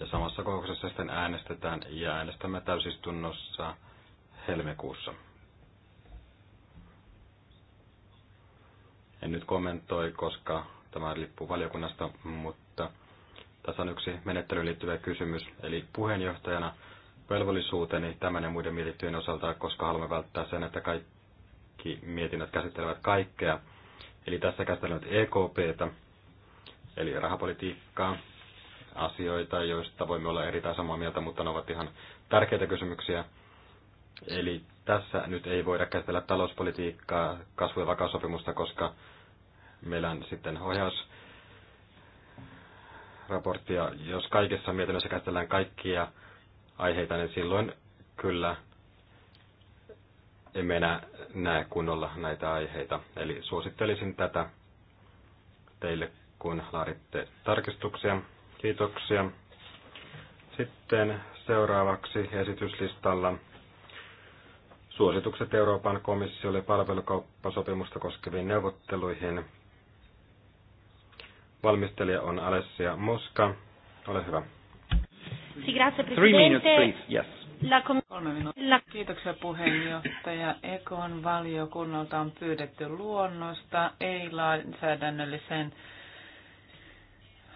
Ja samassa kokouksessa sitten äänestetään ja äänestämme täysistunnossa helmikuussa. en nyt kommentoi, koska tämä lippuu valiokunnasta, mutta tässä on yksi menettelyyn liittyvä kysymys. Eli puheenjohtajana velvollisuuteni tämän ja muiden mietittyjen osalta, koska haluamme välttää sen, että kaikki mietinnöt käsittelevät kaikkea. Eli tässä käsitellään nyt EKPtä, eli rahapolitiikkaa, asioita, joista voimme olla eri tai samaa mieltä, mutta ne ovat ihan tärkeitä kysymyksiä. Eli tässä nyt ei voida käsitellä talouspolitiikkaa, kasvu- ja vakaussopimusta, koska Meillä on sitten ohjausraporttia. Jos kaikessa mietinnössä käsitellään kaikkia aiheita, niin silloin kyllä emme enää näe kunnolla näitä aiheita. Eli suosittelisin tätä teille, kun laaditte tarkistuksia. Kiitoksia. Sitten seuraavaksi esityslistalla suositukset Euroopan komissiolle palvelukauppasopimusta koskeviin neuvotteluihin. Valmistelija on Alessia Moska. Ole hyvä. Three minutes, please. Yes. Kolme minuuttia. Kiitoksia puheenjohtaja. Ekon valiokunnalta on pyydetty luonnosta, ei lainsäädännölliseen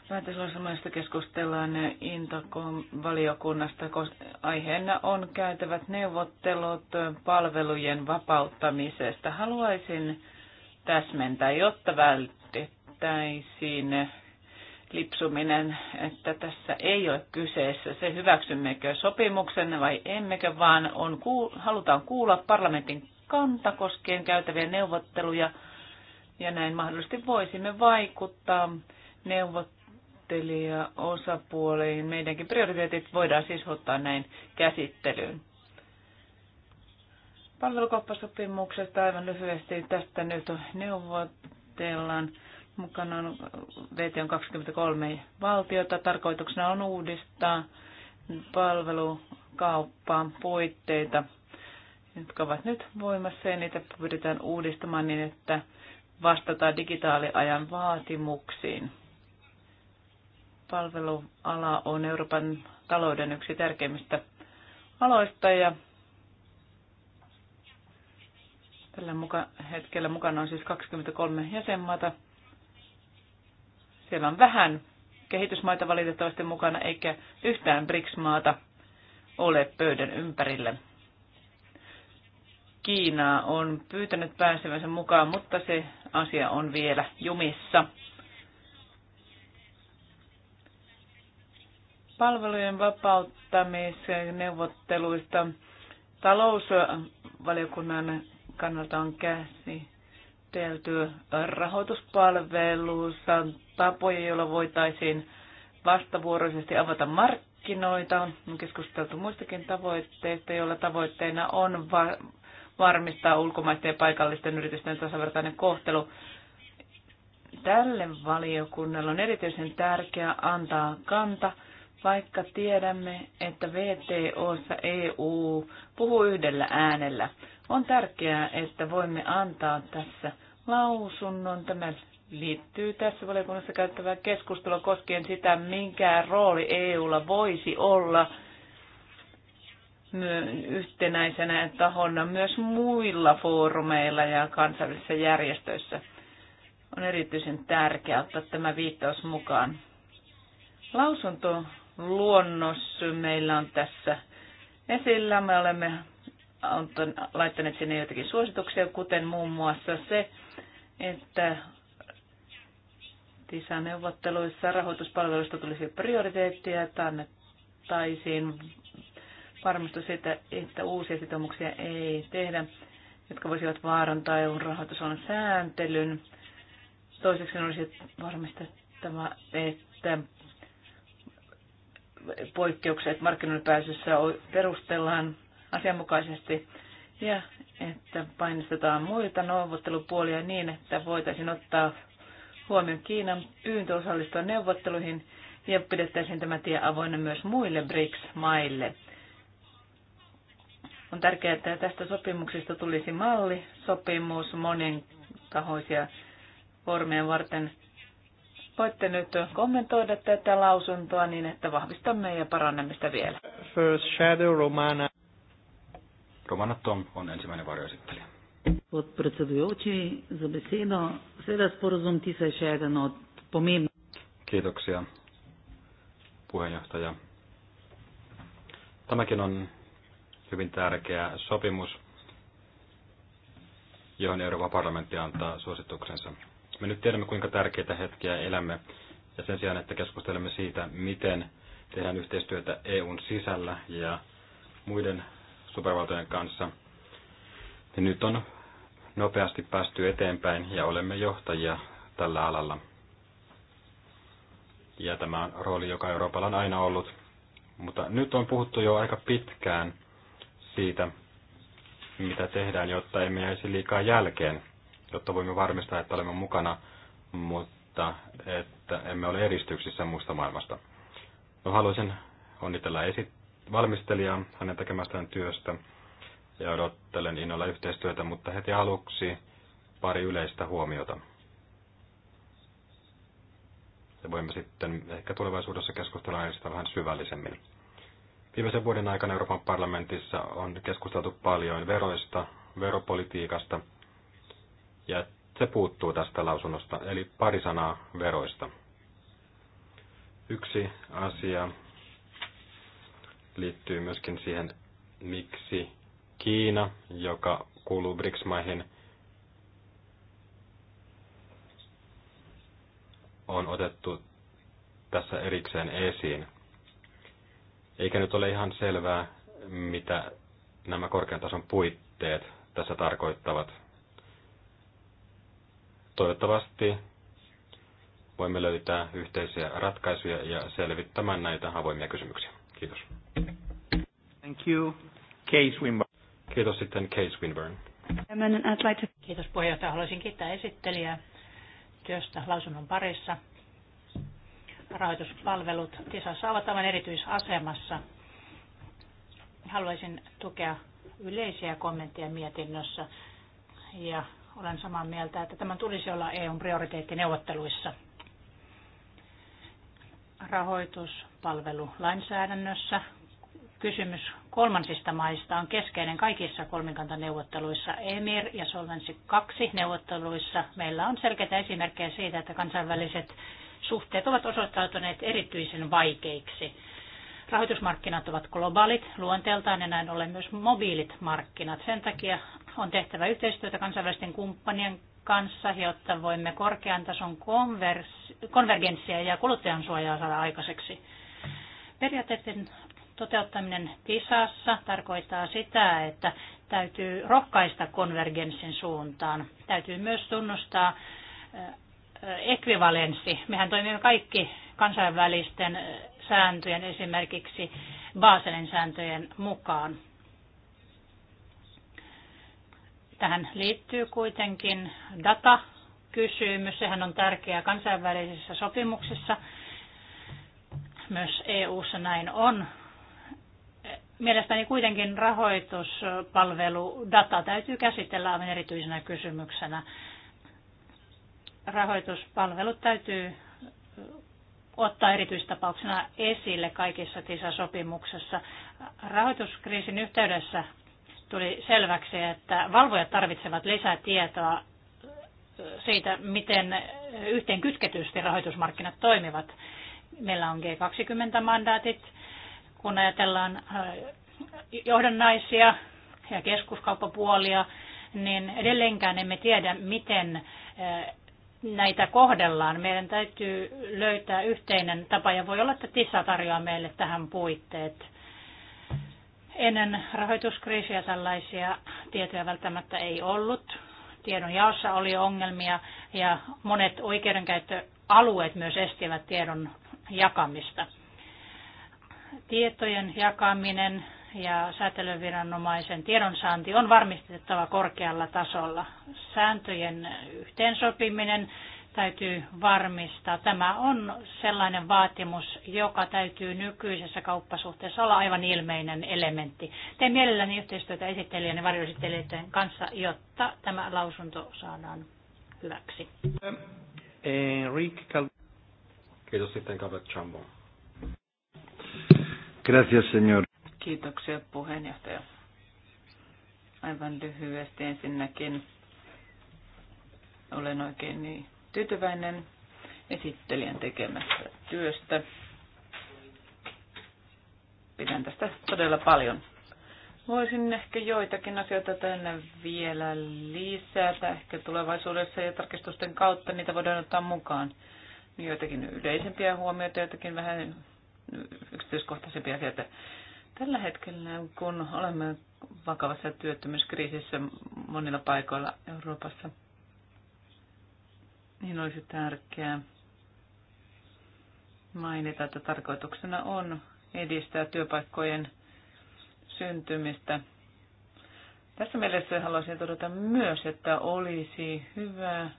Päätöslauselmasta keskustellaan Intakon valiokunnasta. Aiheena on käytävät neuvottelut palvelujen vapauttamisesta. Haluaisin täsmentää, jotta yksittäisiin lipsuminen, että tässä ei ole kyseessä se hyväksymmekö sopimuksen vai emmekö, vaan on, halutaan kuulla parlamentin kanta koskien käytäviä neuvotteluja ja näin mahdollisesti voisimme vaikuttaa neuvottelijaosapuoliin. Meidänkin prioriteetit voidaan siis ottaa näin käsittelyyn. Palvelukauppasopimuksesta aivan lyhyesti tästä nyt neuvotellaan Mukana on VTO 23 valtiota. Tarkoituksena on uudistaa palvelukauppaan puitteita, jotka ovat nyt voimassa ja niitä pyritään uudistamaan niin, että vastataan digitaaliajan vaatimuksiin. Palveluala on Euroopan talouden yksi tärkeimmistä aloista ja tällä muka, hetkellä mukana on siis 23 jäsenmaata. Siellä on vähän kehitysmaita valitettavasti mukana, eikä yhtään BRICS-maata ole pöydän ympärillä. Kiina on pyytänyt pääsevänsä mukaan, mutta se asia on vielä jumissa. Palvelujen vapauttamisneuvotteluista talousvaliokunnan kannalta on käsitelty rahoituspalveluissa tapoja, joilla voitaisiin vastavuoroisesti avata markkinoita. On keskusteltu muistakin tavoitteista, joilla tavoitteena on va- varmistaa ulkomaisten ja paikallisten yritysten tasavertainen kohtelu. Tälle valiokunnalle on erityisen tärkeää antaa kanta, vaikka tiedämme, että VTOssa EU puhuu yhdellä äänellä. On tärkeää, että voimme antaa tässä lausunnon. Tämä liittyy tässä valiokunnassa käyttävää keskustelua koskien sitä, minkä rooli EUlla voisi olla yhtenäisenä tahona myös muilla foorumeilla ja kansainvälisissä järjestöissä. On erityisen tärkeää ottaa tämä viittaus mukaan. luonnos meillä on tässä esillä. Me olemme laittaneet sinne joitakin suosituksia, kuten muun muassa se, että lisäneuvotteluissa rahoituspalveluista tulisi prioriteettia, että annettaisiin varmistus siitä, että uusia sitoumuksia ei tehdä, jotka voisivat vaarantaa EUn rahoitusalan sääntelyn. Toiseksi olisi varmistettava, että poikkeukset markkinoiden pääsyssä perustellaan asianmukaisesti ja että painostetaan muita neuvottelupuolia niin, että voitaisiin ottaa huomioon Kiinan pyyntö osallistua neuvotteluihin ja pidettäisiin tämä tie avoinna myös muille BRICS-maille. On tärkeää, että tästä sopimuksesta tulisi malli, sopimus monen tahoisia formeja varten. Voitte nyt kommentoida tätä lausuntoa niin, että vahvistamme ja parannamme sitä vielä. First Shadow Romana. Romana Tom on ensimmäinen varjoesittelijä. Pod predsedujoči za besedo. Seveda sporozum TISA je še eden od pomembnih. Kiitoksia puheenjohtaja. Tämäkin on hyvin tärkeä sopimus, johon Euroopan parlamentti antaa suosituksensa. Me nyt tiedämme, kuinka tärkeitä hetkiä elämme, ja sen sijaan, että keskustelemme siitä, miten tehdään yhteistyötä EUn sisällä ja muiden supervaltojen kanssa, ja nyt on nopeasti päästy eteenpäin ja olemme johtajia tällä alalla. Ja tämä on rooli, joka Euroopalla on aina ollut. Mutta nyt on puhuttu jo aika pitkään siitä, mitä tehdään, jotta emme jäisi liikaa jälkeen, jotta voimme varmistaa, että olemme mukana, mutta että emme ole eristyksissä muusta maailmasta. No, haluaisin onnitella esit- valmistelijaa hänen tekemästään työstä ja odottelen innolla yhteistyötä, mutta heti aluksi pari yleistä huomiota. Ja voimme sitten ehkä tulevaisuudessa keskustella aiheesta vähän syvällisemmin. Viimeisen vuoden aikana Euroopan parlamentissa on keskusteltu paljon veroista, veropolitiikasta, ja se puuttuu tästä lausunnosta, eli pari sanaa veroista. Yksi asia liittyy myöskin siihen, miksi Kiina, joka kuuluu BRICS-maihin, on otettu tässä erikseen esiin. Eikä nyt ole ihan selvää, mitä nämä korkean tason puitteet tässä tarkoittavat. Toivottavasti voimme löytää yhteisiä ratkaisuja ja selvittämään näitä avoimia kysymyksiä. Kiitos. Thank you. Case Kiitos sitten Case Winburn. Kiitos puheenjohtaja. Haluaisin kiittää esittelijää työstä lausunnon parissa. Rahoituspalvelut TISassa ovat aivan erityisasemassa. Haluaisin tukea yleisiä kommentteja mietinnössä ja olen samaa mieltä, että tämän tulisi olla EUn prioriteettineuvotteluissa. Rahoituspalvelulainsäädännössä kysymys kolmansista maista on keskeinen kaikissa kolmikantaneuvotteluissa. EMIR ja Solvency 2 neuvotteluissa meillä on selkeitä esimerkkejä siitä, että kansainväliset suhteet ovat osoittautuneet erityisen vaikeiksi. Rahoitusmarkkinat ovat globaalit luonteeltaan ja näin ollen myös mobiilit markkinat. Sen takia on tehtävä yhteistyötä kansainvälisten kumppanien kanssa, jotta voimme korkean tason konvers- konvergenssia ja kuluttajansuojaa saada aikaiseksi. Periaatteiden toteuttaminen TISassa tarkoittaa sitä, että täytyy rohkaista konvergenssin suuntaan. Täytyy myös tunnustaa eh, ekvivalenssi. Mehän toimimme kaikki kansainvälisten eh, sääntöjen, esimerkiksi Baselin sääntöjen mukaan. Tähän liittyy kuitenkin datakysymys. Sehän on tärkeä kansainvälisissä sopimuksissa. Myös EU-ssa näin on. Mielestäni kuitenkin rahoituspalveludata täytyy käsitellä aivan erityisenä kysymyksenä. Rahoituspalvelut täytyy ottaa erityistapauksena esille kaikissa TISA-sopimuksessa. Rahoituskriisin yhteydessä tuli selväksi, että valvojat tarvitsevat lisää tietoa siitä, miten yhteen kytketysti rahoitusmarkkinat toimivat. Meillä on G20-mandaatit, kun ajatellaan johdannaisia ja keskuskauppapuolia, niin edelleenkään emme tiedä, miten näitä kohdellaan. Meidän täytyy löytää yhteinen tapa ja voi olla, että TISA tarjoaa meille tähän puitteet. Ennen rahoituskriisiä tällaisia tietoja välttämättä ei ollut. jaossa oli ongelmia ja monet oikeudenkäyttöalueet myös estivät tiedon jakamista tietojen jakaminen ja säätelyviranomaisen tiedonsaanti on varmistettava korkealla tasolla. Sääntöjen yhteensopiminen täytyy varmistaa. Tämä on sellainen vaatimus, joka täytyy nykyisessä kauppasuhteessa olla aivan ilmeinen elementti. Teen mielelläni yhteistyötä esittelijän ja varjoesittelijöiden kanssa, jotta tämä lausunto saadaan hyväksi. Kiitos sitten Kavet Chambon. Gracias, señor. Kiitoksia, puheenjohtaja. Aivan lyhyesti ensinnäkin olen oikein niin tyytyväinen esittelijän tekemästä työstä. Pidän tästä todella paljon. Voisin ehkä joitakin asioita tänne vielä lisätä. Ehkä tulevaisuudessa ja tarkistusten kautta niitä voidaan ottaa mukaan. Joitakin yleisempiä huomioita, joitakin vähän yksityiskohtaisempia asioita. Tällä hetkellä, kun olemme vakavassa työttömyyskriisissä monilla paikoilla Euroopassa, niin olisi tärkeää mainita, että tarkoituksena on edistää työpaikkojen syntymistä. Tässä mielessä haluaisin todeta myös, että olisi hyvä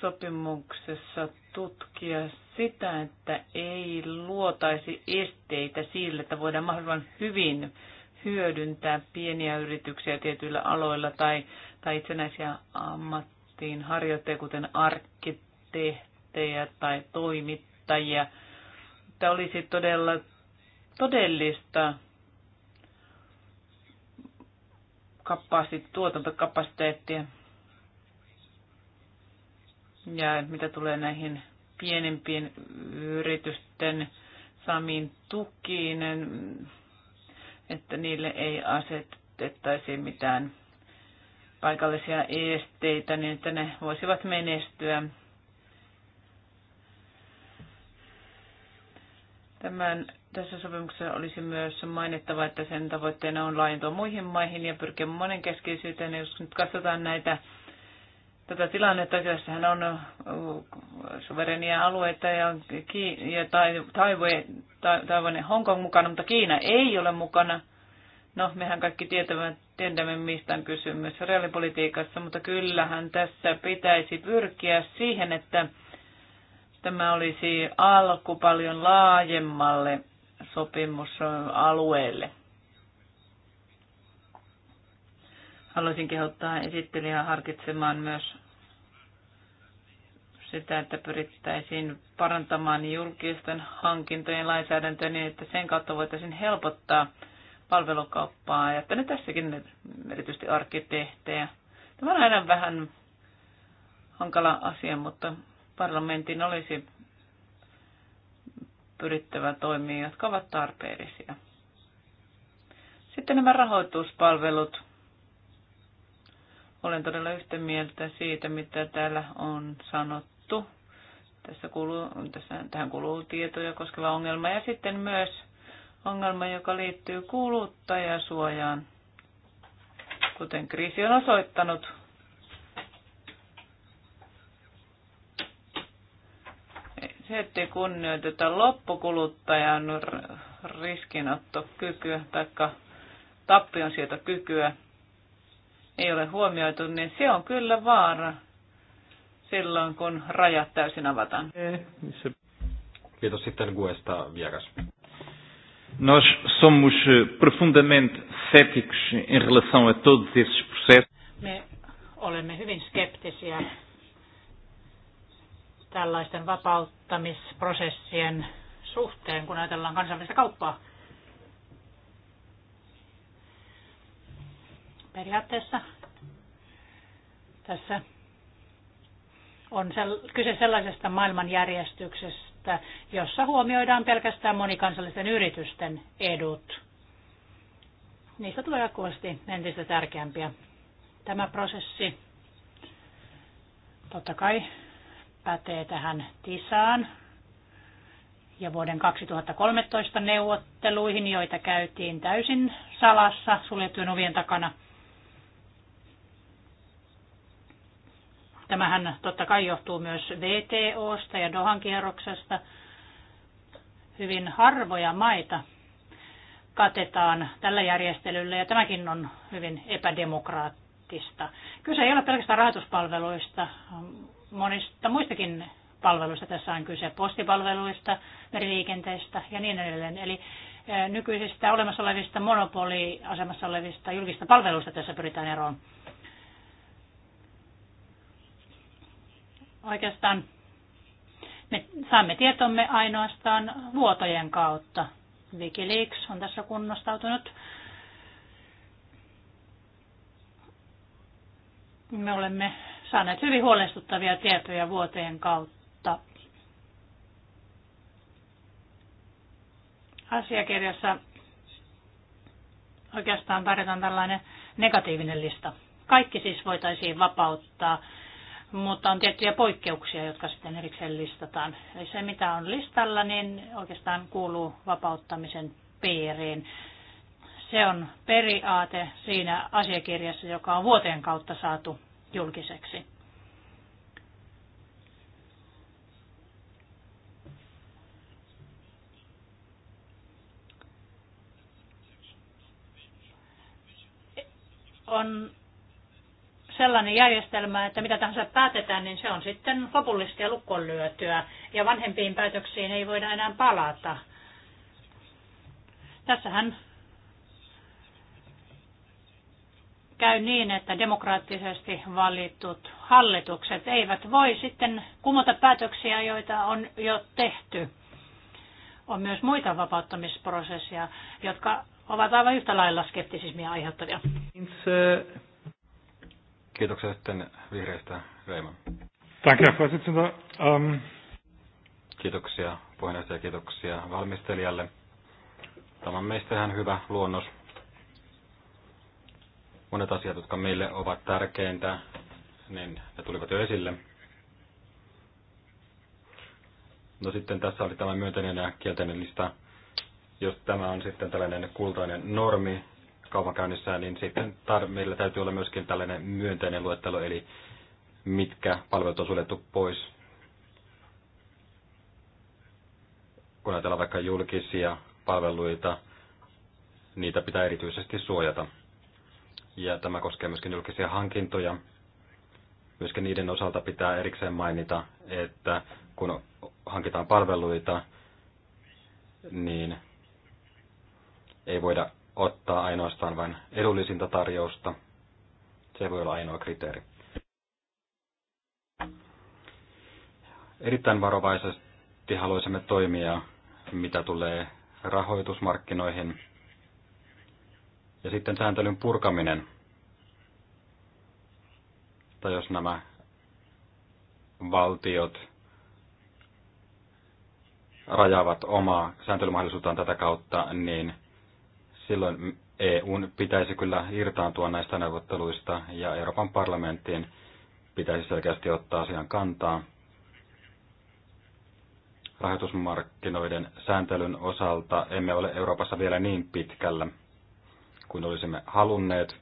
sopimuksessa tutkia sitä, että ei luotaisi esteitä sille, että voidaan mahdollisimman hyvin hyödyntää pieniä yrityksiä tietyillä aloilla tai, tai itsenäisiä ammattiin harjoittajia, kuten arkkitehtejä tai toimittajia. Tämä olisi todella todellista kapasite- tuotantokapasiteettia. Ja mitä tulee näihin pienempien yritysten saamiin tukiin, että niille ei asetettaisi mitään paikallisia esteitä, niin että ne voisivat menestyä. Tämän, tässä sopimuksessa olisi myös mainittava, että sen tavoitteena on laajentua muihin maihin ja pyrkiä monenkeskeisyyteen. Jos nyt katsotaan näitä tätä tilannetta. hän on äh, suverenia alueita ja, ja Taiwan ja Hongkong mukana, mutta Kiina ei ole mukana. No, mehän kaikki tietämme, tiedämme mistä on kysymys reaalipolitiikassa, mutta kyllähän tässä pitäisi pyrkiä siihen, että tämä olisi alku paljon laajemmalle sopimusalueelle. Haluaisin kehottaa esittelijää harkitsemaan myös sitä, että pyrittäisiin parantamaan julkisten hankintojen lainsäädäntöä niin, että sen kautta voitaisiin helpottaa palvelukauppaa ja että ne tässäkin erityisesti arkkitehtejä. Tämä on aina vähän hankala asia, mutta parlamentin olisi pyrittävä toimia, jotka ovat tarpeellisia. Sitten nämä rahoituspalvelut olen todella yhtä mieltä siitä, mitä täällä on sanottu. Tässä kuuluu, tässä, tähän kuuluu tietoja koskeva ongelma ja sitten myös ongelma, joka liittyy kuluttajasuojaan. Kuten kriisi on osoittanut, se, ei kunnioiteta loppukuluttajan riskinottokykyä tai tappionsietokykyä, kykyä, ei ole huomioitu, niin se on kyllä vaara silloin, kun rajat täysin avataan. Kiitos sitten Guesta vieras. Nos somos eh, profundamente céticos em relação a todos esses processos. Me olemme hyvin skeptisiä tällaisten vapauttamisprosessien suhteen, kun ajatellaan kansainvälistä kauppaa. Periaatteessa tässä on sel- kyse sellaisesta maailmanjärjestyksestä, jossa huomioidaan pelkästään monikansallisten yritysten edut. Niistä tulee jatkuvasti entistä tärkeämpiä. Tämä prosessi totta kai pätee tähän TISAan ja vuoden 2013 neuvotteluihin, joita käytiin täysin salassa suljettujen ovien takana – Tämähän totta kai johtuu myös VTOsta ja Dohan kierroksesta. Hyvin harvoja maita katetaan tällä järjestelyllä ja tämäkin on hyvin epädemokraattista. Kyse ei ole pelkästään rahoituspalveluista, monista muistakin palveluista tässä on kyse, postipalveluista, meriliikenteestä ja niin edelleen. Eli eh, nykyisistä olemassa olevista monopoliasemassa olevista julkista palveluista tässä pyritään eroon. Oikeastaan me saamme tietomme ainoastaan vuotojen kautta. Wikileaks on tässä kunnostautunut. Me olemme saaneet hyvin huolestuttavia tietoja vuoteen kautta. Asiakirjassa oikeastaan tarjotaan tällainen negatiivinen lista. Kaikki siis voitaisiin vapauttaa mutta on tiettyjä poikkeuksia, jotka sitten erikseen listataan. Eli se, mitä on listalla, niin oikeastaan kuuluu vapauttamisen piiriin. Se on periaate siinä asiakirjassa, joka on vuoteen kautta saatu julkiseksi. On sellainen järjestelmä, että mitä tahansa päätetään, niin se on sitten lopullista ja lukkoon lyötyä. Ja vanhempiin päätöksiin ei voida enää palata. Tässähän käy niin, että demokraattisesti valitut hallitukset eivät voi sitten kumota päätöksiä, joita on jo tehty. On myös muita vapauttamisprosesseja, jotka ovat aivan yhtä lailla skeptisismia aiheuttavia. Niin, Kiitoksia sitten vihreistä, Reima. um... Ähm, kiitoksia puheenjohtaja, kiitoksia valmistelijalle. Tämä on meistä ihan hyvä luonnos. Monet asiat, jotka meille ovat tärkeintä, niin ne tulivat jo esille. No sitten tässä oli tämä myönteinen ja kielteinen lista. Jos tämä on sitten tällainen kultainen normi, kaupankäynnissä, niin sitten tar- meillä täytyy olla myöskin tällainen myönteinen luettelo, eli mitkä palvelut on suljettu pois. Kun ajatellaan vaikka julkisia palveluita, niitä pitää erityisesti suojata. Ja tämä koskee myöskin julkisia hankintoja. Myöskin niiden osalta pitää erikseen mainita, että kun hankitaan palveluita, niin ei voida ottaa ainoastaan vain edullisinta tarjousta. Se voi olla ainoa kriteeri. Erittäin varovaisesti haluaisimme toimia, mitä tulee rahoitusmarkkinoihin. Ja sitten sääntelyn purkaminen. Tai jos nämä valtiot rajaavat omaa sääntelymahdollisuuttaan tätä kautta, niin – silloin EUn pitäisi kyllä irtaantua näistä neuvotteluista ja Euroopan parlamenttiin pitäisi selkeästi ottaa asian kantaa. Rahoitusmarkkinoiden sääntelyn osalta emme ole Euroopassa vielä niin pitkällä kuin olisimme halunneet,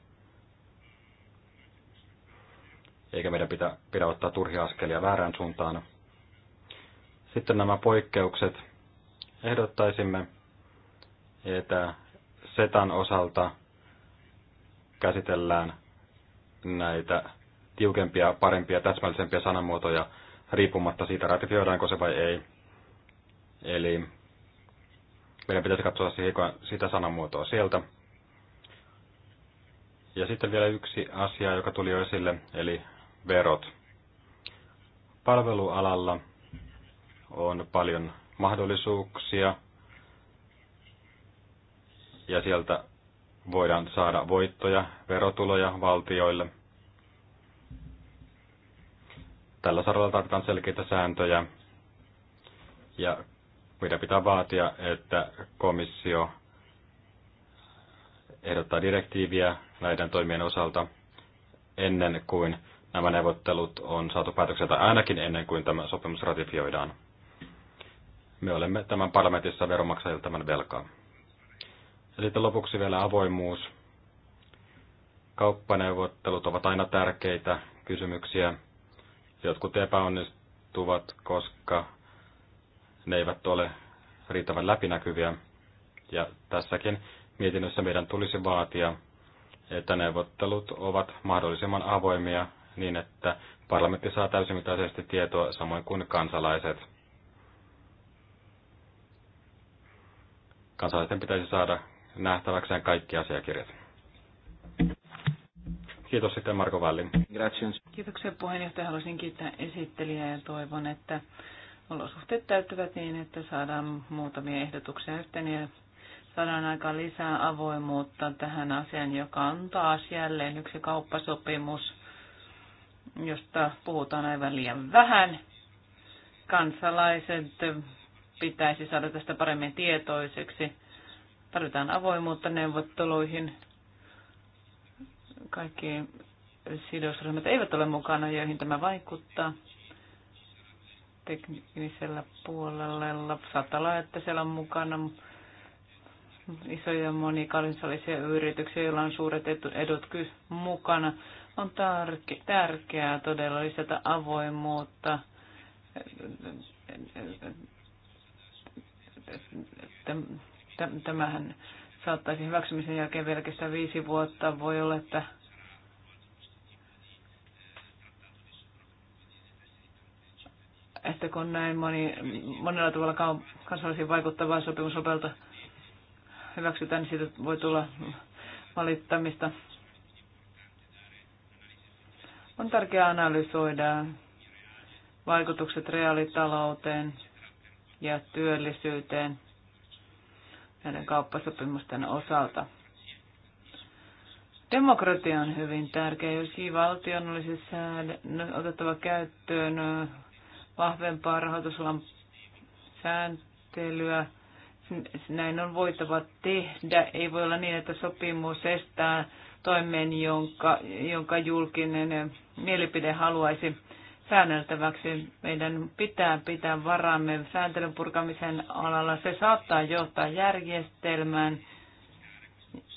eikä meidän pitä, pidä ottaa turhia askelia väärään suuntaan. Sitten nämä poikkeukset. Ehdottaisimme, että SETAn osalta käsitellään näitä tiukempia, parempia, täsmällisempiä sanamuotoja riippumatta siitä, ratifioidaanko se vai ei. Eli meidän pitäisi katsoa sitä sanamuotoa sieltä. Ja sitten vielä yksi asia, joka tuli jo esille, eli verot. Palvelualalla on paljon mahdollisuuksia ja sieltä voidaan saada voittoja, verotuloja valtioille. Tällä saralla tarvitaan selkeitä sääntöjä ja meidän pitää vaatia, että komissio ehdottaa direktiiviä näiden toimien osalta ennen kuin nämä neuvottelut on saatu päätökseltä tai ainakin ennen kuin tämä sopimus ratifioidaan. Me olemme tämän parlamentissa veronmaksajilta tämän velkaa. Ja sitten lopuksi vielä avoimuus. Kauppaneuvottelut ovat aina tärkeitä kysymyksiä. Jotkut epäonnistuvat, koska ne eivät ole riittävän läpinäkyviä. Ja tässäkin mietinnössä meidän tulisi vaatia, että neuvottelut ovat mahdollisimman avoimia niin, että parlamentti saa täysimittaisesti tietoa samoin kuin kansalaiset. Kansalaisten pitäisi saada nähtäväkseen kaikki asiakirjat. Kiitos sitten Marko Vallin. Kiitoksia puheenjohtaja. Haluaisin kiittää esittelijää ja toivon, että olosuhteet täyttyvät niin, että saadaan muutamia ehdotuksia yhteen ja saadaan aika lisää avoimuutta tähän asiaan, joka on taas jälleen yksi kauppasopimus, josta puhutaan aivan liian vähän. Kansalaiset pitäisi saada tästä paremmin tietoiseksi. Tarvitaan avoimuutta neuvotteluihin. Kaikki sidosryhmät eivät ole mukana, joihin tämä vaikuttaa teknisellä puolella. Saattaa olla, että siellä on mukana isoja monikansallisia yrityksiä, joilla on suuret edut mukana. On tärkeää todella lisätä avoimuutta Tämähän saattaisi hyväksymisen jälkeen vielä kestää viisi vuotta. Voi olla, että että kun näin moni, monella tavalla kansallisiin vaikuttavaa sopimusopelta hyväksytään, niin siitä voi tulla valittamista. On tärkeää analysoida vaikutukset reaalitalouteen ja työllisyyteen – näiden kauppasopimusten osalta. Demokratia on hyvin tärkeä. Jos valtion olisi otettava käyttöön vahvempaa rahoitusalan sääntelyä, näin on voitava tehdä. Ei voi olla niin, että sopimus estää toimen, jonka, jonka julkinen mielipide haluaisi säänneltäväksi. Meidän pitää pitää varamme sääntelyn purkamisen alalla. Se saattaa johtaa järjestelmään,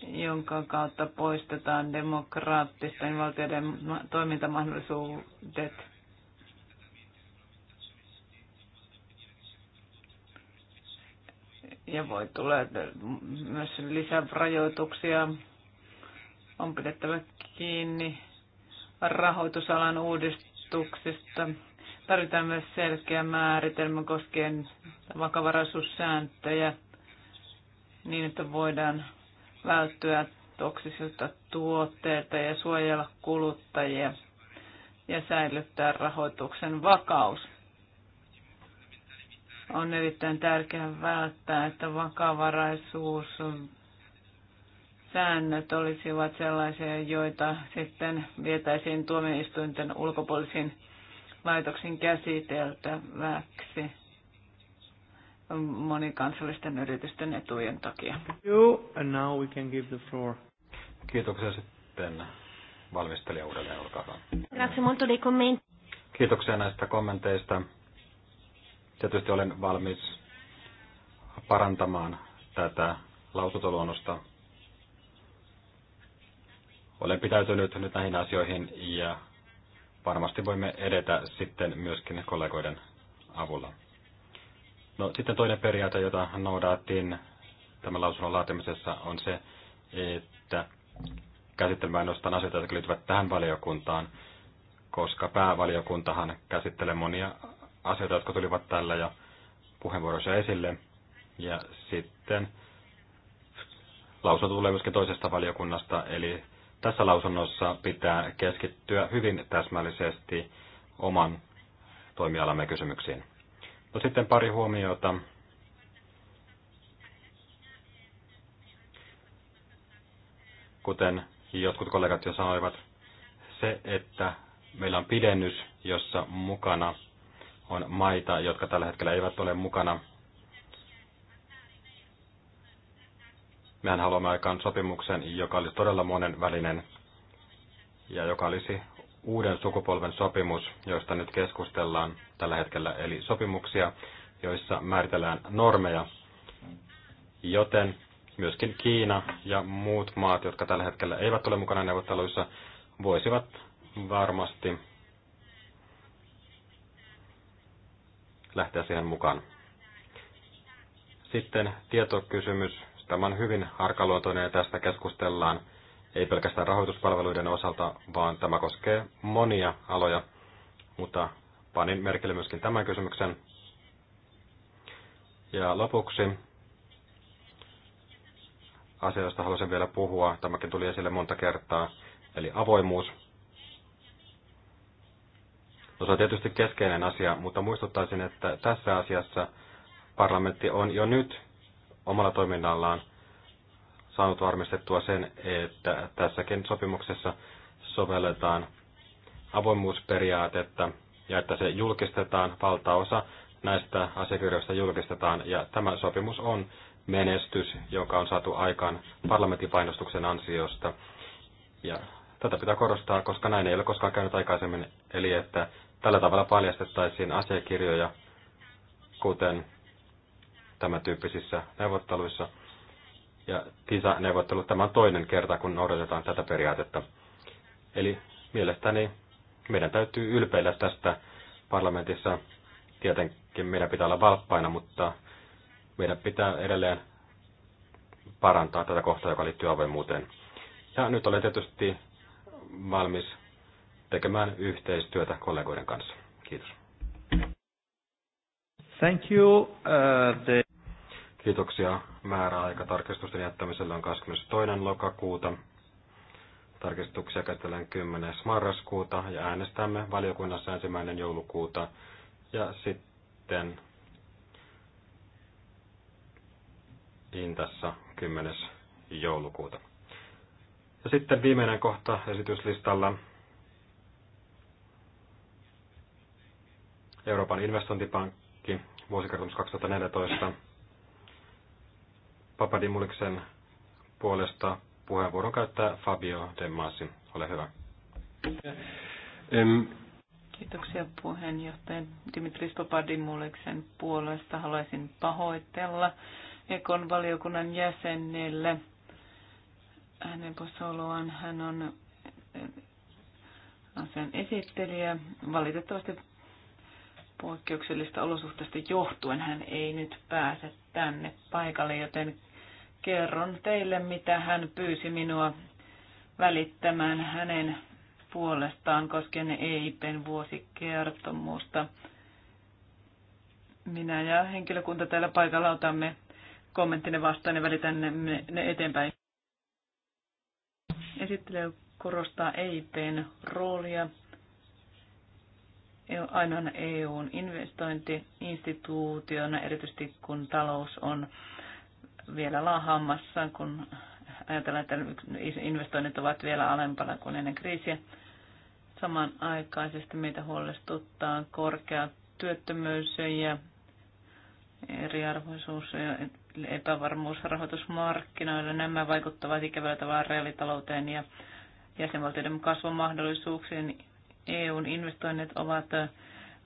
jonka kautta poistetaan demokraattisten valtioiden toimintamahdollisuudet. Ja voi tulla myös lisää rajoituksia. On pidettävä kiinni rahoitusalan uudistuksista asetuksesta. Tarvitaan myös selkeä määritelmä koskien vakavaraisuussääntöjä niin, että voidaan välttyä toksisilta tuotteilta ja suojella kuluttajia ja säilyttää rahoituksen vakaus. On erittäin tärkeää välttää, että vakavaraisuus säännöt olisivat sellaisia, joita sitten vietäisiin tuomioistuinten ulkopuolisiin laitoksin käsiteltäväksi monikansallisten yritysten etujen takia. Joo, and now we can give the floor. Kiitoksia sitten valmistelija uudelleen, olkaa hyvä. Grazie molto dei commenti. Kiitoksia näistä kommenteista. Tietysti olen valmis parantamaan tätä lausuntoluonnosta olen pitäytynyt nyt näihin asioihin ja varmasti voimme edetä sitten myöskin kollegoiden avulla. No, sitten toinen periaate, jota noudattiin tämän lausunnon laatimisessa, on se, että käsittelemään ainoastaan asioita, jotka liittyvät tähän valiokuntaan, koska päävaliokuntahan käsittelee monia asioita, jotka tulivat tällä ja puheenvuorossa esille. Ja sitten lausunto tulee myöskin toisesta valiokunnasta, eli tässä lausunnossa pitää keskittyä hyvin täsmällisesti oman toimialamme kysymyksiin. No sitten pari huomiota kuten jotkut kollegat jo sanoivat, se, että meillä on pidennys, jossa mukana on maita, jotka tällä hetkellä eivät ole mukana Mehän haluamme aikaan sopimuksen, joka olisi todella monen välinen ja joka olisi uuden sukupolven sopimus, josta nyt keskustellaan tällä hetkellä, eli sopimuksia, joissa määritellään normeja, joten myöskin Kiina ja muut maat, jotka tällä hetkellä eivät ole mukana neuvotteluissa, voisivat varmasti lähteä siihen mukaan. Sitten tietokysymys Tämä on hyvin arkaluontoinen ja tästä keskustellaan ei pelkästään rahoituspalveluiden osalta, vaan tämä koskee monia aloja, mutta panin merkille myöskin tämän kysymyksen. Ja lopuksi asia, josta haluaisin vielä puhua, tämäkin tuli esille monta kertaa, eli avoimuus. No se on tietysti keskeinen asia, mutta muistuttaisin, että tässä asiassa parlamentti on jo nyt omalla toiminnallaan saanut varmistettua sen, että tässäkin sopimuksessa sovelletaan avoimuusperiaatetta ja että se julkistetaan, valtaosa näistä asiakirjoista julkistetaan ja tämä sopimus on menestys, joka on saatu aikaan parlamentin painostuksen ansiosta. Ja tätä pitää korostaa, koska näin ei ole koskaan käynyt aikaisemmin, eli että tällä tavalla paljastettaisiin asiakirjoja, kuten tämän tyyppisissä neuvotteluissa. Ja TISA-neuvottelu, tämä on toinen kerta, kun noudatetaan tätä periaatetta. Eli mielestäni meidän täytyy ylpeillä tästä parlamentissa. Tietenkin meidän pitää olla valppaina, mutta meidän pitää edelleen parantaa tätä kohtaa, joka liittyy avoimuuteen. Ja nyt olen tietysti valmis tekemään yhteistyötä kollegoiden kanssa. Kiitos. Thank you. Uh, the... Kiitoksia. Määräaika tarkistusten jättämisellä on 22. lokakuuta. Tarkistuksia käsitellään 10. marraskuuta ja äänestämme valiokunnassa ensimmäinen joulukuuta. Ja sitten Intassa 10. joulukuuta. Ja sitten viimeinen kohta esityslistalla. Euroopan investointipankki, vuosikertomus 2014. Papadimuliksen puolesta puheenvuoron käyttää Fabio De Masi. Ole hyvä. Kiitoksia puheenjohtaja Dimitris Papadimuliksen puolesta. Haluaisin pahoitella Ekon valiokunnan jäsenille hänen posoloaan. Hän on eh, asian esittelijä. Valitettavasti poikkeuksellista olosuhteista johtuen hän ei nyt pääse tänne paikalle, joten kerron teille, mitä hän pyysi minua välittämään hänen puolestaan koskien EIPn vuosikertomusta. Minä ja henkilökunta täällä paikalla otamme kommenttinen vastaan ja välitän ne, ne eteenpäin. Esittely korostaa EIPn roolia e- ainoana EUn investointiinstituutiona, erityisesti kun talous on vielä lahammassa, kun ajatellaan, että investoinnit ovat vielä alempana kuin ennen kriisiä. Samanaikaisesti meitä huolestuttaa korkea työttömyys ja eriarvoisuus ja epävarmuus rahoitusmarkkinoilla. Nämä vaikuttavat ikävällä tavalla reaalitalouteen ja jäsenvaltioiden kasvumahdollisuuksiin. EUn investoinnit ovat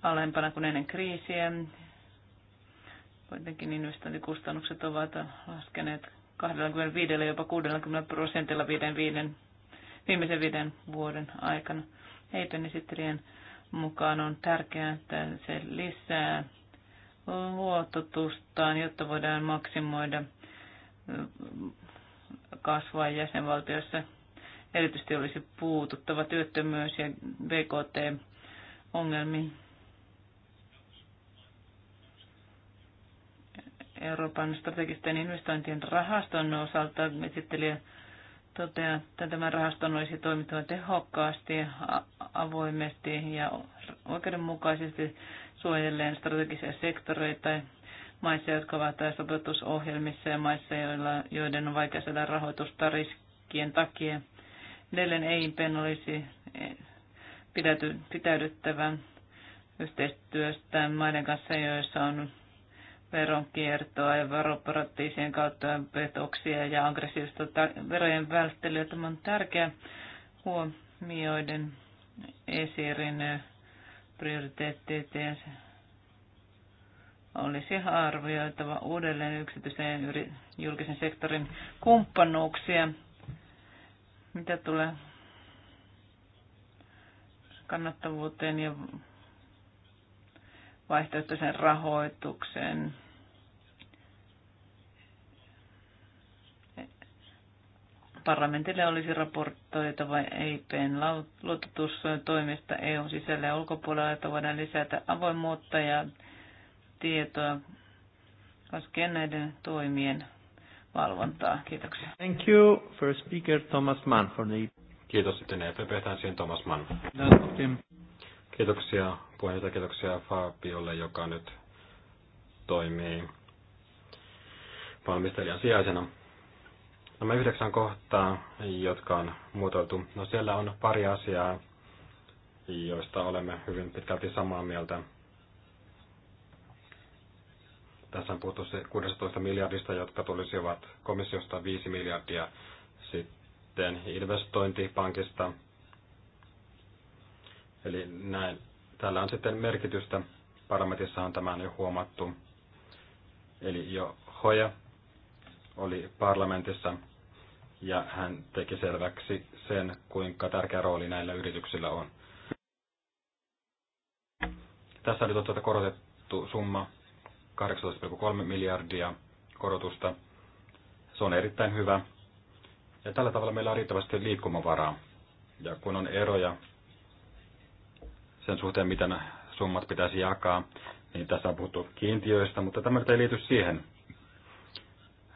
alempana kuin ennen kriisiä Kuitenkin investointikustannukset ovat laskeneet 25 jopa 60 prosentilla viiden, viiden, viimeisen viiden vuoden aikana. Heipen esittelijän mukaan on tärkeää, että se lisää luototustaan, jotta voidaan maksimoida kasvaa jäsenvaltioissa. Erityisesti olisi puututtava työttömyys ja BKT-ongelmiin Euroopan strategisten investointien rahaston osalta esittelijä toteaa, että tämän rahaston olisi toimittava tehokkaasti, avoimesti ja oikeudenmukaisesti suojelleen strategisia sektoreita maissa, jotka ovat sopeutusohjelmissa ja maissa, joilla, joiden on vaikea saada rahoitusta riskien takia. Edelleen EIP olisi e, pitäydyttävä yhteistyöstä maiden kanssa, joissa on veronkiertoa ja veroparatiisien kautta petoksia ja aggressiivista verojen välttelyä. Tämä on tärkeä huomioiden esirin prioriteettit olisi arvioitava uudelleen yksityisen julkisen sektorin kumppanuuksia. Mitä tulee kannattavuuteen ja vaihtoehtoisen rahoituksen. Parlamentille olisi raportoitava EIPn luototustoimista EUn sisällä ja ulkopuolella, että voidaan lisätä avoimuutta ja tietoa koskien näiden toimien valvontaa. Kiitoksia. Thank you. First speaker Thomas Mann for the... Kiitos sitten EPP, siihen Thomas Mann. Kiitoksia puheenjohtaja, kiitoksia Fabiolle, joka nyt toimii valmistelijan sijaisena. Nämä yhdeksän kohtaa, jotka on muotoiltu, no siellä on pari asiaa, joista olemme hyvin pitkälti samaa mieltä. Tässä on puhuttu 16 miljardista, jotka tulisivat komissiosta 5 miljardia, sitten investointipankista Eli näin. Tällä on sitten merkitystä. Parlamentissa on tämän jo huomattu. Eli jo Hoja oli parlamentissa ja hän teki selväksi sen, kuinka tärkeä rooli näillä yrityksillä on. Tässä oli tuota korotettu summa 18,3 miljardia korotusta. Se on erittäin hyvä. Ja tällä tavalla meillä on riittävästi liikkumavaraa. Ja kun on eroja sen suhteen, miten summat pitäisi jakaa, niin tässä on puhuttu kiintiöistä, mutta tämä ei liity siihen.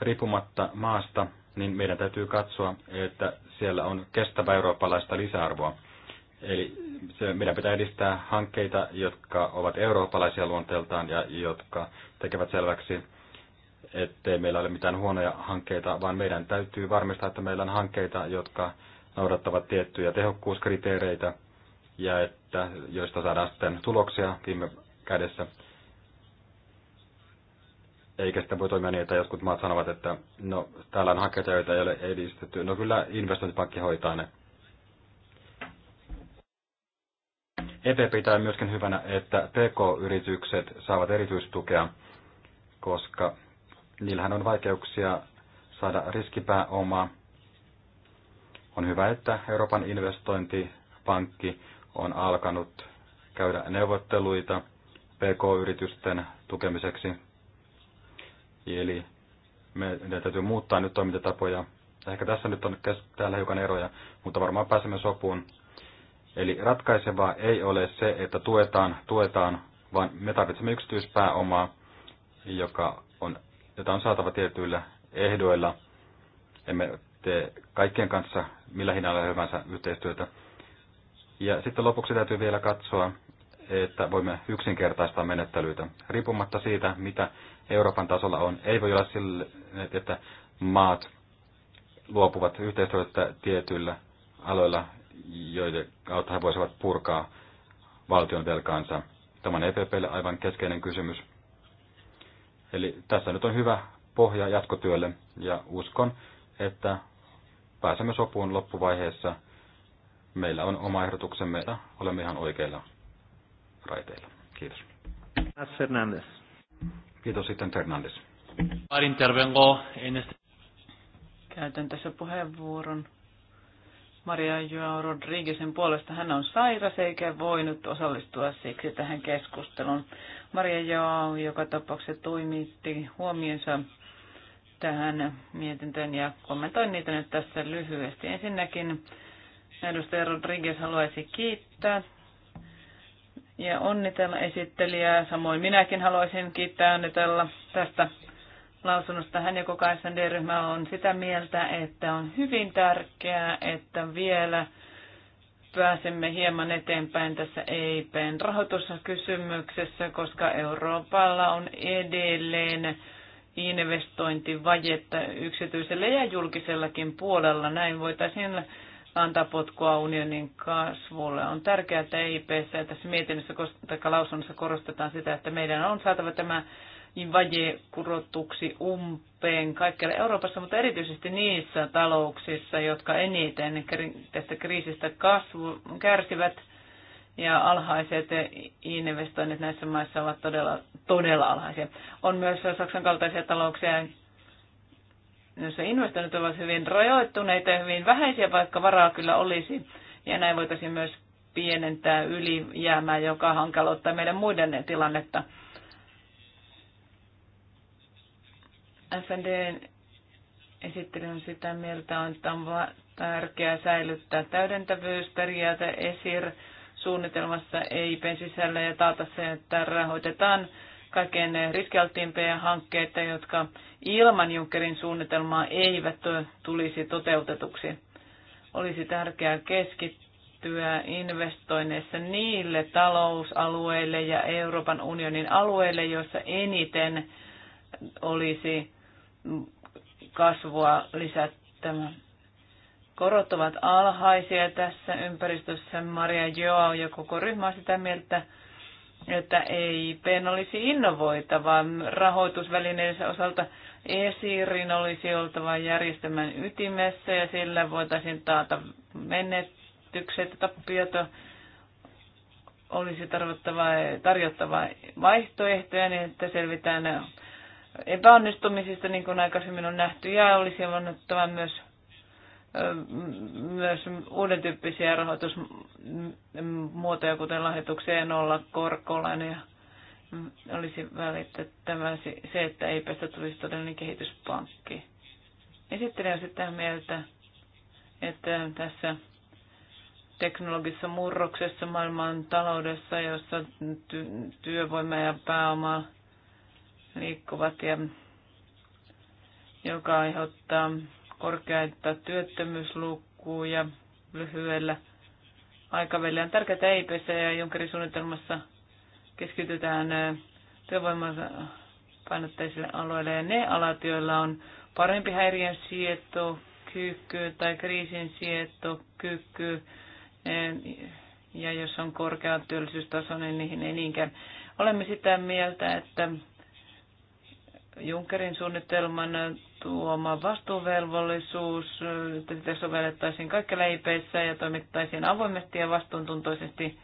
Riippumatta maasta, niin meidän täytyy katsoa, että siellä on kestävä eurooppalaista lisäarvoa. Eli se, meidän pitää edistää hankkeita, jotka ovat eurooppalaisia luonteeltaan ja jotka tekevät selväksi, ettei meillä ole mitään huonoja hankkeita, vaan meidän täytyy varmistaa, että meillä on hankkeita, jotka noudattavat tiettyjä tehokkuuskriteereitä ja että, joista saadaan sitten tuloksia viime kädessä. Eikä sitä voi toimia niin, että jotkut maat sanovat, että no, täällä on hankkeita, joita ei ole edistetty. No kyllä investointipankki hoitaa ne. EP pitää myöskin hyvänä, että PK-yritykset saavat erityistukea, koska niillähän on vaikeuksia saada riskipääomaa. On hyvä, että Euroopan investointipankki on alkanut käydä neuvotteluita PK-yritysten tukemiseksi. Eli meidän täytyy muuttaa nyt toimintatapoja. Ehkä tässä nyt on täällä hiukan eroja, mutta varmaan pääsemme sopuun. Eli ratkaisevaa ei ole se, että tuetaan, tuetaan, vaan me tarvitsemme yksityispääomaa, joka on, jota on saatava tietyillä ehdoilla. Emme tee kaikkien kanssa millä hinnalla hyvänsä yhteistyötä. Ja sitten lopuksi täytyy vielä katsoa, että voimme yksinkertaistaa menettelyitä. Riippumatta siitä, mitä Euroopan tasolla on, ei voi olla sille, että maat luopuvat yhteistyötä tietyillä aloilla, joiden kautta he voisivat purkaa valtion velkaansa. Tämä on EPPlle aivan keskeinen kysymys. Eli tässä nyt on hyvä pohja jatkotyölle ja uskon, että pääsemme sopuun loppuvaiheessa meillä on oma ehdotuksemme ja olemme ihan oikeilla raiteilla. Kiitos. Fernandes. Kiitos sitten Fernandes. Käytän tässä puheenvuoron Maria Joao Rodriguezin puolesta. Hän on sairas eikä voinut osallistua siksi tähän keskusteluun. Maria Joao joka tapauksessa toimitti huomionsa tähän mietintöön ja kommentoin niitä nyt tässä lyhyesti. Ensinnäkin Edustaja Rodriguez haluaisi kiittää ja onnitella esittelijää. Samoin minäkin haluaisin kiittää ja onnitella tästä lausunnosta. Hän ja koko SND-ryhmä on sitä mieltä, että on hyvin tärkeää, että vielä pääsemme hieman eteenpäin tässä EIPn rahoituskysymyksessä, koska Euroopalla on edelleen investointivajetta yksityisellä ja julkisellakin puolella. Näin voitaisiin antaa potkua unionin kasvulle. On tärkeää, että EIPssä tässä mietinnössä tai lausunnossa korostetaan sitä, että meidän on saatava tämä vaje kurotuksi umpeen kaikkialla Euroopassa, mutta erityisesti niissä talouksissa, jotka eniten tästä kriisistä kasvu, kärsivät ja alhaiset investoinnit näissä maissa ovat todella, todella alhaisia. On myös Saksan kaltaisia talouksia, joissa investoinnit ovat hyvin rajoittuneita ja hyvin vähäisiä, vaikka varaa kyllä olisi. Ja näin voitaisiin myös pienentää ylijäämää, joka hankaloittaa meidän muiden tilannetta. FND esittely on sitä mieltä, että on tärkeää säilyttää täydentävyysperiaate ESIR suunnitelmassa ei sisällä ja taata se, että rahoitetaan kaikkein riskialttiimpia hankkeita, jotka ilman Junckerin suunnitelmaa eivät tulisi toteutetuksi. Olisi tärkeää keskittyä investoinneissa niille talousalueille ja Euroopan unionin alueille, joissa eniten olisi kasvua lisättävä. Korot ovat alhaisia tässä ympäristössä. Maria Joao ja koko ryhmä on sitä mieltä, että EIPn olisi innovoitava rahoitusvälineensä osalta. ESIRin olisi oltava järjestelmän ytimessä ja sillä voitaisiin taata menetykset, tappiota. olisi tarvittava, tarjottava vaihtoehtoja niin, että selvitään epäonnistumisista, niin kuin aikaisemmin on nähty, ja olisi annettava myös myös uuden tyyppisiä rahoitusmuotoja, kuten lahjoitukseen olla korkolainen ja olisi välitettävä se, että ei päästä tulisi todellinen kehityspankki. Esittelen on sitä mieltä, että tässä teknologisessa murroksessa maailman taloudessa, jossa ty- työvoima ja pääoma liikkuvat ja joka aiheuttaa korkeita työttömyyslukuja lyhyellä aikavälillä. On tärkeää EIPC e ja Junkerin suunnitelmassa keskitytään työvoimapainotteisille alueille, ja ne alat, joilla on parempi häiriön sieto, kyky tai kriisin sieto, kyky ja jos on korkea työllisyystaso, niin niihin ei niinkään. Olemme sitä mieltä, että Junkerin suunnitelman tuoma vastuuvelvollisuus, että sitä sovellettaisiin kaikki leipeissä ja toimittaisiin avoimesti ja vastuuntuntoisesti.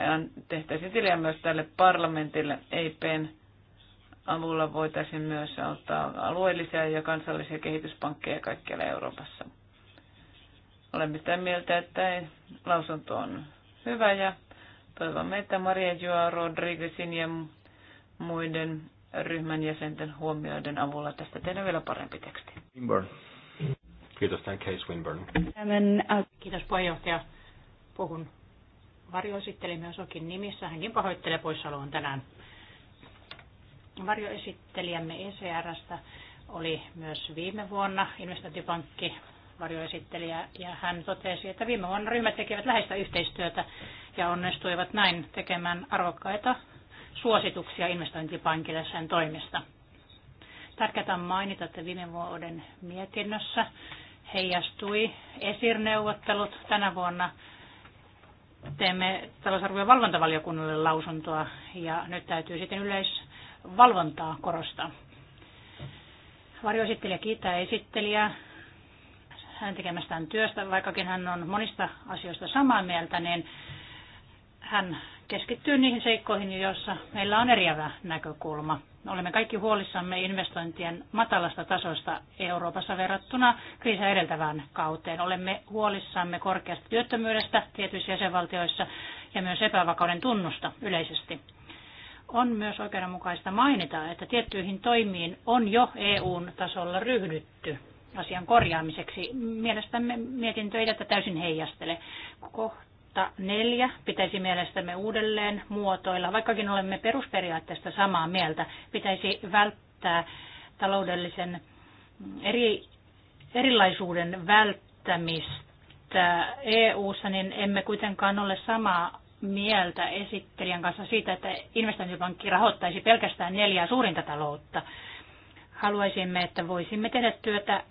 Ja tehtäisiin tilia myös tälle parlamentille. EIPn avulla voitaisiin myös auttaa alueellisia ja kansallisia kehityspankkeja kaikkialla Euroopassa. Olemme sitä mieltä, että lausunto on hyvä ja toivomme, että Maria Joa Rodriguezin ja muiden ryhmän jäsenten huomioiden avulla tästä tehdä vielä parempi teksti. Winburn. Kiitos, thank Case Winburn. Uh, Kiitos puheenjohtaja. Puhun myös Osokin nimissä. Hänkin pahoittelee poissaoloon tänään. Varjoesittelijämme ECRstä oli myös viime vuonna investointipankki varjoesittelijä ja hän totesi, että viime vuonna ryhmät tekevät läheistä yhteistyötä ja onnistuivat näin tekemään arvokkaita suosituksia investointipankille sen toimista. Tärkeää on mainita, että viime vuoden mietinnössä heijastui esirneuvottelut tänä vuonna teemme talousarvion valvontavaliokunnalle lausuntoa ja nyt täytyy sitten yleisvalvontaa korostaa. Varjoesittelijä kiittää esittelijää hänen tekemästään työstä, vaikkakin hän on monista asioista samaa mieltä, niin hän keskittyy niihin seikkoihin, joissa meillä on eriävä näkökulma. Olemme kaikki huolissamme investointien matalasta tasosta Euroopassa verrattuna kriisiä edeltävään kauteen. Olemme huolissamme korkeasta työttömyydestä tietyissä jäsenvaltioissa ja myös epävakauden tunnusta yleisesti. On myös oikeudenmukaista mainita, että tiettyihin toimiin on jo EUn tasolla ryhdytty asian korjaamiseksi. Mielestämme mietintö ei tätä täysin heijastele. Koht- neljä pitäisi mielestämme uudelleen muotoilla. Vaikkakin olemme perusperiaatteesta samaa mieltä, pitäisi välttää taloudellisen eri, erilaisuuden välttämistä EU-ssa, niin emme kuitenkaan ole samaa mieltä esittelijän kanssa siitä, että investointipankki rahoittaisi pelkästään neljää suurinta taloutta. Haluaisimme, että voisimme tehdä työtä äh,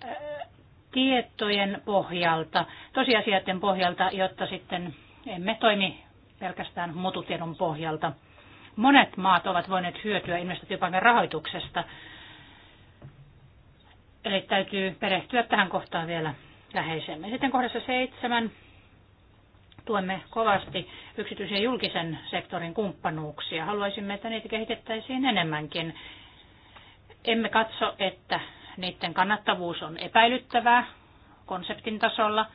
tietojen pohjalta, tosiasioiden pohjalta, jotta sitten emme toimi pelkästään mututiedon pohjalta. Monet maat ovat voineet hyötyä investointipankin rahoituksesta. Eli täytyy perehtyä tähän kohtaan vielä läheisemmin. Sitten kohdassa seitsemän tuemme kovasti yksityisen ja julkisen sektorin kumppanuuksia. Haluaisimme, että niitä kehitettäisiin enemmänkin. Emme katso, että niiden kannattavuus on epäilyttävää konseptin tasolla –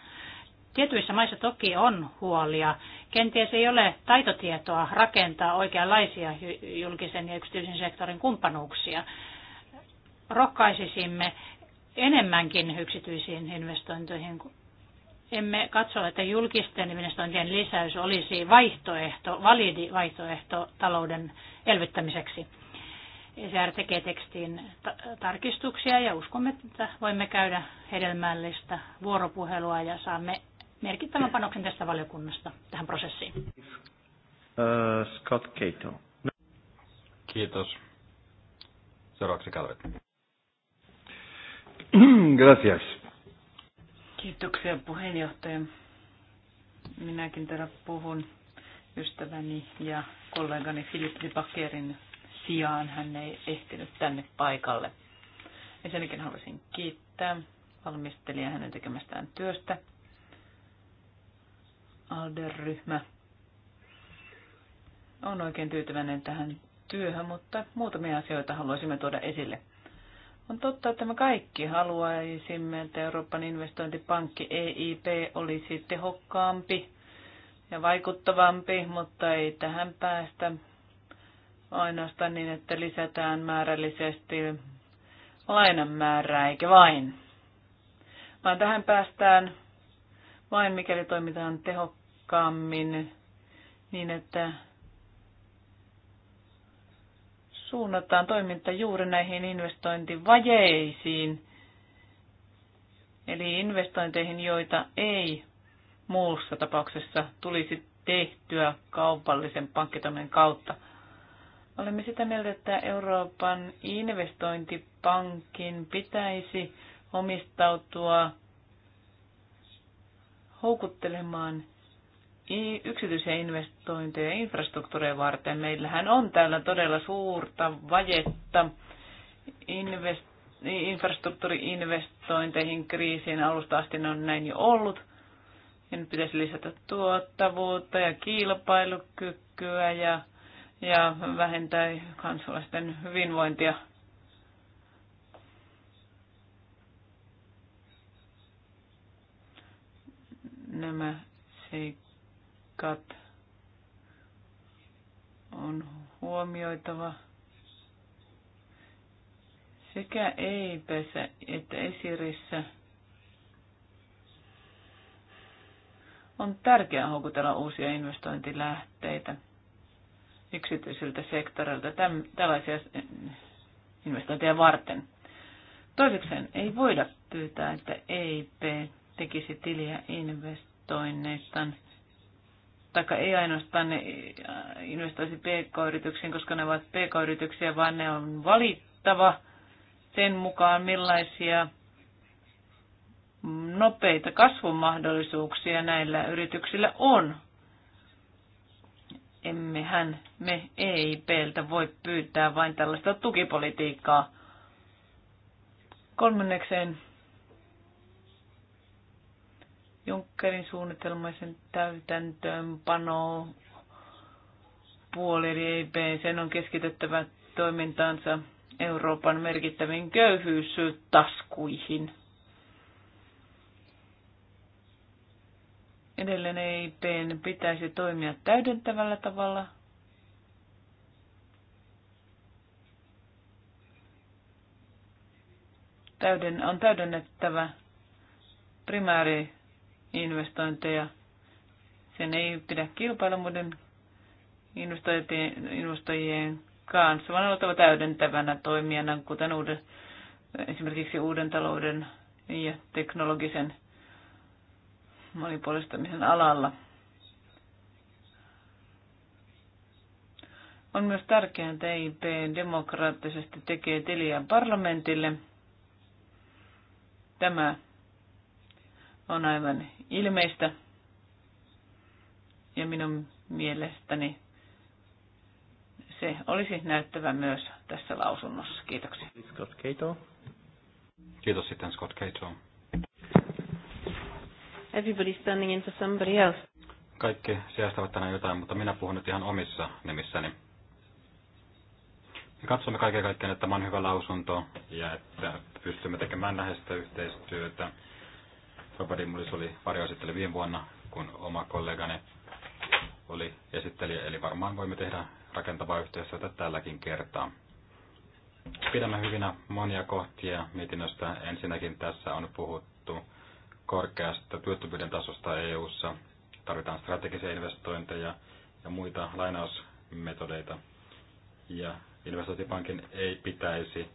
Tietyissä maissa toki on huolia. Kenties ei ole taitotietoa rakentaa oikeanlaisia julkisen ja yksityisen sektorin kumppanuuksia. Rohkaisisimme enemmänkin yksityisiin investointeihin. Emme katso, että julkisten investointien lisäys olisi vaihtoehto, validi vaihtoehto talouden elvyttämiseksi. ECR tekee tekstiin tarkistuksia ja uskomme, että voimme käydä hedelmällistä vuoropuhelua ja saamme merkittävän panoksen tästä valiokunnasta tähän prosessiin. Uh, Scott Cato. No. Kiitos. Seuraavaksi Calvet. Gracias. Kiitoksia puheenjohtaja. Minäkin täällä puhun ystäväni ja kollegani Filippi Bakkerin sijaan. Hän ei ehtinyt tänne paikalle. Ensinnäkin haluaisin kiittää valmistelijaa hänen tekemästään työstä ALDE-ryhmä on oikein tyytyväinen tähän työhön, mutta muutamia asioita haluaisimme tuoda esille. On totta, että me kaikki haluaisimme, että Euroopan investointipankki EIP olisi tehokkaampi ja vaikuttavampi, mutta ei tähän päästä ainoastaan niin, että lisätään määrällisesti lainan määrää, eikä vain. Vaan tähän päästään vain mikäli toimitaan tehokkaammin niin, että suunnataan toiminta juuri näihin investointivajeisiin, eli investointeihin, joita ei muussa tapauksessa tulisi tehtyä kaupallisen pankkitoimen kautta. Olemme sitä mieltä, että Euroopan investointipankin pitäisi omistautua houkuttelemaan yksityisiä investointeja infrastruktuureja varten. Meillähän on täällä todella suurta vajetta invest- infrastruktuuriinvestointeihin kriisin alusta asti ne on näin jo ollut. Ja nyt pitäisi lisätä tuottavuutta ja kilpailukykyä ja, ja vähentää kansalaisten hyvinvointia. nämä seikat on huomioitava. Sekä eipässä että esirissä on tärkeää houkutella uusia investointilähteitä yksityisiltä sektorilta täm, tällaisia investointeja varten. Toisekseen ei voida pyytää, että EIP tekisi tiliä investoinneistaan, taikka ei ainoastaan ne investoisi pk-yrityksiin, koska ne ovat pk-yrityksiä, vaan ne on valittava sen mukaan, millaisia nopeita kasvumahdollisuuksia näillä yrityksillä on. Emmehän me EIPltä voi pyytää vain tällaista tukipolitiikkaa. Kolmannekseen Junckerin suunnitelmaisen täytäntöönpano puoli, eli EIP, sen on keskitettävä toimintaansa Euroopan merkittäviin köyhyystaskuihin. Edelleen EIP pitäisi toimia täydentävällä tavalla. Täyden, on täydennettävä primääri investointeja. Sen ei pidä kilpailla muiden investoijien kanssa, vaan oltava täydentävänä toimijana, kuten uuden, esimerkiksi uuden talouden ja teknologisen monipuolistamisen alalla. On myös tärkeää, että EIP demokraattisesti tekee tiliä parlamentille. Tämä on aivan ilmeistä. Ja minun mielestäni se olisi näyttävä myös tässä lausunnossa. Kiitoksia. Scott Cato. Kiitos sitten Scott Cato. Everybody standing in for somebody else. Kaikki sijaistavat tänään jotain, mutta minä puhun nyt ihan omissa nimissäni. Me katsomme kaiken kaikkiaan, että tämä on hyvä lausunto ja että pystymme tekemään läheistä yhteistyötä Immulis oli varjoesittely viime vuonna, kun oma kollegani oli esittelijä, eli varmaan voimme tehdä rakentavaa yhteistyötä tälläkin kertaa. Pidämme hyvinä monia kohtia mietinnöstä. Ensinnäkin tässä on puhuttu korkeasta työttömyyden tasosta EU-ssa. Tarvitaan strategisia investointeja ja muita lainausmetodeita. Ja investointipankin ei pitäisi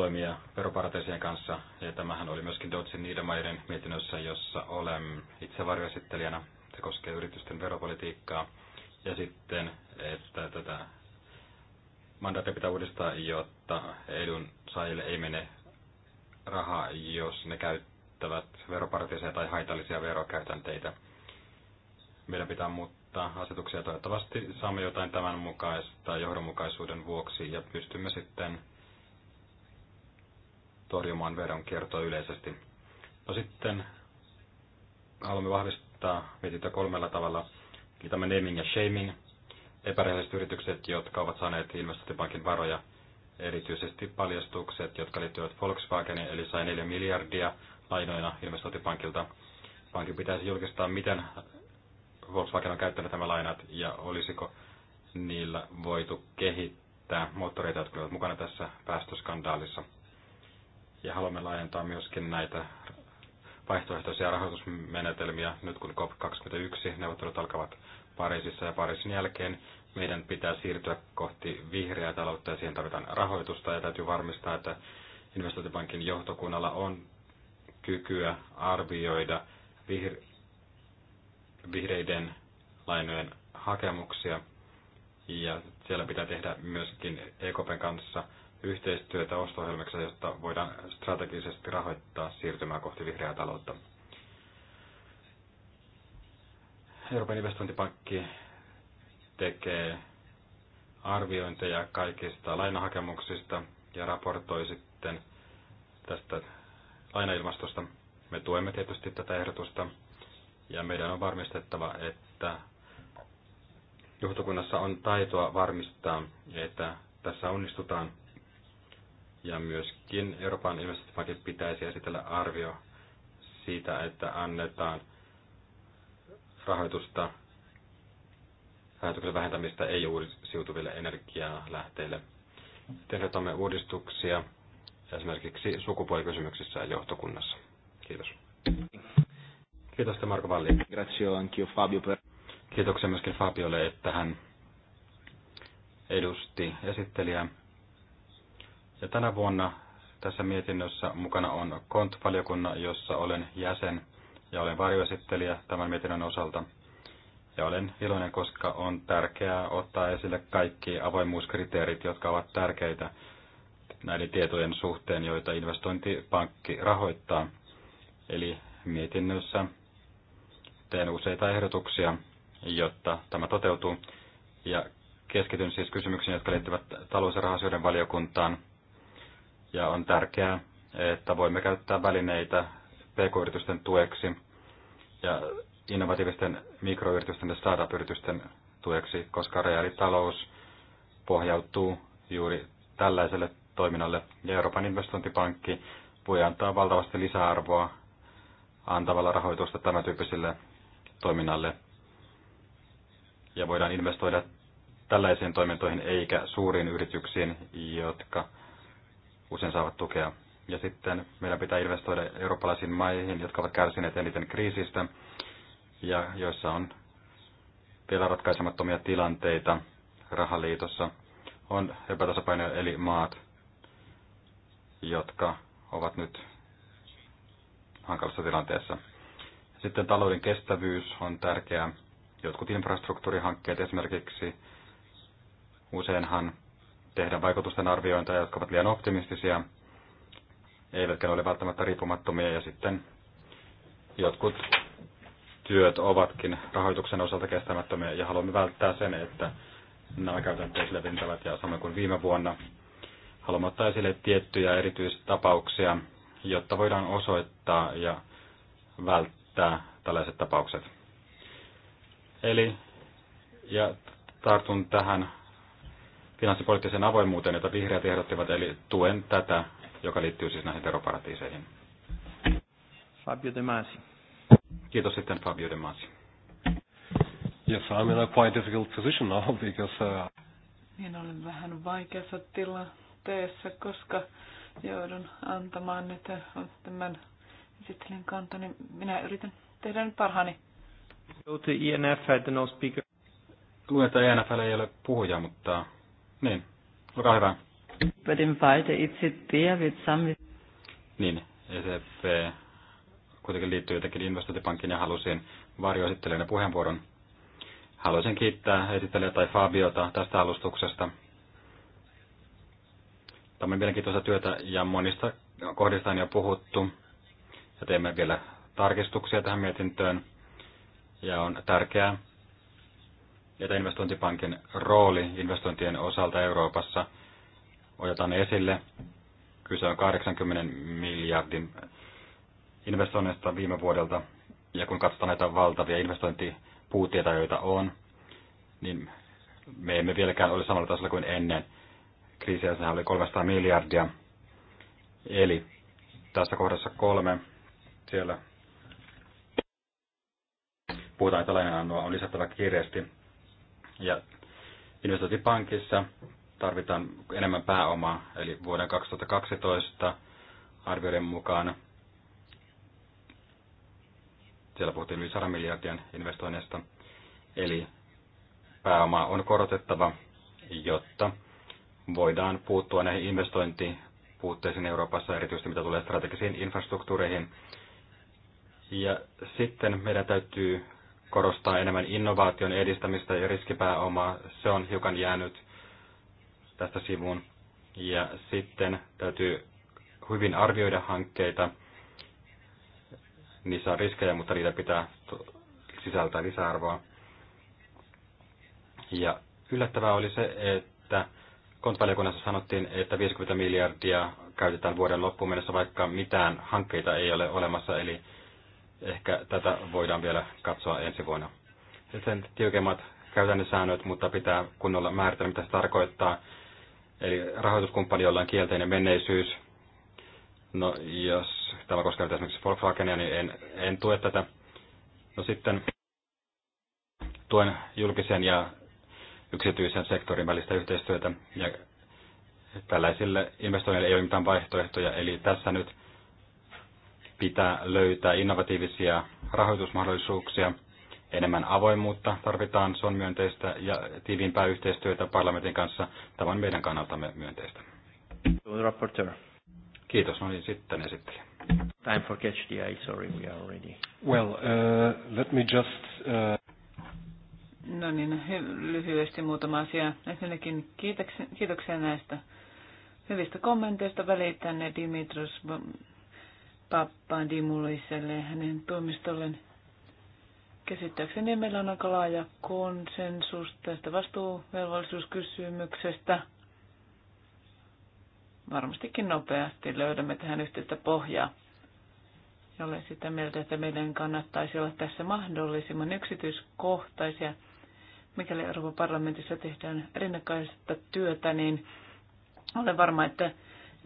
toimia veroparateisien kanssa, ja tämähän oli myöskin Dodgin Niedemaiden mietinnössä, jossa olen itse varjoesittelijänä. Se koskee yritysten veropolitiikkaa, ja sitten, että tätä mandaattia pitää uudistaa, jotta edun saajille ei mene rahaa, jos ne käyttävät veroparatiiseja tai haitallisia verokäytänteitä. Meidän pitää muuttaa asetuksia. Toivottavasti saamme jotain tämän mukaista johdonmukaisuuden vuoksi ja pystymme sitten torjumaan veronkiertoa yleisesti. No sitten haluamme vahvistaa mietintä kolmella tavalla. Eli tämä naming ja shaming, epärehelliset yritykset, jotka ovat saaneet investointipankin varoja, erityisesti paljastukset, jotka liittyvät Volkswagenin, eli sai 4 miljardia lainoina investointipankilta. Pankin pitäisi julkistaa, miten Volkswagen on käyttänyt nämä lainat ja olisiko niillä voitu kehittää moottoreita, jotka olivat mukana tässä päästöskandaalissa ja haluamme laajentaa myöskin näitä vaihtoehtoisia rahoitusmenetelmiä nyt kun COP21 neuvottelut alkavat Pariisissa ja Pariisin jälkeen. Meidän pitää siirtyä kohti vihreää taloutta ja siihen tarvitaan rahoitusta ja täytyy varmistaa, että investointipankin johtokunnalla on kykyä arvioida vihr- vihreiden lainojen hakemuksia ja siellä pitää tehdä myöskin EKPn kanssa yhteistyötä osto jotta voidaan strategisesti rahoittaa siirtymää kohti vihreää taloutta. Euroopan investointipankki tekee arviointeja kaikista lainahakemuksista ja raportoi sitten tästä lainailmastosta. Me tuemme tietysti tätä ehdotusta ja meidän on varmistettava, että johtokunnassa on taitoa varmistaa, että tässä onnistutaan ja myöskin Euroopan investointipankin pitäisi esitellä arvio siitä, että annetaan rahoitusta rahoituksen vähentämistä ei uusiutuville energialähteille. Tehdään uudistuksia esimerkiksi sukupuolikysymyksissä johtokunnassa. Kiitos. Kiitos te Marko Valli. Grazie anch'io Fabio per... Kiitoksia myöskin Fabiolle, että hän edusti esittelijää. Ja tänä vuonna tässä mietinnössä mukana on KONT-valiokunnan, jossa olen jäsen ja olen varjoesittelijä tämän mietinnön osalta. Ja olen iloinen, koska on tärkeää ottaa esille kaikki avoimuuskriteerit, jotka ovat tärkeitä näiden tietojen suhteen, joita investointipankki rahoittaa. Eli mietinnössä teen useita ehdotuksia, jotta tämä toteutuu. Ja keskityn siis kysymyksiin, jotka liittyvät talous- ja valiokuntaan, ja on tärkeää, että voimme käyttää välineitä pk-yritysten tueksi ja innovatiivisten mikroyritysten ja startup-yritysten tueksi, koska reaalitalous pohjautuu juuri tällaiselle toiminnalle. Ja Euroopan investointipankki voi antaa valtavasti lisäarvoa antavalla rahoitusta tämän tyyppiselle toiminnalle. Ja voidaan investoida tällaisiin toimintoihin eikä suuriin yrityksiin, jotka usein saavat tukea. Ja sitten meidän pitää investoida eurooppalaisiin maihin, jotka ovat kärsineet eniten kriisistä ja joissa on vielä ratkaisemattomia tilanteita rahaliitossa. On epätasapainoja eli maat, jotka ovat nyt hankalassa tilanteessa. Sitten talouden kestävyys on tärkeää. Jotkut infrastruktuurihankkeet esimerkiksi, useinhan tehdä vaikutusten arviointeja, jotka ovat liian optimistisia, eivätkä ole välttämättä riippumattomia, ja sitten jotkut työt ovatkin rahoituksen osalta kestämättömiä, ja haluamme välttää sen, että nämä käytänteet levintävät, ja samoin kuin viime vuonna haluamme ottaa esille tiettyjä erityistapauksia, jotta voidaan osoittaa ja välttää tällaiset tapaukset. Eli ja tartun tähän finanssipoliittiseen avoimuuteen, jota vihreät ehdottivat, eli tuen tätä, joka liittyy siis näihin veroparatiiseihin. Fabio De Masi. Kiitos sitten Fabio De Masi. Yes, I'm in a quite difficult position now because... Uh... Niin olen vähän vaikeassa tilanteessa, koska joudun antamaan nyt uh, tämän esittelyn kantani. Minä yritän tehdä nyt parhaani. Go to e no speaker. Luen, että ENFL ei ole puhuja, mutta niin, olkaa hyvä. But in fact, ECB with some... Niin, ECB kuitenkin liittyy jotenkin investointipankkiin ja halusin varjoesittelijänä puheenvuoron. Haluaisin kiittää esittelijä tai Fabiota tästä alustuksesta. Tämä on mielenkiintoista työtä ja monista kohdista on jo puhuttu. Ja teemme vielä tarkistuksia tähän mietintöön. Ja on tärkeää, että investointipankin rooli investointien osalta Euroopassa otetaan esille. Kyse on 80 miljardin investoinnista viime vuodelta. Ja kun katsotaan näitä valtavia investointipuutteita, joita on, niin me emme vieläkään ole samalla tasolla kuin ennen. Kriisiä sehän oli 300 miljardia. Eli tässä kohdassa kolme siellä puhutaan, että lainanannoa on lisättävä kiireesti ja investointipankissa tarvitaan enemmän pääomaa, eli vuoden 2012 arvioiden mukaan siellä puhuttiin yli 100 miljardien investoinneista, eli pääomaa on korotettava, jotta voidaan puuttua näihin investointipuutteisiin Euroopassa, erityisesti mitä tulee strategisiin infrastruktuureihin. Ja sitten meidän täytyy korostaa enemmän innovaation edistämistä ja riskipääomaa. Se on hiukan jäänyt tästä sivuun. Ja sitten täytyy hyvin arvioida hankkeita. Niissä on riskejä, mutta niitä pitää sisältää lisäarvoa. Ja yllättävää oli se, että kontvaliokunnassa sanottiin, että 50 miljardia käytetään vuoden loppuun mennessä, vaikka mitään hankkeita ei ole olemassa. Eli Ehkä tätä voidaan vielä katsoa ensi vuonna. Sen tiukemmat käytännön säännöt, mutta pitää kunnolla määritellä, mitä se tarkoittaa. Eli rahoituskumppani, jolla on kielteinen menneisyys. No, jos tämä koskee esimerkiksi Volkswagenia, niin en, en tue tätä. No sitten tuen julkisen ja yksityisen sektorin välistä yhteistyötä ja tällaisille investoinneille ei ole mitään vaihtoehtoja. Eli tässä nyt pitää löytää innovatiivisia rahoitusmahdollisuuksia. Enemmän avoimuutta tarvitaan, se on myönteistä, ja tiiviimpää yhteistyötä parlamentin kanssa. Tämä on meidän kannaltamme myönteistä. Kiitos, no niin sitten esittely. Time for catch the eye, sorry, we are already. Well, uh, let me just... Uh... No niin, lyhyesti muutama asia. Ensinnäkin kiitoksia näistä hyvistä kommenteista. Välitän Dimitros Pappadimuliselle hänen toimistolleen. Käsittääkseni meillä on aika laaja konsensus tästä vastuuvelvollisuuskysymyksestä. Varmastikin nopeasti löydämme tähän yhteistä pohjaa. Ja olen sitä mieltä, että meidän kannattaisi olla tässä mahdollisimman yksityiskohtaisia. Mikäli Euroopan parlamentissa tehdään rinnakkaista työtä, niin olen varma, että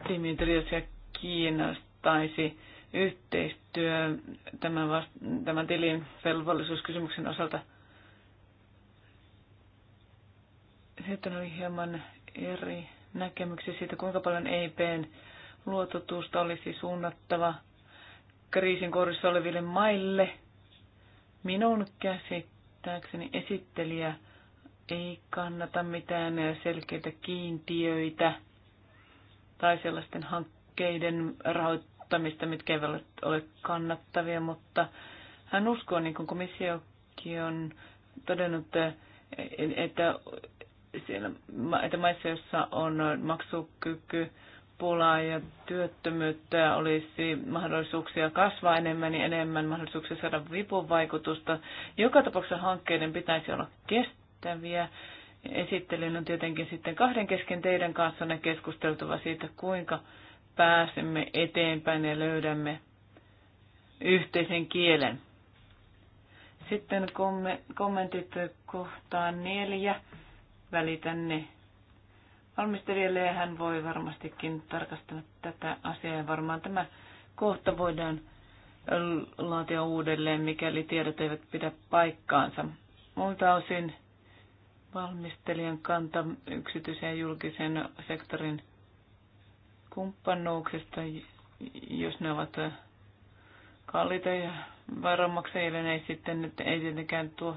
Dimitrios ja kiinnostaisi yhteistyö tämän, vast, tämän tilin velvollisuuskysymyksen osalta. Sitten oli hieman eri näkemyksiä siitä, kuinka paljon EIPn luototusta olisi suunnattava kriisin kourissa oleville maille. Minun käsittääkseni esittelijä ei kannata mitään selkeitä kiintiöitä tai sellaisten hankkeiden rahoittamista ottamista, mitkä eivät ole kannattavia, mutta hän uskoo, niin kuin komissiokin on todennut, eh, että, siellä, että maissa, joissa on maksukyky, pulaa ja työttömyyttä olisi mahdollisuuksia kasvaa enemmän ja enemmän mahdollisuuksia saada vipuvaikutusta. Joka tapauksessa hankkeiden pitäisi olla kestäviä. Esittelyn on tietenkin sitten kahden kesken teidän kanssa keskusteltava siitä, kuinka pääsemme eteenpäin ja löydämme yhteisen kielen. Sitten kommentit kohtaan neljä. Välitän ne valmistelijalle ja hän voi varmastikin tarkastella tätä asiaa ja varmaan tämä kohta voidaan laatia uudelleen, mikäli tiedot eivät pidä paikkaansa. Muilta osin valmistelijan kanta yksityisen ja julkisen sektorin kumppanuuksista, jos ne ovat kalliita ja varonmaksajille, niin ei sitten että ei tietenkään tuo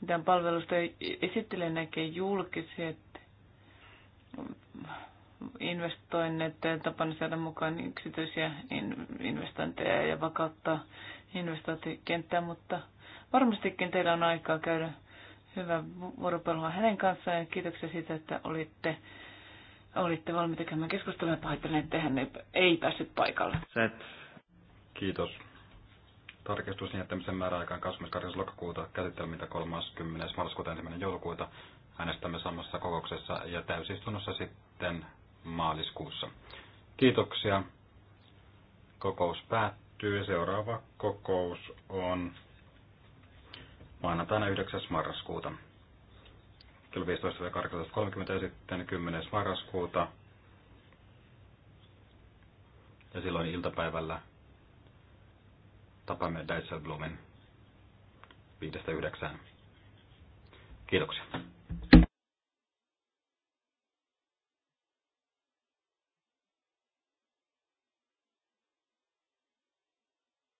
mitään palvelusta esittele näkee että investoinnit tapana saada mukaan yksityisiä investointeja ja vakauttaa investointikenttää, mutta varmastikin teillä on aikaa käydä hyvää vuoropelua hänen kanssaan ja kiitoksia siitä, että olitte olitte valmiita käymään keskustelua ja pahoittelen, että hän ei päässyt paikalle. Set. Kiitos. Tarkistus jättämisen määräaikaan 28. lokakuuta käsittelmintä 30. marraskuuta 1. joulukuuta äänestämme samassa kokouksessa ja täysistunnossa sitten maaliskuussa. Kiitoksia. Kokous päättyy. Seuraava kokous on maanantaina 9. marraskuuta kello 15 ja sitten 10. marraskuuta. Ja silloin iltapäivällä tapaamme Dijsselblumin 5-9. Kiitoksia.